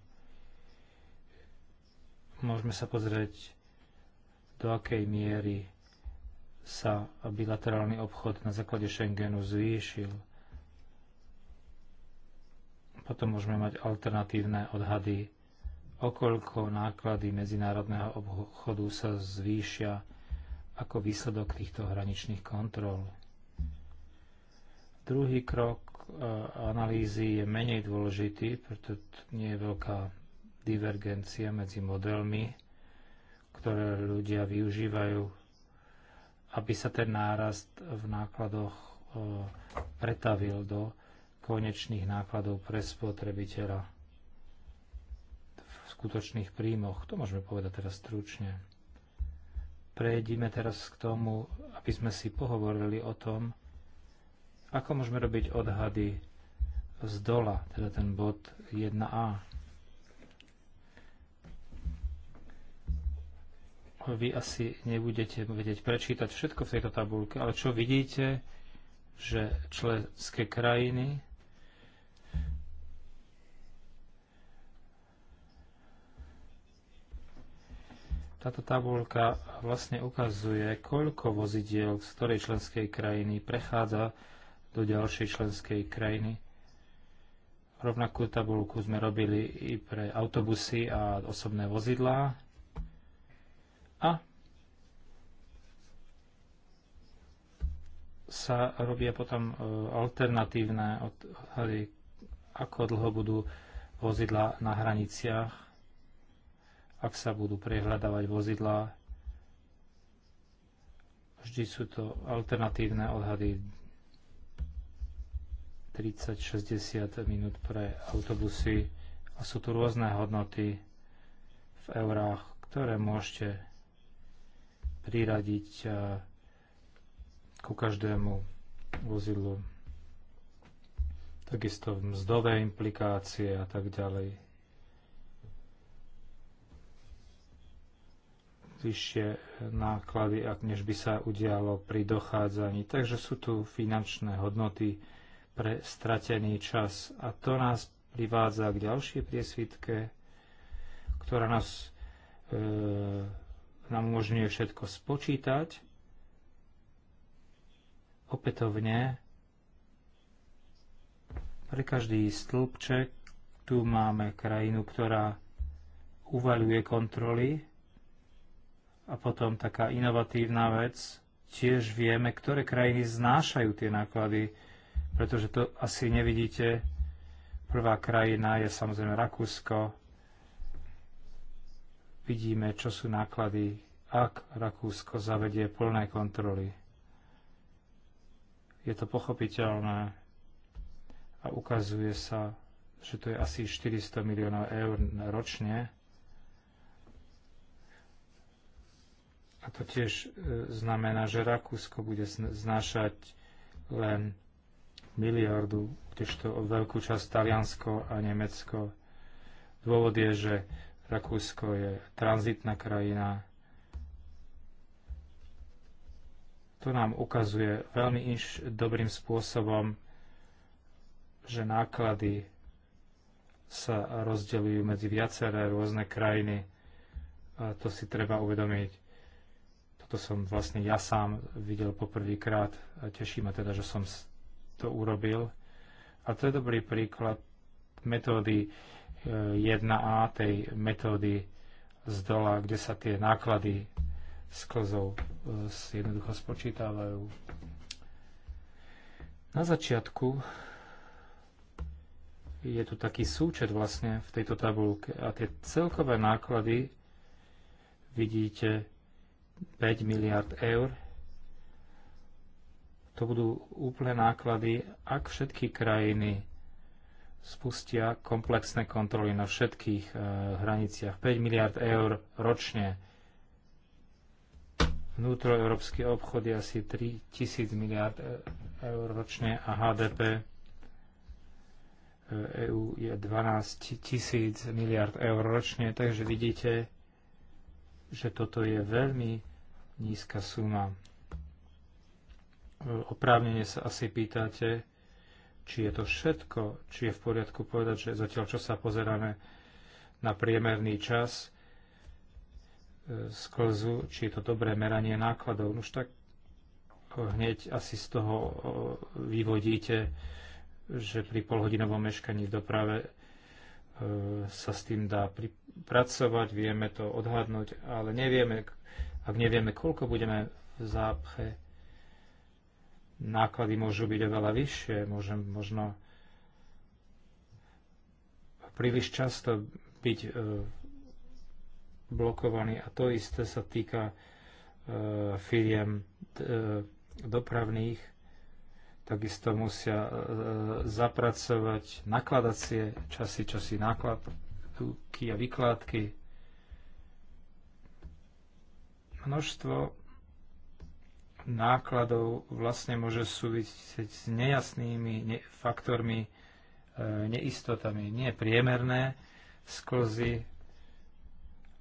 D: Môžeme sa pozrieť, do akej miery sa bilaterálny obchod na základe Schengenu zvýšil potom môžeme mať alternatívne odhady, okoľko náklady medzinárodného obchodu sa zvýšia ako výsledok týchto hraničných kontrol. Druhý krok e, analýzy je menej dôležitý, pretože nie je veľká divergencia medzi modelmi, ktoré ľudia využívajú, aby sa ten nárast v nákladoch e, pretavil do konečných nákladov pre spotrebiteľa v skutočných príjmoch. To môžeme povedať teraz stručne. Prejdime teraz k tomu, aby sme si pohovorili o tom, ako môžeme robiť odhady z dola, teda ten bod 1a. Vy asi nebudete vedieť prečítať všetko v tejto tabulke, ale čo vidíte, že členské krajiny Táto tabulka vlastne ukazuje, koľko vozidiel z ktorej členskej krajiny prechádza do ďalšej členskej krajiny. Rovnakú tabulku sme robili i pre autobusy a osobné vozidlá. A sa robia potom e, alternatívne odhady, ako dlho budú vozidla na hraniciach ak sa budú prehľadávať vozidlá. Vždy sú to alternatívne odhady 30-60 minút pre autobusy a sú tu rôzne hodnoty v eurách, ktoré môžete priradiť eh, ku každému vozidlu. Takisto mzdové implikácie a tak ďalej. vyššie náklady, než by sa udialo pri dochádzaní. Takže sú tu finančné hodnoty pre stratený čas. A to nás privádza k ďalšej priesvitke, ktorá nás e, nám umožňuje všetko spočítať. Opätovne pre každý stĺpček tu máme krajinu, ktorá uvaľuje kontroly a potom taká inovatívna vec, tiež vieme, ktoré krajiny znášajú tie náklady, pretože to asi nevidíte. Prvá krajina je samozrejme Rakúsko. Vidíme, čo sú náklady, ak Rakúsko zavedie plné kontroly. Je to pochopiteľné a ukazuje sa, že to je asi 400 miliónov eur ročne A to tiež e, znamená, že Rakúsko bude znášať len miliardu, kdežto veľkú časť Taliansko a Nemecko. Dôvod je, že Rakúsko je tranzitná krajina. To nám ukazuje veľmi inš, dobrým spôsobom, že náklady sa rozdeľujú medzi viaceré rôzne krajiny. A to si treba uvedomiť. To som vlastne ja sám videl poprvýkrát a teší ma teda, že som to urobil. A to je dobrý príklad metódy 1A, e, tej metódy z dola, kde sa tie náklady sklzov e, jednoducho spočítavajú. Na začiatku je tu taký súčet vlastne v tejto tabulke a tie celkové náklady vidíte 5 miliard eur. To budú úplné náklady, ak všetky krajiny spustia komplexné kontroly na všetkých e, hraniciach. 5 miliard eur ročne. Vnútroeurópsky obchod je asi 3 tisíc miliard eh, eur ročne a HDP EU eh, e je 12 tisíc miliard eur ročne, takže vidíte, že toto je veľmi nízka suma. E, Oprávnene sa asi pýtate, či je to všetko, či je v poriadku povedať, že zatiaľ čo sa pozeráme na priemerný čas e, sklzu, či je to dobré meranie nákladov. Už tak hneď asi z toho e, vyvodíte, že pri polhodinovom meškaní v doprave E, sa s tým dá pracovať, vieme to odhadnúť, ale nevieme, ak nevieme, koľko budeme v zápche, náklady môžu byť oveľa vyššie, môžem možno príliš často byť e, blokovaný a to isté sa týka e, firiem e, dopravných Takisto musia e, e, zapracovať nakladacie časy, časy nákladky a vykládky. Množstvo nákladov vlastne môže súvisieť s nejasnými faktormi, e, neistotami, nie priemerné sklzy.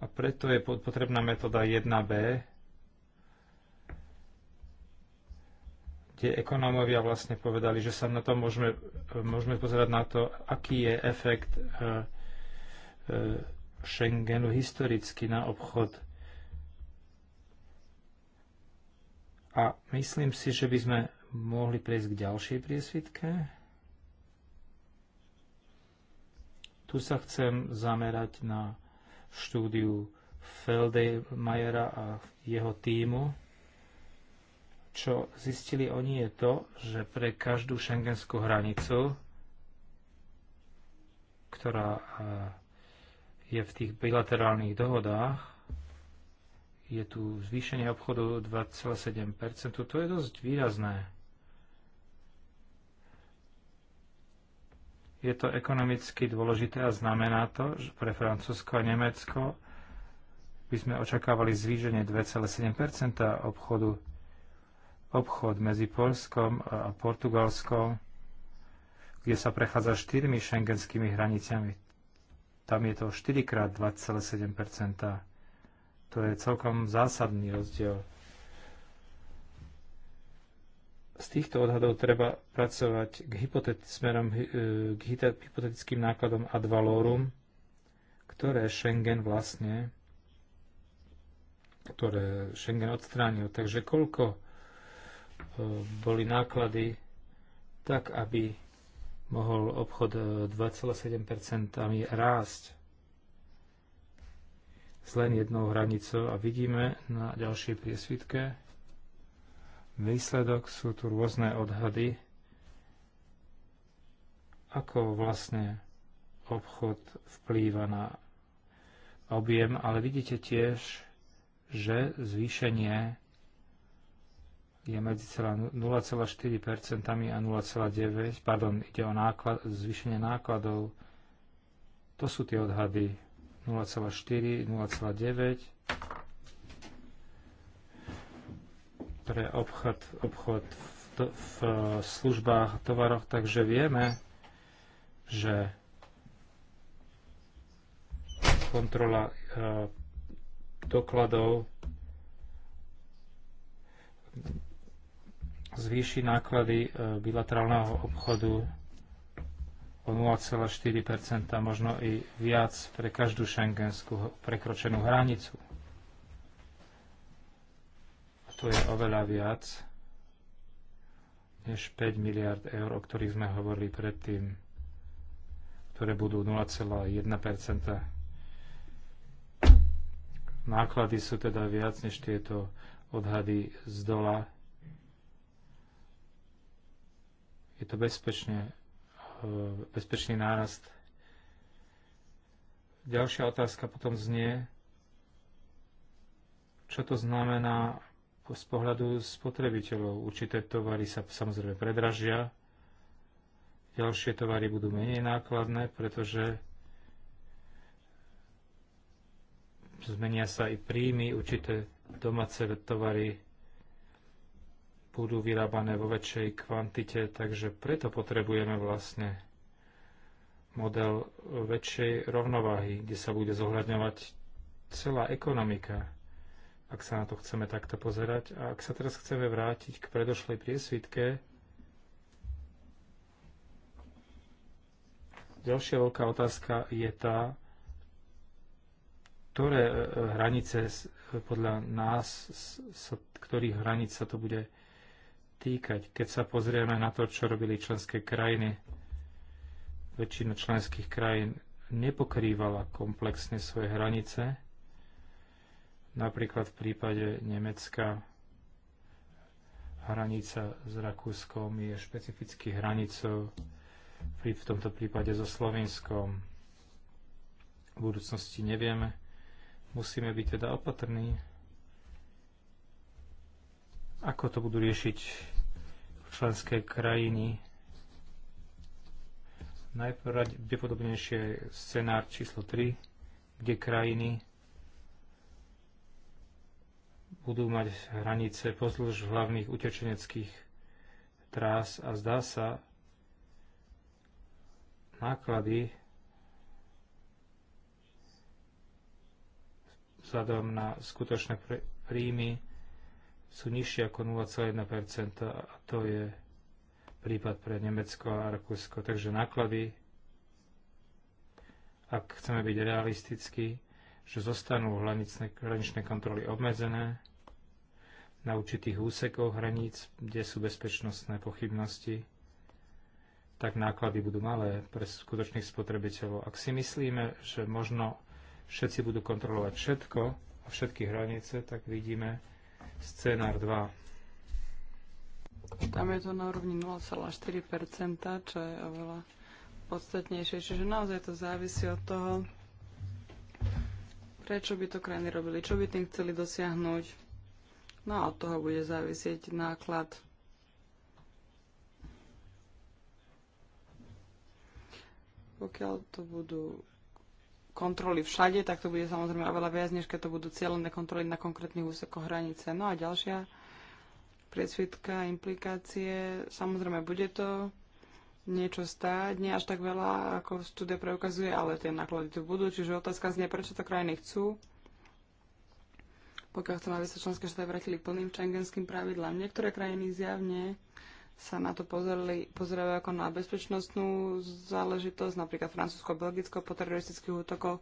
D: A preto je potrebná metóda 1B, tie ekonómovia vlastne povedali, že sa na to môžeme, môžeme pozerať na to, aký je efekt e, e, Schengenu historicky na obchod. A myslím si, že by sme mohli prejsť k ďalšej priesvitke. Tu sa chcem zamerať na štúdiu Feldemajera a jeho týmu čo zistili oni je to, že pre každú šengenskú hranicu, ktorá eh, je v tých bilaterálnych dohodách, je tu zvýšenie obchodu 2,7%. To je dosť výrazné. Je to ekonomicky dôležité a znamená to, že pre Francúzsko a Nemecko by sme očakávali zvýšenie 2,7% obchodu obchod medzi Polskom a Portugalskom, kde sa prechádza štyrmi šengenskými hraniciami. Tam je to 4 krát 2,7 To je celkom zásadný rozdiel. Z týchto odhadov treba pracovať k hypotet- smerom e, k hypotetickým nákladom ad valorum, ktoré Schengen vlastne ktoré Schengen odstránil. Takže koľko boli náklady tak, aby mohol obchod 2,7% e, rásť s len jednou hranicou a vidíme na ďalšej priesvitke výsledok sú tu rôzne odhady ako vlastne obchod vplýva na objem, ale vidíte tiež, že zvýšenie je medzi 0,4% a 0,9%. Pardon, ide o náklad, zvýšenie nákladov. To sú tie odhady 0,4, 0,9 pre obchod, obchod v, v e, službách, tovaroch, takže vieme, že kontrola e, dokladov zvýši náklady e, bilaterálneho obchodu o 0,4 možno i viac pre každú šengenskú prekročenú hranicu. A to je oveľa viac než 5 miliard eur, o ktorých sme hovorili predtým, ktoré budú 0,1 Náklady sú teda viac než tieto odhady z dola Je to bezpečne, e, bezpečný nárast. Ďalšia otázka potom znie, čo to znamená z pohľadu spotrebiteľov. Určité tovary sa samozrejme predražia, ďalšie tovary budú menej nákladné, pretože zmenia sa i príjmy, určité domáce tovary budú vyrábané vo väčšej kvantite, takže preto potrebujeme vlastne model väčšej rovnováhy, kde sa bude zohľadňovať celá ekonomika, ak sa na to chceme takto pozerať. A ak sa teraz chceme vrátiť k predošlej priesvitke, ďalšia veľká otázka je tá, ktoré e, e, hranice e, podľa nás, ktorých hranic sa to bude týkať. Keď sa pozrieme na to, čo robili členské krajiny, väčšina členských krajín nepokrývala komplexne svoje hranice. Napríklad v prípade Nemecka hranica s Rakúskom je špecificky hranicou v tomto prípade so Slovenskom. V budúcnosti nevieme. Musíme byť teda opatrní. Ako to budú riešiť členské krajiny. Najprv je scenár číslo 3, kde krajiny budú mať hranice pozdĺž hlavných utečeneckých trás a zdá sa, náklady vzhľadom na skutočné príjmy sú nižšie ako 0,1% a to je prípad pre Nemecko a Rakúsko. Takže náklady, ak chceme byť realistickí, že zostanú hraničné, hraničné kontroly obmedzené na určitých úsekoch hraníc, kde sú bezpečnostné pochybnosti, tak náklady budú malé pre skutočných spotrebiteľov. Ak si myslíme, že možno všetci budú kontrolovať všetko a všetky hranice, tak vidíme, Scenár 2.
B: Tam je to na úrovni 0,4%, čo je oveľa podstatnejšie. Čiže naozaj to závisí od toho, prečo by to krajiny robili, čo by tým chceli dosiahnuť. No a od toho bude závisieť náklad. Pokiaľ to budú kontroly všade, tak to bude samozrejme oveľa viac, než keď to budú cieľené kontroly na konkrétnych úsekoch hranice. No a ďalšia priesvitka, implikácie, samozrejme bude to niečo stáť, nie až tak veľa, ako štúdia preukazuje, ale tie náklady tu budú, čiže otázka znie, prečo to krajiny chcú, pokiaľ chceme, aby sa členské štáty vrátili k plným šengenským pravidlám. Niektoré krajiny zjavne sa na to pozerali, pozerajú ako na bezpečnostnú záležitosť, napríklad Francúzsko, Belgicko po teroristických útokoch,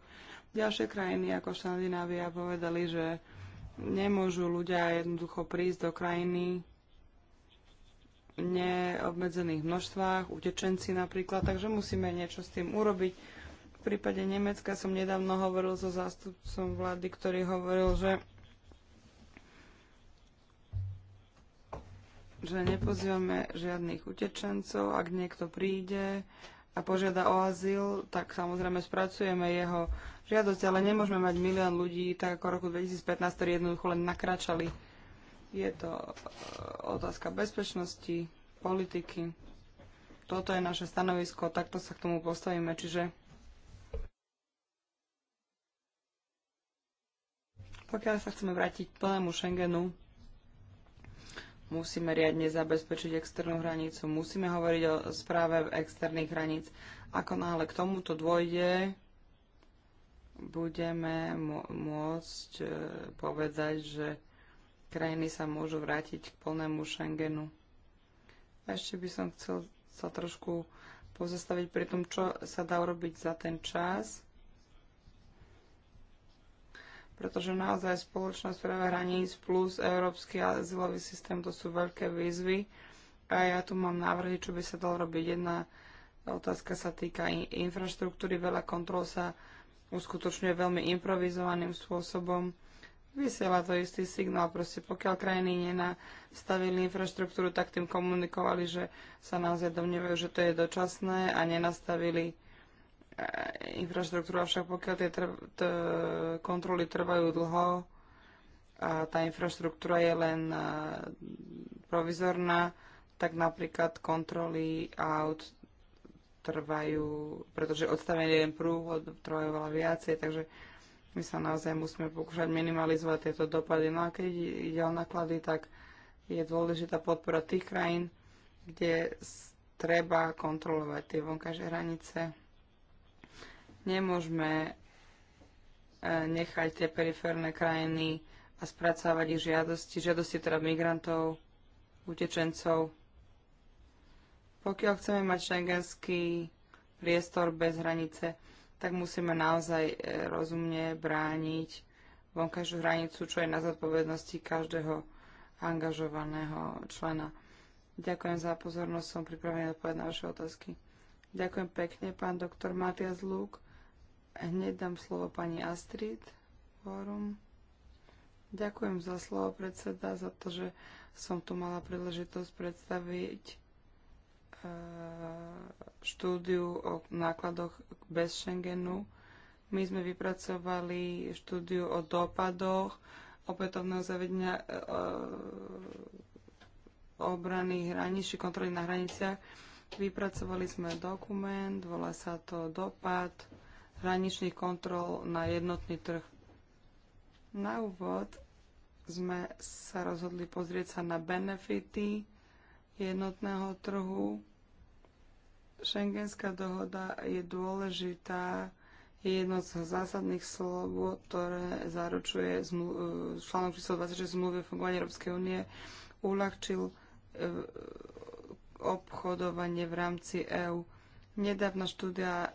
B: Ďalšie krajiny ako Škandinávia povedali, že nemôžu ľudia jednoducho prísť do krajiny v neobmedzených množstvách, utečenci napríklad, takže musíme niečo s tým urobiť. V prípade Nemecka som nedávno hovoril so zástupcom vlády, ktorý hovoril, že že nepozývame žiadnych utečencov. Ak niekto príde a požiada o azyl, tak samozrejme spracujeme jeho žiadosť, ale nemôžeme mať milión ľudí, tak ako roku 2015, ktorí jednoducho len nakračali. Je to e, otázka bezpečnosti, politiky. Toto je naše stanovisko, takto sa k tomu postavíme. Čiže pokiaľ sa chceme vrátiť k plnému Schengenu, musíme riadne zabezpečiť externú hranicu, musíme hovoriť o správe externých hraníc. Ako náhle k tomuto dôjde, budeme môcť e, povedať, že krajiny sa môžu vrátiť k plnému Schengenu. ešte by som chcel sa trošku pozastaviť pri tom, čo sa dá urobiť za ten čas pretože naozaj spoločnosť práve hraníc plus európsky azylový systém, to sú veľké výzvy. A ja tu mám návrhy, čo by sa dalo robiť. Jedna otázka sa týka infraštruktúry. Veľa kontrol sa uskutočňuje veľmi improvizovaným spôsobom. Vysiela to istý signál. Proste pokiaľ krajiny nenastavili infraštruktúru, tak tým komunikovali, že sa naozaj domnievajú, že to je dočasné a nenastavili infraštruktúra, však pokiaľ tie trv, t, kontroly trvajú dlho a tá infraštruktúra je len e, provizorná, tak napríklad kontroly aut trvajú, pretože odstavenie jeden prúhod trvajú veľa viacej, takže my sa naozaj musíme pokúšať minimalizovať tieto dopady. No a keď ide o náklady, tak je dôležitá podpora tých krajín, kde treba kontrolovať tie vonkajšie hranice. Nemôžeme e, nechať tie periférne krajiny a spracávať ich žiadosti, žiadosti teda migrantov, utečencov. Pokiaľ chceme mať šengenský priestor bez hranice, tak musíme naozaj e, rozumne brániť vonkajšiu hranicu, čo je na zodpovednosti každého angažovaného člena. Ďakujem za pozornosť, som pripravený odpovedať na vaše otázky. Ďakujem pekne, pán doktor Matias Lúk. Hneď dám slovo pani Astrid Vorum. Ďakujem za slovo predseda, za to, že som tu mala príležitosť predstaviť e, štúdiu o nákladoch bez Schengenu. My sme vypracovali štúdiu o dopadoch opätovného zavedenia e, e, obrany hraníc či kontroly na hraniciach. Vypracovali sme dokument, volá sa to dopad hraničných kontrol na jednotný trh. Na úvod sme sa rozhodli pozrieť sa na benefity jednotného trhu. Schengenská dohoda je dôležitá, je jedno z zásadných slov, ktoré zaručuje e, článok číslo 26 zmluvy o fungovaní Európskej únie, uľahčil e, obchodovanie v rámci EÚ. Nedávna štúdia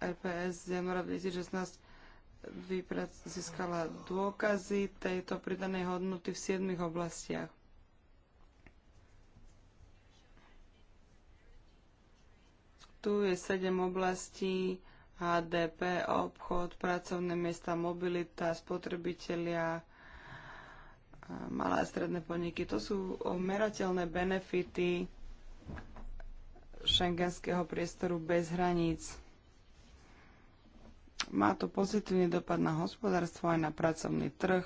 B: EPS z januára 2016 vyprac- získala dôkazy tejto pridanej hodnoty v siedmých oblastiach. Tu je sedem oblastí HDP, obchod, pracovné miesta, mobilita, spotrebitelia, malé a stredné podniky. To sú merateľné benefity šengenského priestoru bez hraníc. Má to pozitívny dopad na hospodárstvo aj na pracovný trh,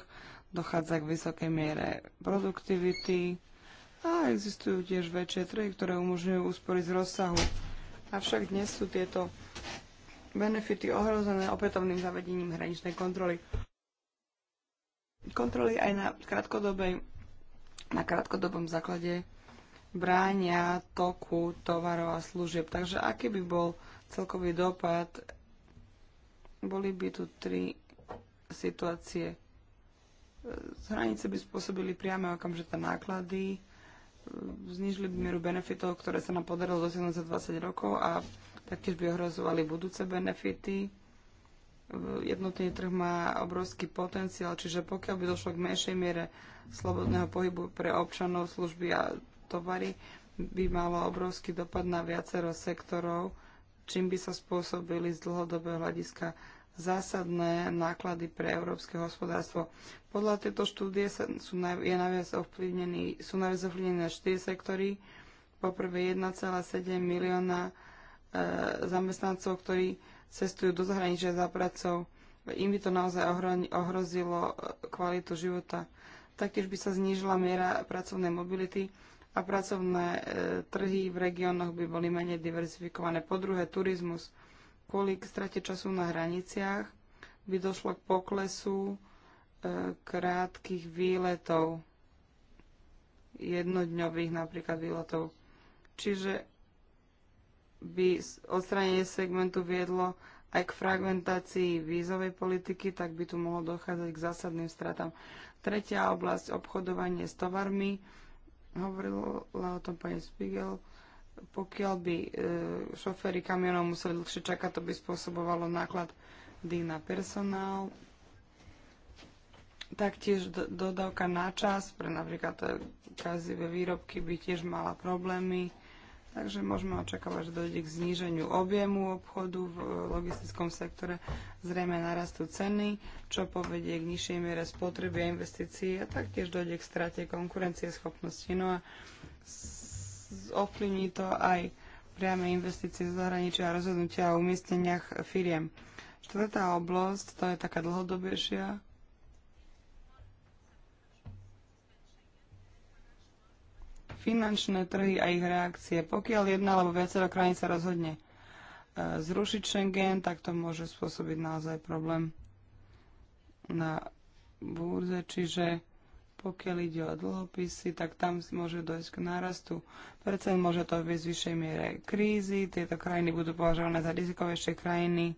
B: dochádza k vysokej miere produktivity a existujú tiež väčšie trhy, ktoré umožňujú úspory z rozsahu. Avšak dnes sú tieto benefity ohrozené opätovným zavedením hraničnej kontroly. Kontroly aj na, krátkodobej, na krátkodobom základe bránia toku tovarov a služieb. Takže aký by bol celkový dopad boli by tu tri situácie. E, z hranice by spôsobili priame okamžité náklady, e, znižili by mieru benefitov, ktoré sa nám podarilo dosiahnuť za 20 rokov a taktiež by ohrozovali budúce benefity e, jednotný trh má obrovský potenciál, čiže pokiaľ by došlo k menšej miere slobodného pohybu pre občanov, služby a tovary, by malo obrovský dopad na viacero sektorov čím by sa spôsobili z dlhodobého hľadiska zásadné náklady pre európske hospodárstvo. Podľa tejto štúdie sa, sú, je najviac ovplyvnení, sú najviac ovplyvnené štyri sektory. Poprvé 1,7 milióna e, zamestnancov, ktorí cestujú do zahraničia za pracou. Im by to naozaj ohrozilo e, kvalitu života. Taktiež by sa znížila miera pracovnej mobility a pracovné e, trhy v regiónoch by boli menej diverzifikované. Po druhé, turizmus. Kvôli k strate času na hraniciach by došlo k poklesu e, krátkých výletov, jednodňových napríklad výletov. Čiže by odstranenie segmentu viedlo aj k fragmentácii vízovej politiky, tak by tu mohlo dochádzať k zásadným stratám. Tretia oblasť, obchodovanie s tovarmi. Hovorila o tom pani Spiegel. Pokiaľ by e, šoféry kamionov museli dlhšie čakať, to by spôsobovalo náklad na personál. Taktiež dodávka na čas pre napríklad e, kazivé výrobky by tiež mala problémy Takže môžeme očakávať, že dojde k zníženiu objemu obchodu v e, logistickom sektore, zrejme narastú ceny, čo povedie k nižšej miere spotreby a investícií a taktiež dojde k strate konkurencie schopnosti. No a ovplyvní to aj priame investície z zahraničia a rozhodnutia o umiestneniach firiem. Štvrtá oblasť, to je taká dlhodobejšia, finančné trhy a ich reakcie. Pokiaľ jedna alebo viacero krajín sa rozhodne e, zrušiť Schengen, tak to môže spôsobiť naozaj problém na burze, čiže pokiaľ ide o dlhopisy, tak tam môže dojsť k nárastu percent, môže to viesť vyššej miere krízy, tieto krajiny budú považované za rizikovejšie krajiny.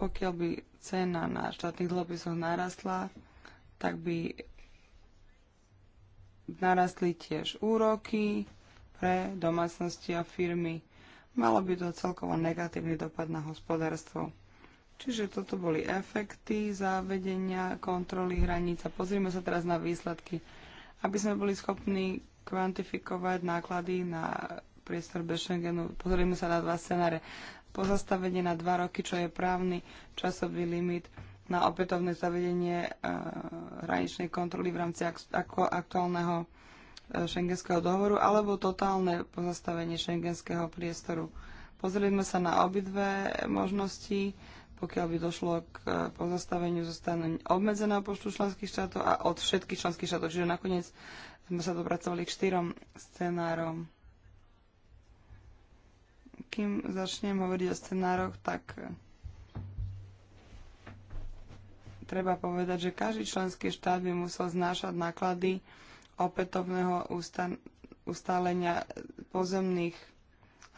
B: Pokiaľ by cena na štátnych dlhopisoch narastla, tak by narastli tiež úroky pre domácnosti a firmy. Malo by to celkovo negatívny dopad na hospodárstvo. Čiže toto boli efekty zavedenia kontroly hraníc. A pozrime sa teraz na výsledky. Aby sme boli schopní kvantifikovať náklady na priestor bez Schengenu, pozrieme sa na dva scenáre. Pozastavenie na dva roky, čo je právny časový limit, na opätovné zavedenie e, hraničnej kontroly v rámci aktuálneho e, šengenského dohovoru alebo totálne pozastavenie šengenského priestoru. Pozreli sme sa na obidve možnosti, pokiaľ by došlo k e, pozastaveniu zostane obmedzeného počtu členských štátov a od všetkých členských štátov. Čiže nakoniec sme sa dopracovali k štyrom scenárom. Kým začnem hovoriť o scenároch, tak treba povedať, že každý členský štát by musel znášať náklady opätovného ustálenia pozemných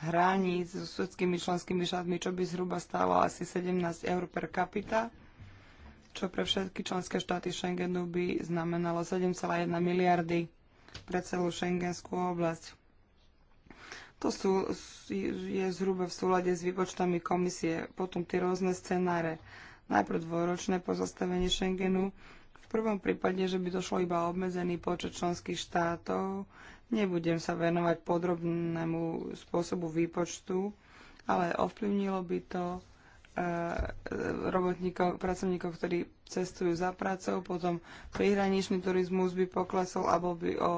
B: hraníc so susedskými členskými štátmi, čo by zhruba stálo asi 17 eur per capita, čo pre všetky členské štáty Schengenu by znamenalo 7,1 miliardy pre celú šengenskú oblasť. To sú, je zhruba v súlade s výpočtami komisie, potom tie rôzne scenáre najprv dvojročné pozastavenie Schengenu. V prvom prípade, že by došlo iba obmedzený počet členských štátov, nebudem sa venovať podrobnému spôsobu výpočtu, ale ovplyvnilo by to eh, robotníkov, pracovníkov, ktorí cestujú za prácou, potom prihraničný turizmus by poklesol a bol by o,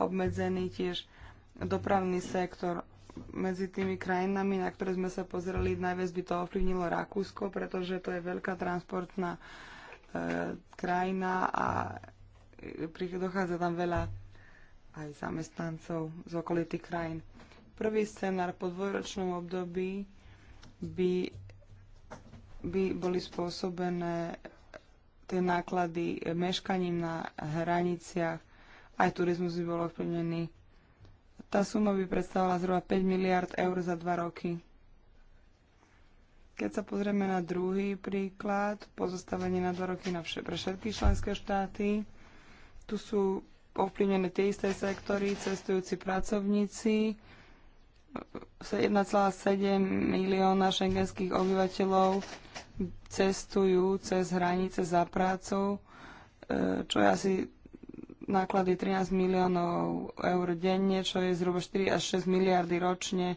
B: obmedzený tiež dopravný sektor medzi tými krajinami, na ktoré sme sa pozreli, najviac by to ovplyvnilo Rakúsko, pretože to je veľká transportná e, krajina a dochádza tam veľa aj zamestnancov z okolitých krajín. Prvý scenár po dvojročnom období by, by boli spôsobené tie náklady meškaním na hraniciach, aj turizmus by bol ovplyvnený tá suma by predstavovala zhruba 5 miliard eur za dva roky. Keď sa pozrieme na druhý príklad, pozostavenie na dva roky na vše, pre všetky členské štáty, tu sú ovplyvnené tie isté sektory, cestujúci pracovníci, 1,7 milióna šengenských obyvateľov cestujú cez hranice za prácou, e, čo je asi náklady 13 miliónov eur denne, čo je zhruba 4 až 6 miliardy ročne. E,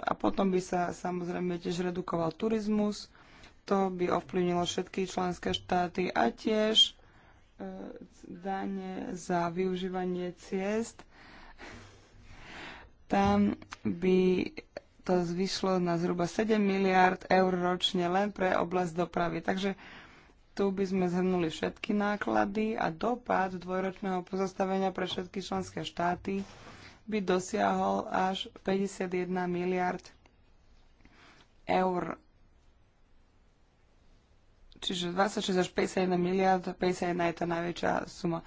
B: a potom by sa samozrejme tiež redukoval turizmus. To by ovplyvnilo všetky členské štáty a tiež e, dane za využívanie ciest. Tam by to zvyšlo na zhruba 7 miliard eur ročne len pre oblasť dopravy. Takže tu by sme zhrnuli všetky náklady a dopad dvojročného pozastavenia pre všetky členské štáty by dosiahol až 51 miliard eur. Čiže 26 až 51 miliard, 51 je tá najväčšia suma.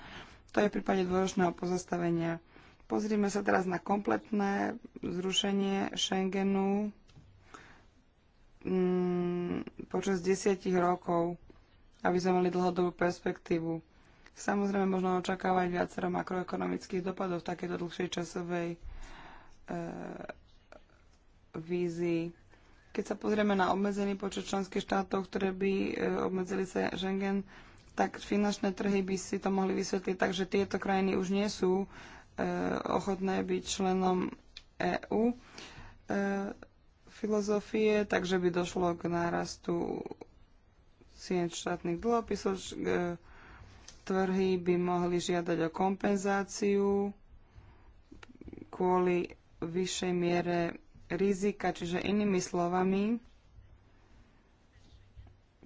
B: To je v prípade dvojročného pozastavenia. Pozrime sa teraz na kompletné zrušenie Schengenu mm, počas desiatich rokov aby sme mali dlhodobú perspektívu. Samozrejme, možno očakávať viacero makroekonomických dopadov v takejto dlhšej časovej e, vízii. Keď sa pozrieme na obmedzený počet členských štátov, ktoré by e, obmedzili sa Schengen, tak finančné trhy by si to mohli vysvetliť tak, že tieto krajiny už nie sú e, ochotné byť členom EÚ e, filozofie, takže by došlo k nárastu cien štátnych dlhopisov. E, Tvrhy by mohli žiadať o kompenzáciu kvôli vyššej miere rizika, čiže inými slovami,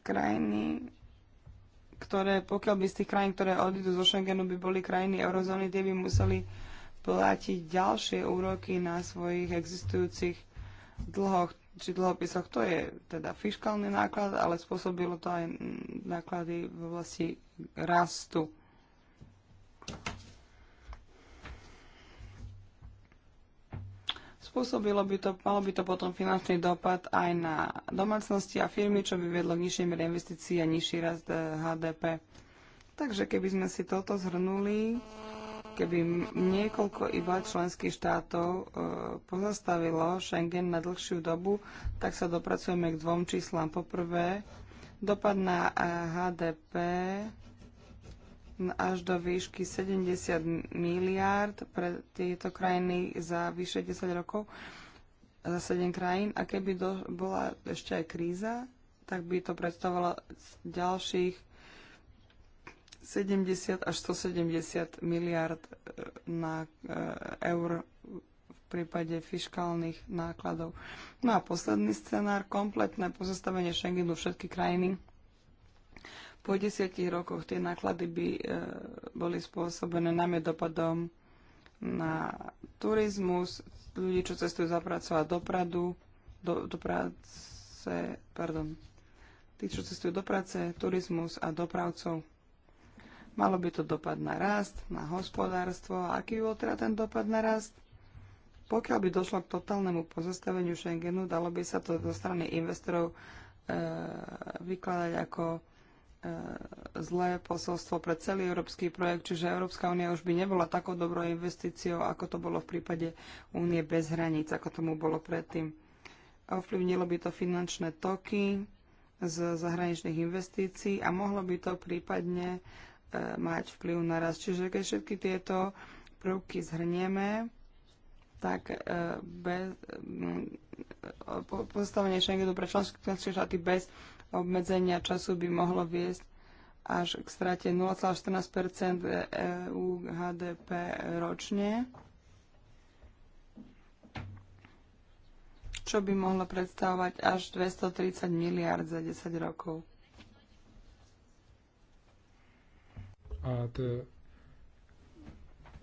B: krajiny, ktoré, pokiaľ by z tých krajín, ktoré odídu zo Schengenu, by boli krajiny eurozóny, tie by museli platiť ďalšie úroky na svojich existujúcich dlhoch či dlhopisoch. To je teda fiskálny náklad, ale spôsobilo to aj náklady v oblasti rastu. Spôsobilo by to, malo by to potom finančný dopad aj na domácnosti a firmy, čo by viedlo k nižšej miere investícií a nižší rast HDP. Eh, Takže keby sme si toto zhrnuli, keby niekoľko iba členských štátov e, pozastavilo Schengen na dlhšiu dobu, tak sa dopracujeme k dvom číslam. Poprvé, dopad na e, HDP až do výšky 70 miliárd pre tieto krajiny za vyše 10 rokov, za 7 krajín. A keby do, bola ešte aj kríza, tak by to predstavovalo ďalších 70 až 170 miliard e, na e, eur v prípade fiškálnych nákladov. No a posledný scenár, kompletné pozastavenie Schengenu všetky krajiny. Po desiatich rokoch tie náklady by e, boli spôsobené najmä dopadom na turizmus, ľudí, čo cestujú za zapracovať dopradu, do, do práce, pardon, tí, čo cestujú do práce, turizmus a dopravcov. Malo by to dopad na rast, na hospodárstvo. A aký bol teda ten dopad na rast? Pokiaľ by došlo k totálnemu pozastaveniu Schengenu, dalo by sa to zo strany investorov e, vykladať ako e, zlé posolstvo pre celý európsky projekt, čiže Európska únia už by nebola takou dobrou investíciou, ako to bolo v prípade únie bez hraníc, ako tomu bolo predtým. Ovplyvnilo by to finančné toky z zahraničných investícií a mohlo by to prípadne mať vplyv na rast. Čiže keď všetky tieto prvky zhrnieme, tak e, bez, mm, e, postavenie Schengenu pre členské štáty bez obmedzenia času by mohlo viesť až k strate 0,14 EU HDP ročne, čo by mohlo predstavovať až 230 miliard za 10 rokov.
C: A to je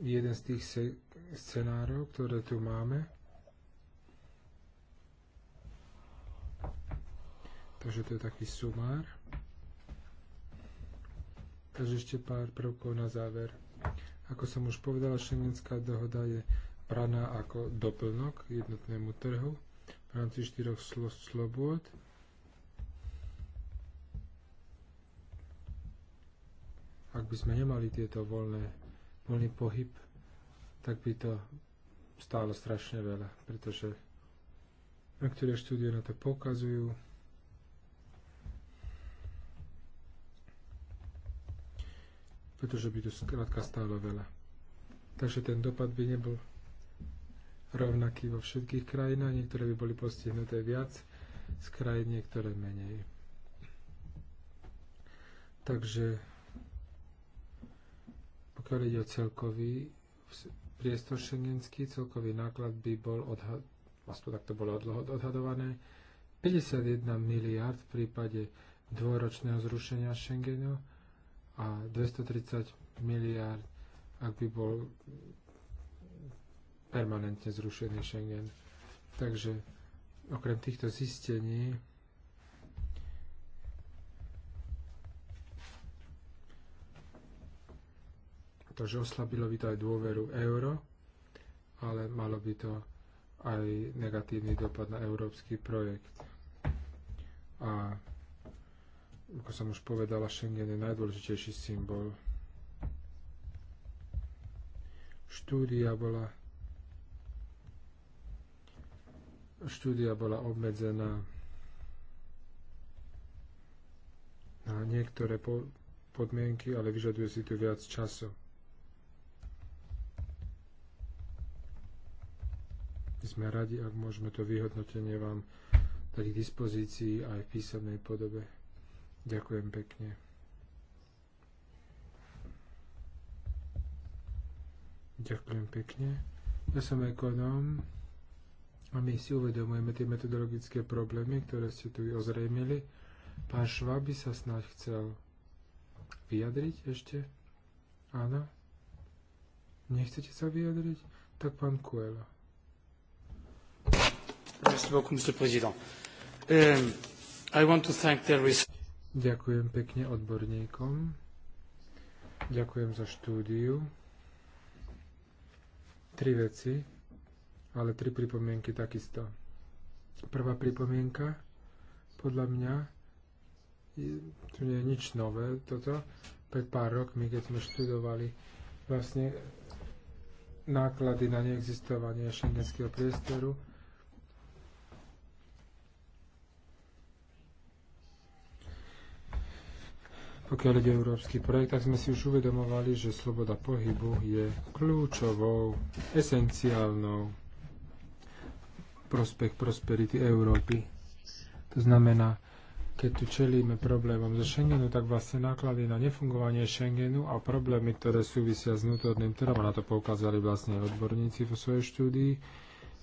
C: jeden z tých scenárov, ktoré tu máme. Takže to je taký sumár. Takže ešte pár prvkov na záver. Ako som už povedala, šengenská dohoda je braná ako doplnok jednotnému trhu v rámci štyroch slo Ak by sme nemali tieto voľné, voľný pohyb, tak by to stálo strašne veľa, pretože niektoré štúdie na to pokazujú. Pretože by to skrátka stálo veľa. Takže ten dopad by nebol rovnaký vo všetkých krajinách, niektoré by boli postihnuté viac z krajín, niektoré menej. Takže pokiaľ ide o celkový priestor šengenský, celkový náklad by bol odhad, aspoň vlastne tak to bolo odhadované, 51 miliard v prípade dvojročného zrušenia Schengenu a 230 miliard, ak by bol permanentne zrušený Schengen. Takže okrem týchto zistení pretože oslabilo by to aj dôveru euro, ale malo by to aj negatívny dopad na európsky projekt. A ako som už povedala, Schengen je najdôležitejší symbol. Štúdia bola štúdia bola obmedzená na niektoré podmienky, ale vyžaduje si tu viac času. sme radi, ak môžeme to vyhodnotenie vám dať k dispozícii aj v písomnej podobe. Ďakujem pekne. Ďakujem pekne. Ja som ekonóm a my si uvedomujeme tie metodologické problémy, ktoré ste tu ozrejmili. Pán Švab by sa snáď chcel vyjadriť ešte? Áno? Nechcete sa vyjadriť? Tak pán Kuela. Euh, Ďakujem pekne odborníkom. Ďakujem za štúdiu. Tri veci, ale tri pripomienky takisto. Prvá pripomienka, podľa mňa, tu nie je nič nové toto. Pred pár rokmi, keď sme študovali vlastne náklady na neexistovanie šengenského priestoru, Pokiaľ ide európsky projekt, tak sme si už uvedomovali, že sloboda pohybu je kľúčovou, esenciálnou prospech prosperity Európy. To znamená, keď tu čelíme problémom so Schengenu, tak vlastne náklady na nefungovanie Schengenu a problémy, ktoré súvisia s vnútorným trhom, na to poukázali vlastne odborníci vo svojej štúdii,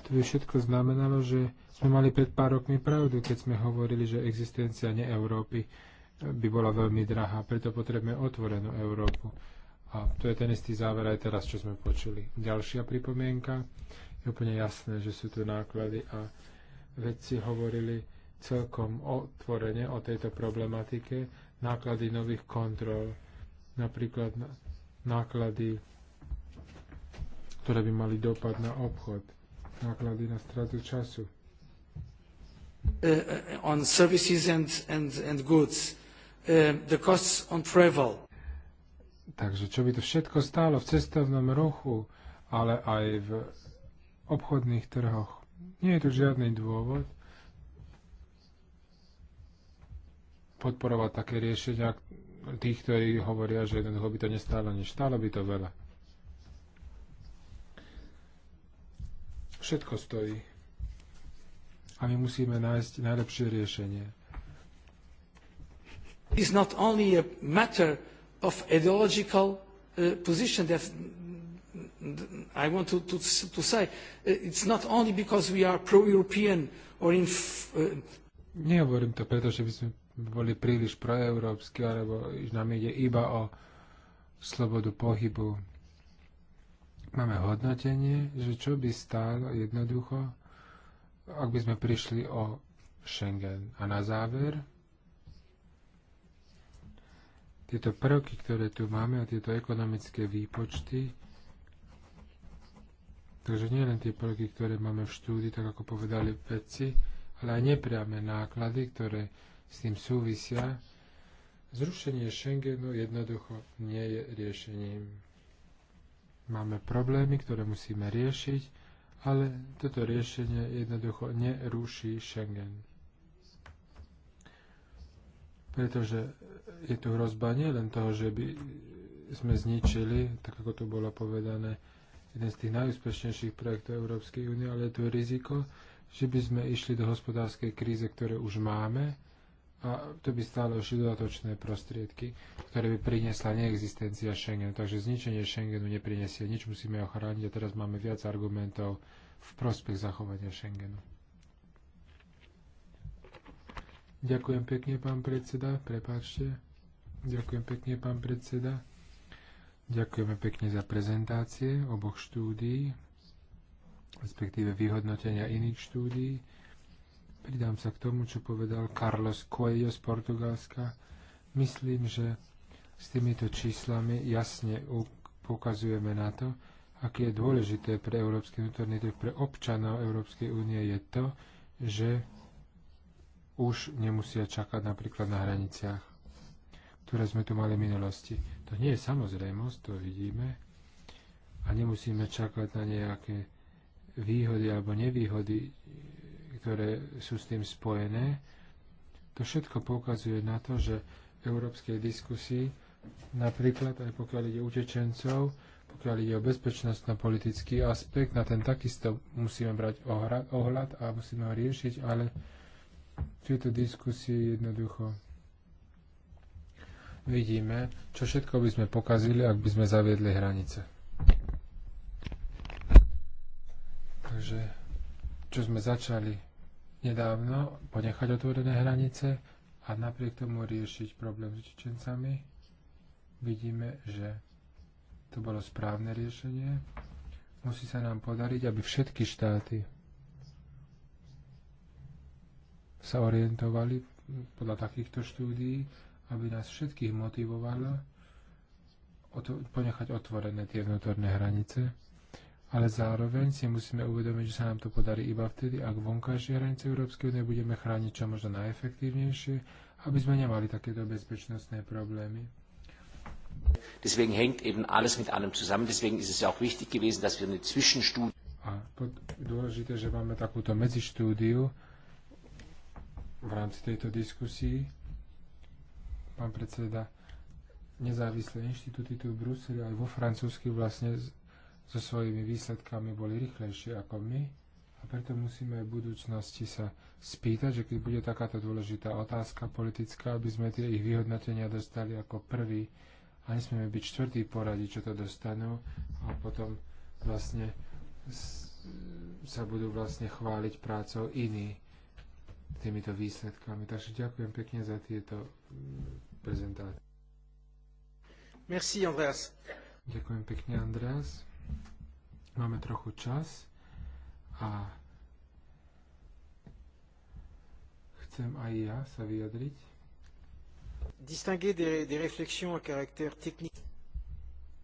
C: to by všetko znamenalo, že sme mali pred pár rokmi pravdu, keď sme hovorili, že existencia neeurópy Európy by bola veľmi drahá. Preto potrebujeme otvorenú Európu. A to je ten istý záver aj teraz, čo sme počuli. Ďalšia pripomienka. Je úplne jasné, že sú tu náklady a vedci hovorili celkom otvorene o tejto problematike. Náklady nových kontrol, napríklad náklady, ktoré by mali dopad na obchod, náklady na stratu času.
A: Uh, on services and, and, and goods the costs on
C: travel. Takže čo by to všetko stálo v cestovnom ruchu, ale aj v obchodných trhoch. Nie je tu žiadny dôvod podporovať také riešenia tých, ktorí hovoria, že jednoducho by to nestálo nič. Stálo by to veľa. Všetko stojí. A my musíme nájsť najlepšie riešenie
A: is not only a matter of ideological uh, position. That I want to, to, to say uh, it's not only because we are pro-European or in...
C: Uh, Nehovorím to preto, že by sme boli príliš proeurópsky, alebo že nám ide iba o slobodu pohybu. Máme hodnotenie, že čo by stálo jednoducho, ak by sme prišli o Schengen. A na záver, tieto prvky, ktoré tu máme a tieto ekonomické výpočty, takže nie len tie prvky, ktoré máme v štúdii, tak ako povedali vedci, ale aj nepriame náklady, ktoré s tým súvisia, zrušenie Schengenu jednoducho nie je riešením. Máme problémy, ktoré musíme riešiť, ale toto riešenie jednoducho nerúší Schengen pretože je tu hrozba nie len toho, že by sme zničili, tak ako tu bolo povedané, jeden z tých najúspešnejších projektov Európskej únie, ale je tu riziko, že by sme išli do hospodárskej kríze, ktoré už máme a to by stále ešte dodatočné prostriedky, ktoré by priniesla neexistencia Schengenu. Takže zničenie Schengenu neprinesie nič, musíme ochrániť. a teraz máme viac argumentov v prospech zachovania Schengenu. Ďakujem pekne, pán predseda. Prepáčte. Ďakujem pekne, pán predseda. Ďakujeme pekne za prezentácie oboch štúdií, respektíve vyhodnotenia iných štúdií. Pridám sa k tomu, čo povedal Carlos Coelho z Portugalska. Myslím, že s týmito číslami jasne pokazujeme na to, aké je dôležité pre Európsky vnútorný trh, pre občanov Európskej únie je to, že už nemusia čakať napríklad na hraniciach, ktoré sme tu mali v minulosti. To nie je samozrejmosť, to vidíme. A nemusíme čakať na nejaké výhody alebo nevýhody, ktoré sú s tým spojené. To všetko poukazuje na to, že v európskej diskusii, napríklad aj pokiaľ ide utečencov, pokiaľ ide o na politický aspekt, na ten takisto musíme brať ohľad a musíme ho riešiť, ale tejto diskusii jednoducho vidíme, čo všetko by sme pokazili, ak by sme zaviedli hranice. Takže, čo sme začali nedávno, ponechať otvorené hranice a napriek tomu riešiť problém s Čečencami, vidíme, že to bolo správne riešenie. Musí sa nám podariť, aby všetky štáty sa orientovali podľa takýchto štúdií, aby nás všetkých motivovalo ponechať otvorené tie vnútorné hranice, ale zároveň si musíme uvedomiť, že sa nám to podarí iba vtedy, ak vonkajšie hranice Európskej únie budeme chrániť čo možno najefektívnejšie, aby sme nemali takéto bezpečnostné problémy.
D: Deswegen hängt eben alles mit allem zusammen. Deswegen ist es ja auch wichtig gewesen, dass wir eine
C: Zwischenstudie. A dôležité, že máme takúto medzištúdiu, v rámci tejto diskusii. Pán predseda, nezávislé inštitúty tu v Bruseli aj vo Francúzsku vlastne so svojimi výsledkami boli rýchlejšie ako my a preto musíme aj v budúcnosti sa spýtať, že keď bude takáto dôležitá otázka politická, aby sme tie ich vyhodnotenia dostali ako prvý a nesmieme byť čtvrtý poradí, čo to dostanú a potom vlastne sa budú vlastne chváliť prácou iní týmito výsledkami. Takže ďakujem pekne za tieto prezentácie.
A: Merci, Andreas.
C: Ďakujem pekne, Andreas. Máme trochu čas a chcem aj ja sa vyjadriť.
A: Distinguer des, des réflexions à caractère technique.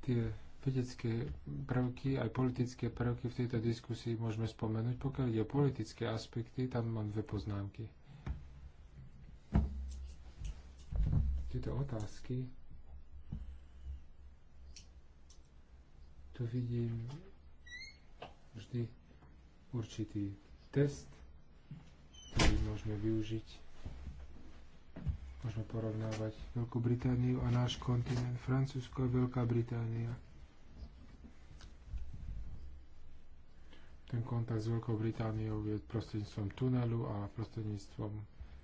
C: Tie vedecké prvky, aj politické prvky v tejto diskusii môžeme spomenúť. Pokiaľ ide o politické aspekty, tam mám dve poznámky. Tieto otázky tu vidím vždy určitý test, ktorý môžeme využiť. Môžeme porovnávať Veľkú Britániu a náš kontinent, Francúzsko a Veľká Británia. Ten kontakt s Veľkou Britániou je prostredníctvom tunelu a prostredníctvom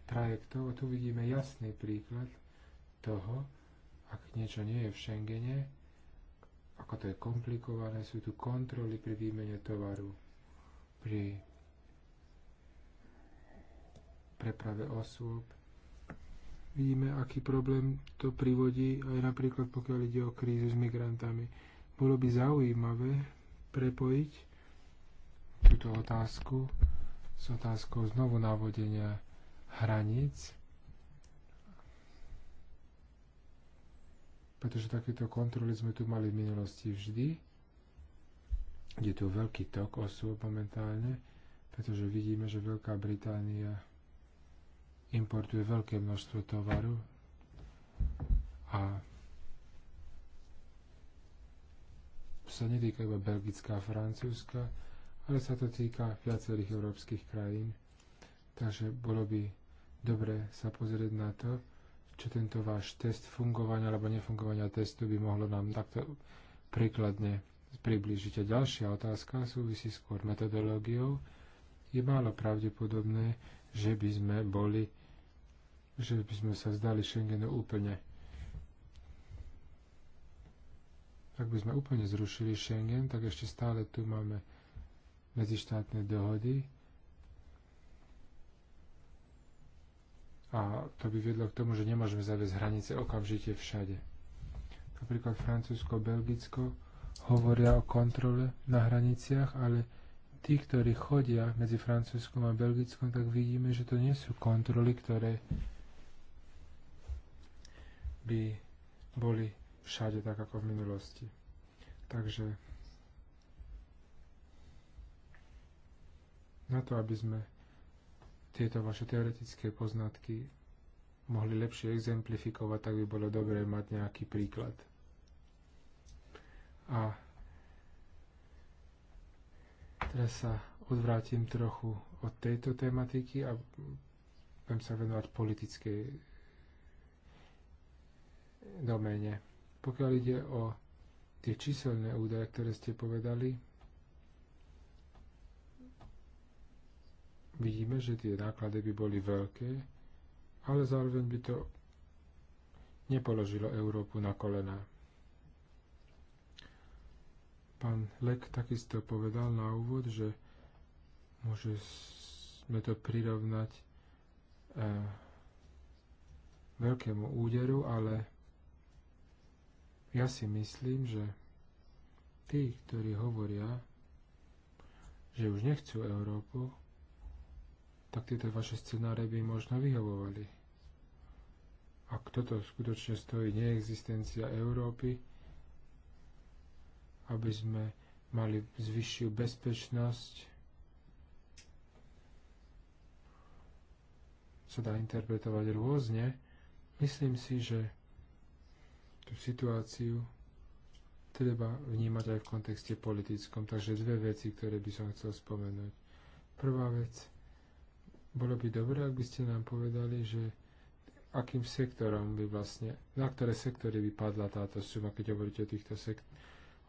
C: trajektov. A tu vidíme jasný príklad toho, ak niečo nie je v Schengene, ako to je komplikované, sú tu kontroly pri výmene tovaru, pri preprave osôb. Vidíme, aký problém to privodí aj napríklad pokiaľ ide o krízu s migrantami. Bolo by zaujímavé prepojiť túto otázku s otázkou znovu navodenia hraníc, pretože takéto kontroly sme tu mali v minulosti vždy. Je tu veľký tok osôb momentálne, pretože vidíme, že Veľká Británia importuje veľké množstvo tovaru a sa netýka iba Belgická a Francúzska, ale sa to týka viacerých európskych krajín. Takže bolo by dobre sa pozrieť na to, čo tento váš test fungovania alebo nefungovania testu by mohlo nám takto príkladne priblížiť. A ďalšia otázka súvisí skôr metodológiou. Je málo pravdepodobné, že by sme boli, že by sme sa zdali Schengenu úplne. Ak by sme úplne zrušili Schengen, tak ešte stále tu máme medzištátne dohody a to by viedlo k tomu, že nemôžeme zaviesť hranice okamžite všade. Napríklad Francúzsko, Belgicko hovoria o kontrole na hraniciach, ale tí, ktorí chodia medzi Francúzskom a Belgickom, tak vidíme, že to nie sú kontroly, ktoré by boli všade tak ako v minulosti. Takže na to, aby sme tieto vaše teoretické poznatky mohli lepšie exemplifikovať, tak by bolo dobré mať nejaký príklad. A teraz sa odvrátim trochu od tejto tematiky a budem sa venovať politickej domene. Pokiaľ ide o tie číselné údaje, ktoré ste povedali, vidíme, že tie náklady by boli veľké, ale zároveň by to nepoložilo Európu na kolena. Pán Lek takisto povedal na úvod, že môže sme to prirovnať e, veľkému úderu, ale ja si myslím, že tí, ktorí hovoria, že už nechcú Európu, tak tieto vaše scenáre by možno vyhovovali. Ak toto skutočne stojí neexistencia Európy, aby sme mali zvyššiu bezpečnosť, sa dá interpretovať rôzne, myslím si, že tú situáciu treba vnímať aj v kontexte politickom. Takže dve veci, ktoré by som chcel spomenúť. Prvá vec – bolo by dobré, ak by ste nám povedali, že akým sektorom by vlastne, na ktoré sektory by padla táto suma, keď hovoríte o týchto, sekt-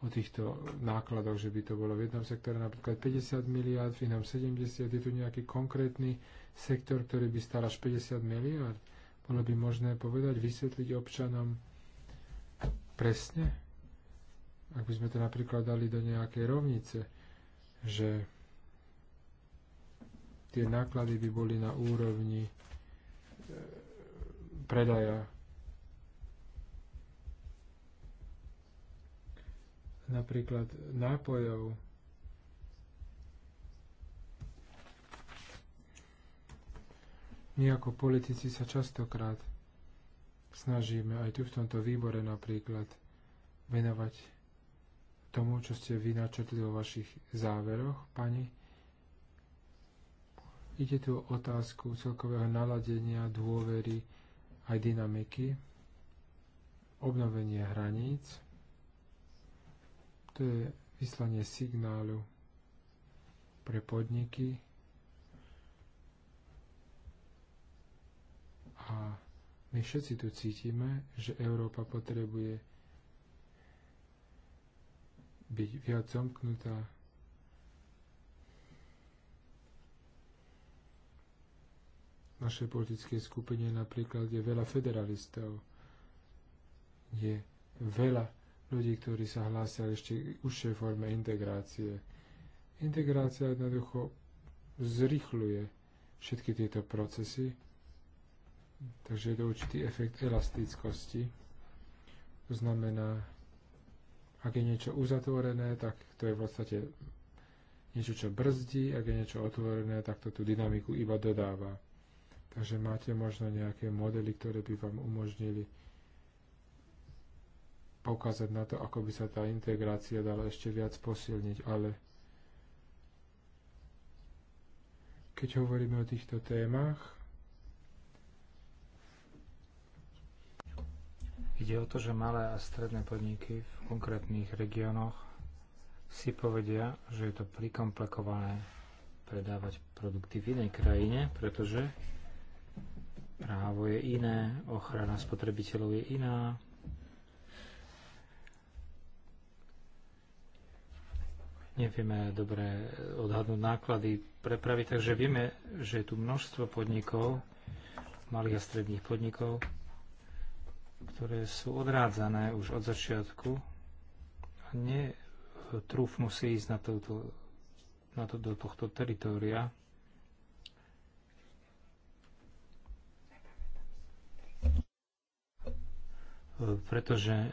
C: o týchto nákladoch, že by to bolo v jednom sektore napríklad 50 miliard, v inom 70, je tu nejaký konkrétny sektor, ktorý by stal až 50 miliard? Bolo by možné povedať, vysvetliť občanom presne? Ak by sme to napríklad dali do nejakej rovnice, že tie náklady by boli na úrovni e, predaja. Napríklad nápojov. My ako politici sa častokrát snažíme aj tu v tomto výbore napríklad venovať tomu, čo ste vy načrtli vo vašich záveroch, pani Ide tu o otázku celkového naladenia, dôvery aj dynamiky, obnovenie hraníc. To je vyslanie signálu pre podniky a my všetci tu cítime, že Európa potrebuje byť viac zamknutá našej politickej skupine napríklad je veľa federalistov, je veľa ľudí, ktorí sa hlásia ešte užšej forme integrácie. Integrácia jednoducho zrychluje všetky tieto procesy, takže je to určitý efekt elastickosti. To znamená, ak je niečo uzatvorené, tak to je v podstate niečo, čo brzdí, ak je niečo otvorené, tak to tú dynamiku iba dodáva. Takže máte možno nejaké modely, ktoré by vám umožnili poukázať na to, ako by sa tá integrácia dala ešte viac posilniť, ale keď hovoríme o týchto témach, Ide o to, že
D: malé a stredné podniky v konkrétnych regiónoch si povedia, že je to prikomplikované predávať produkty v inej krajine, pretože právo je iné, ochrana spotrebiteľov je iná. Nevieme dobre odhadnúť náklady prepravy, takže vieme, že je tu množstvo podnikov, malých a stredných podnikov, ktoré sú odrádzané už od začiatku a netrúfnú si ísť na, touto, na to, do tohto teritoria pretože e,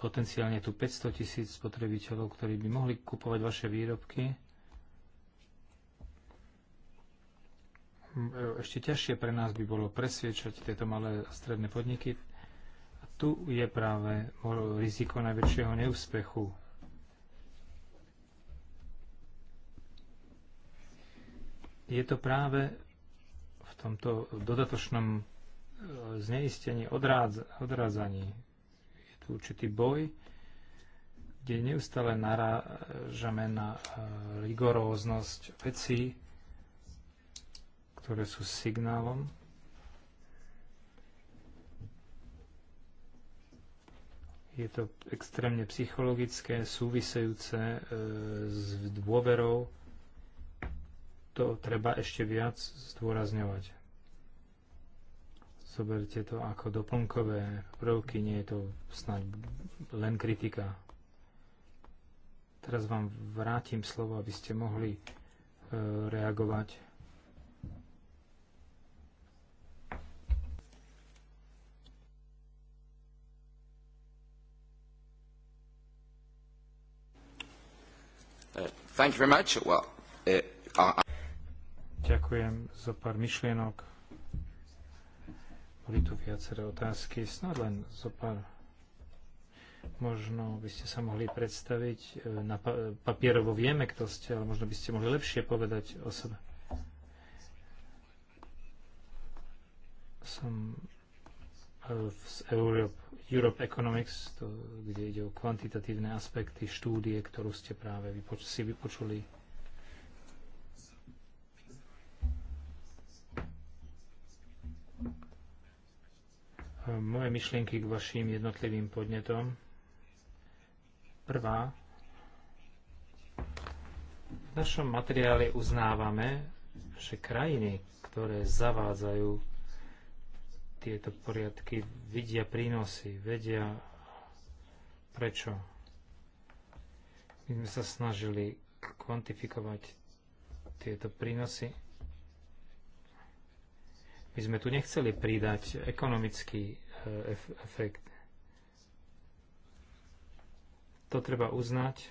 D: potenciálne tu 500 tisíc spotrebiteľov, ktorí by mohli kupovať vaše výrobky, e, ešte ťažšie pre nás by bolo presviečať tieto malé a stredné podniky. A tu je práve riziko najväčšieho neúspechu. Je to práve v tomto dodatočnom zneistení, odrádz, odrádzaní. Je tu určitý boj, kde neustále narážame na e, rigoróznosť vecí, ktoré sú signálom. Je to extrémne psychologické, súvisejúce e, s dôverou. To treba ešte viac zdôrazňovať. Zoberte to ako doplnkové prvky, nie je to snáď len kritika. Teraz vám vrátim slovo, aby ste mohli e, reagovať.
C: Uh, thank you very much. Well, uh, I...
D: Ďakujem za pár myšlienok. Boli tu viaceré otázky, snad len zo pár. Možno by ste sa mohli predstaviť, e, na papierovo vieme, kto ste, ale možno by ste mohli lepšie povedať o sebe. Som e, z Europe, Europe Economics, to, kde ide o kvantitatívne aspekty štúdie, ktorú ste práve vypoč- si vypočuli moje myšlienky k vašim jednotlivým podnetom. Prvá. V našom materiále uznávame, že krajiny, ktoré zavádzajú tieto poriadky, vidia prínosy, vedia prečo. My sme sa snažili kvantifikovať tieto prínosy my sme tu nechceli pridať ekonomický e, efekt. To treba uznať.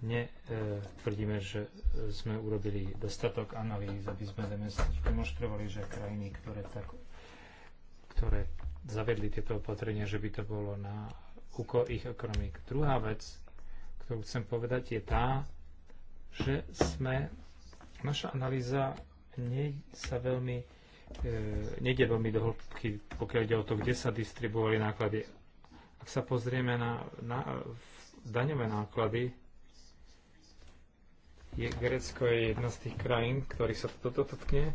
D: Netvrdíme, e, že sme urobili dostatok analýz, aby sme demonstrovali, že krajiny, ktoré, tak, ktoré zavedli tieto opatrenia, že by to bolo na úkor ich ekonomik. Druhá vec, ktorú chcem povedať, je tá, že sme, naša analýza nie sa veľmi, e, nejde veľmi do hĺbky, pokiaľ ide o to, kde sa distribuovali náklady. Ak sa pozrieme na, na daňové náklady, je, Grécko je jedna z tých krajín, ktorých sa toto dotkne.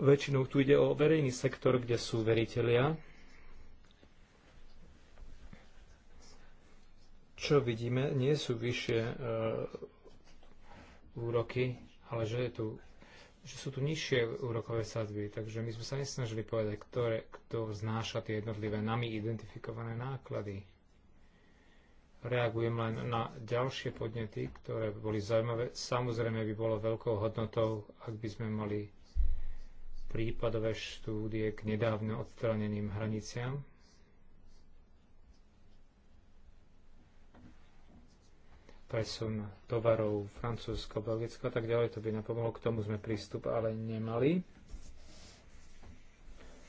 D: Väčšinou tu ide o verejný sektor, kde sú veriteľia, čo vidíme, nie sú vyššie e, úroky, ale že, je tu, že sú tu nižšie úrokové sadzby. Takže my sme sa nesnažili povedať, ktoré, kto znáša tie jednotlivé nami identifikované náklady. Reagujem len na ďalšie podnety, ktoré boli zaujímavé. Samozrejme by bolo veľkou hodnotou, ak by sme mali prípadové štúdie k nedávno odstraneným hraniciam presun tovarov Francúzsko, Belgicko a tak ďalej, to by napomohlo, k tomu sme prístup ale nemali.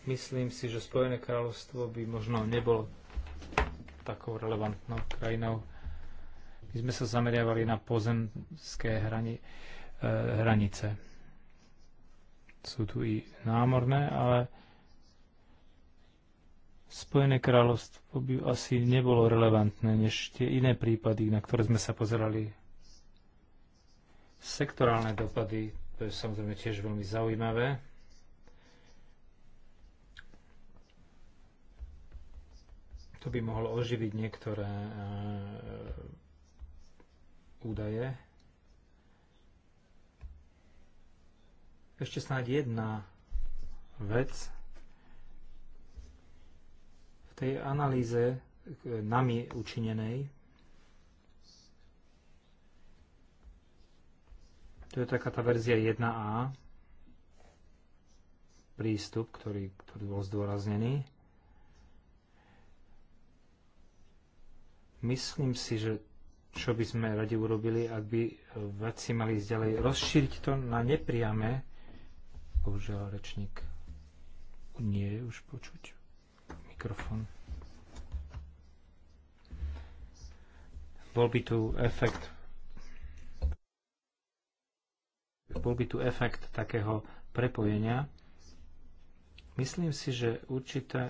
D: Myslím si, že Spojené kráľovstvo by možno nebolo takou relevantnou krajinou. My sme sa zameriavali na pozemské hrani, e, hranice. Sú tu i námorné, ale Spojené kráľovstvo by asi nebolo relevantné než tie iné prípady, na ktoré sme sa pozerali. Sektorálne dopady, to je samozrejme tiež veľmi zaujímavé. To by mohlo oživiť niektoré e, údaje. Ešte snáď jedna vec, tej analýze e, nami učinenej, to je taká tá verzia 1a, prístup, ktorý, ktorý bol zdôraznený. Myslím si, že čo by sme radi urobili, ak by e, veci mali ísť ďalej. Rozšíriť to na nepriame. Bohužiaľ, rečník nie je už počuť mikrofón. Bol by tu efekt bol by tu efekt takého prepojenia. Myslím si, že určite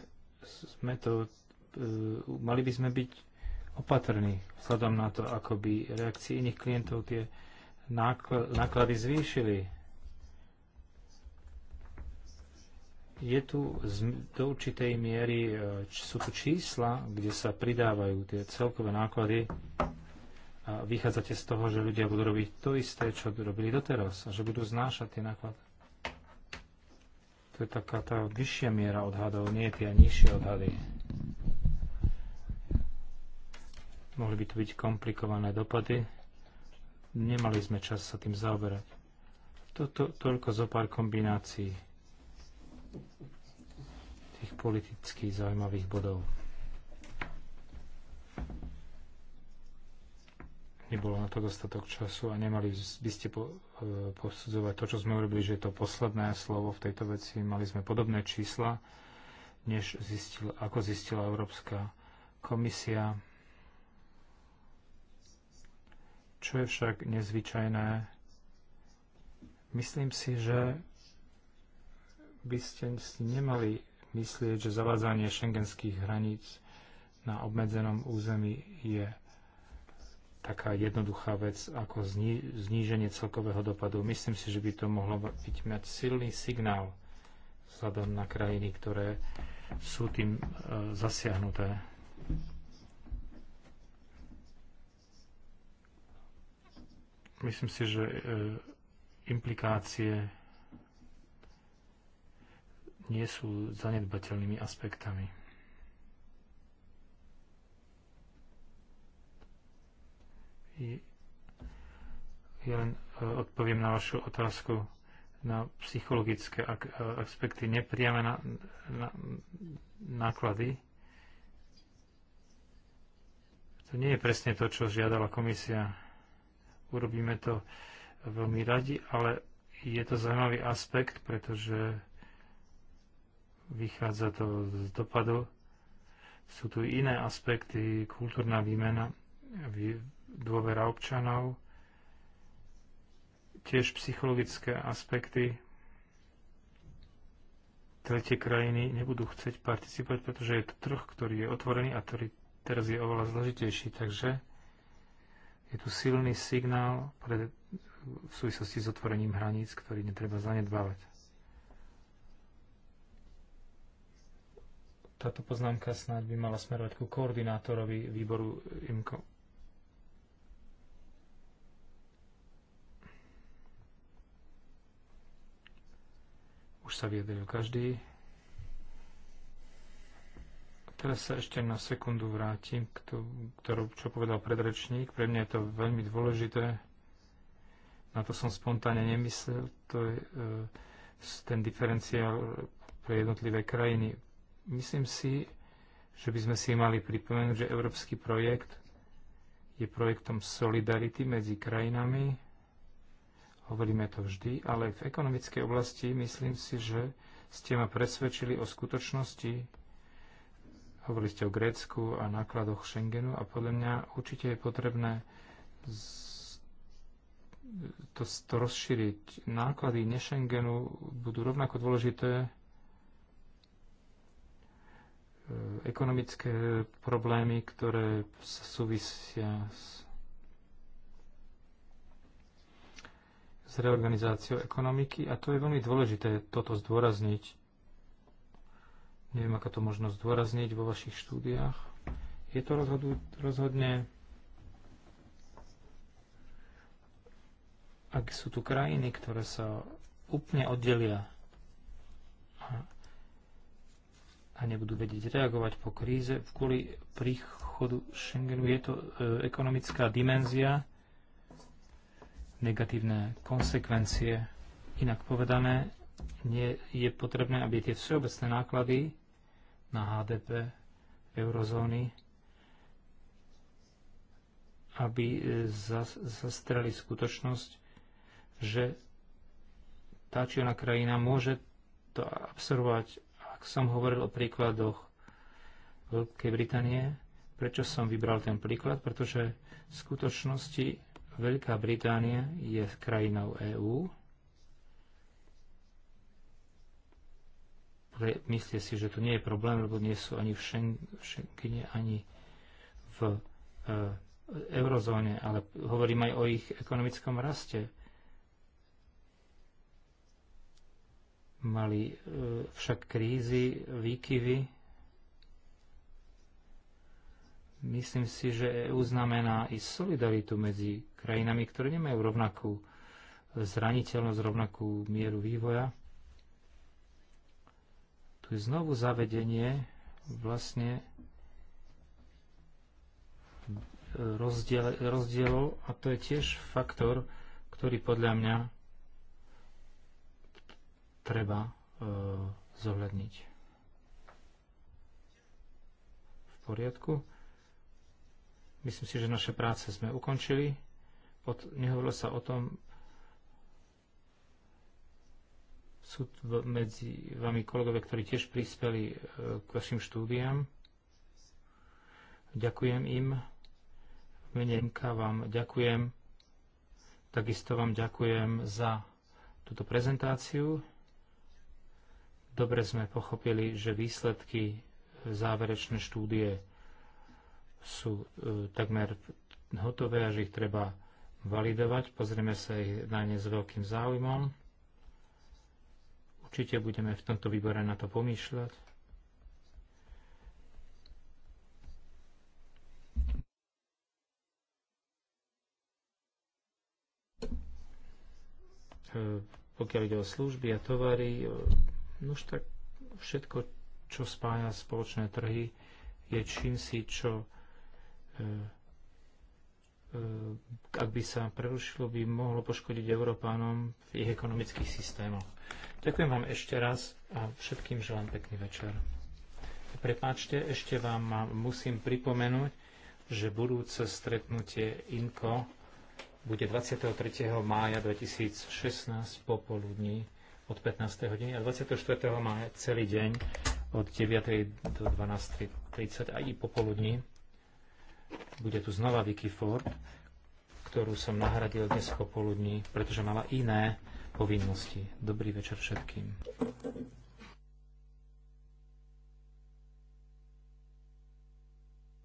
D: sme to, e, mali by sme byť opatrní vzhľadom na to, ako by reakcie iných klientov tie náklady zvýšili. je tu do určitej miery, e, sú tu čísla, kde sa pridávajú tie celkové náklady a vychádzate z toho, že ľudia budú robiť to isté, čo robili doteraz a že budú znášať tie náklady. To je taká tá vyššia miera odhadov, nie tie nižšie odhady. Mohli by tu byť komplikované dopady. Nemali sme čas sa tým zaoberať. Toto, toľko zo pár kombinácií tých politických zaujímavých bodov. Nebolo na to dostatok času a nemali by ste po, e, posudzovať to, čo sme urobili, že je to posledné slovo v tejto veci. Mali sme podobné čísla, než zistil, ako zistila Európska komisia. Čo je však nezvyčajné, myslím si, že by ste si nemali myslieť, že zavádzanie šengenských hraníc na obmedzenom území je taká jednoduchá vec ako zni- zníženie celkového dopadu. Myslím si, že by to mohlo byť mať silný signál vzhľadom na krajiny, ktoré sú tým e, zasiahnuté. Myslím si, že e, implikácie nie sú zanedbateľnými aspektami. Ja len e, odpoviem na vašu otázku na psychologické e, aspekty, nepriame na, na, náklady. To nie je presne to, čo žiadala komisia. Urobíme to veľmi radi, ale je to zaujímavý aspekt, pretože Vychádza to z dopadu. Sú tu iné aspekty, kultúrna výmena, dôvera občanov, tiež psychologické aspekty. Tretie krajiny nebudú chcieť participovať, pretože je to trh, ktorý je otvorený a ktorý teraz je oveľa zložitejší. Takže je tu silný signál pre, v súvislosti s otvorením hraníc, ktorý netreba zanedbávať. Táto poznámka snáď by mala smerovať ku koordinátorovi výboru IMCO. Už sa vyjadril každý. Teraz sa ešte na sekundu vrátim k tomu, čo povedal predrečník. Pre mňa je to veľmi dôležité. Na to som spontánne nemyslel. To je e, ten diferenciál pre jednotlivé krajiny. Myslím si, že by sme si mali pripomenúť, že európsky projekt je projektom solidarity medzi krajinami. Hovoríme to vždy, ale v ekonomickej oblasti myslím si, že ste ma presvedčili o skutočnosti, hovorili ste o Grécku a nákladoch Schengenu a podľa mňa určite je potrebné to, to rozšíriť. Náklady ne Schengenu budú rovnako dôležité E, ekonomické problémy, ktoré súvisia s, s reorganizáciou ekonomiky a to je veľmi dôležité toto zdôrazniť. Neviem, ako to možno zdôrazniť vo vašich štúdiách. Je to rozhodu, rozhodne ak sú tu krajiny, ktoré sa úplne oddelia a nebudú vedieť reagovať po kríze. V kvôli príchodu Schengenu je to e, ekonomická dimenzia, negatívne konsekvencie. Inak povedané, nie je potrebné, aby tie všeobecné náklady na HDP eurozóny aby e, zastreli skutočnosť, že tá či ona krajina môže to absorbovať ak som hovoril o príkladoch Veľkej Británie, prečo som vybral ten príklad? Pretože v skutočnosti Veľká Británia je krajinou EÚ. Myslíte si, že to nie je problém, lebo nie sú ani v Schengene, ani v e, eurozóne, ale hovorím aj o ich ekonomickom raste. Mali e, však krízy, výkyvy. Myslím si, že EU znamená i solidaritu medzi krajinami, ktoré nemajú rovnakú e, zraniteľnosť, rovnakú mieru vývoja. Tu je znovu zavedenie vlastne e, rozdiel, rozdielov a to je tiež faktor, ktorý podľa mňa treba e, zohľadniť. V poriadku. Myslím si, že naše práce sme ukončili. Od, nehovorilo sa o tom, sú medzi vami kolegovia, ktorí tiež prispeli e, k vašim štúdiám. Ďakujem im. V mene vám ďakujem. Takisto vám ďakujem za túto prezentáciu. Dobre sme pochopili, že výsledky e, záverečné štúdie sú e, takmer hotové a že ich treba validovať. Pozrieme sa ich na ne s veľkým záujmom. Určite budeme v tomto výbore na to pomýšľať. E, pokiaľ ide o služby a tovary, e, No už tak všetko, čo spája spoločné trhy, je čím si, čo e, e, ak by sa prerušilo, by mohlo poškodiť Európánom v ich ekonomických systémoch. Ďakujem vám ešte raz a všetkým želám pekný večer. Prepáčte, ešte vám musím pripomenúť, že budúce stretnutie INKO bude 23. mája 2016 popoludní od 15. hodiny a 24. máme celý deň od 9. do 12.30 a i popoludní. Bude tu znova Vicky Ford, ktorú som nahradil dnes popoludní, pretože mala iné povinnosti. Dobrý večer všetkým.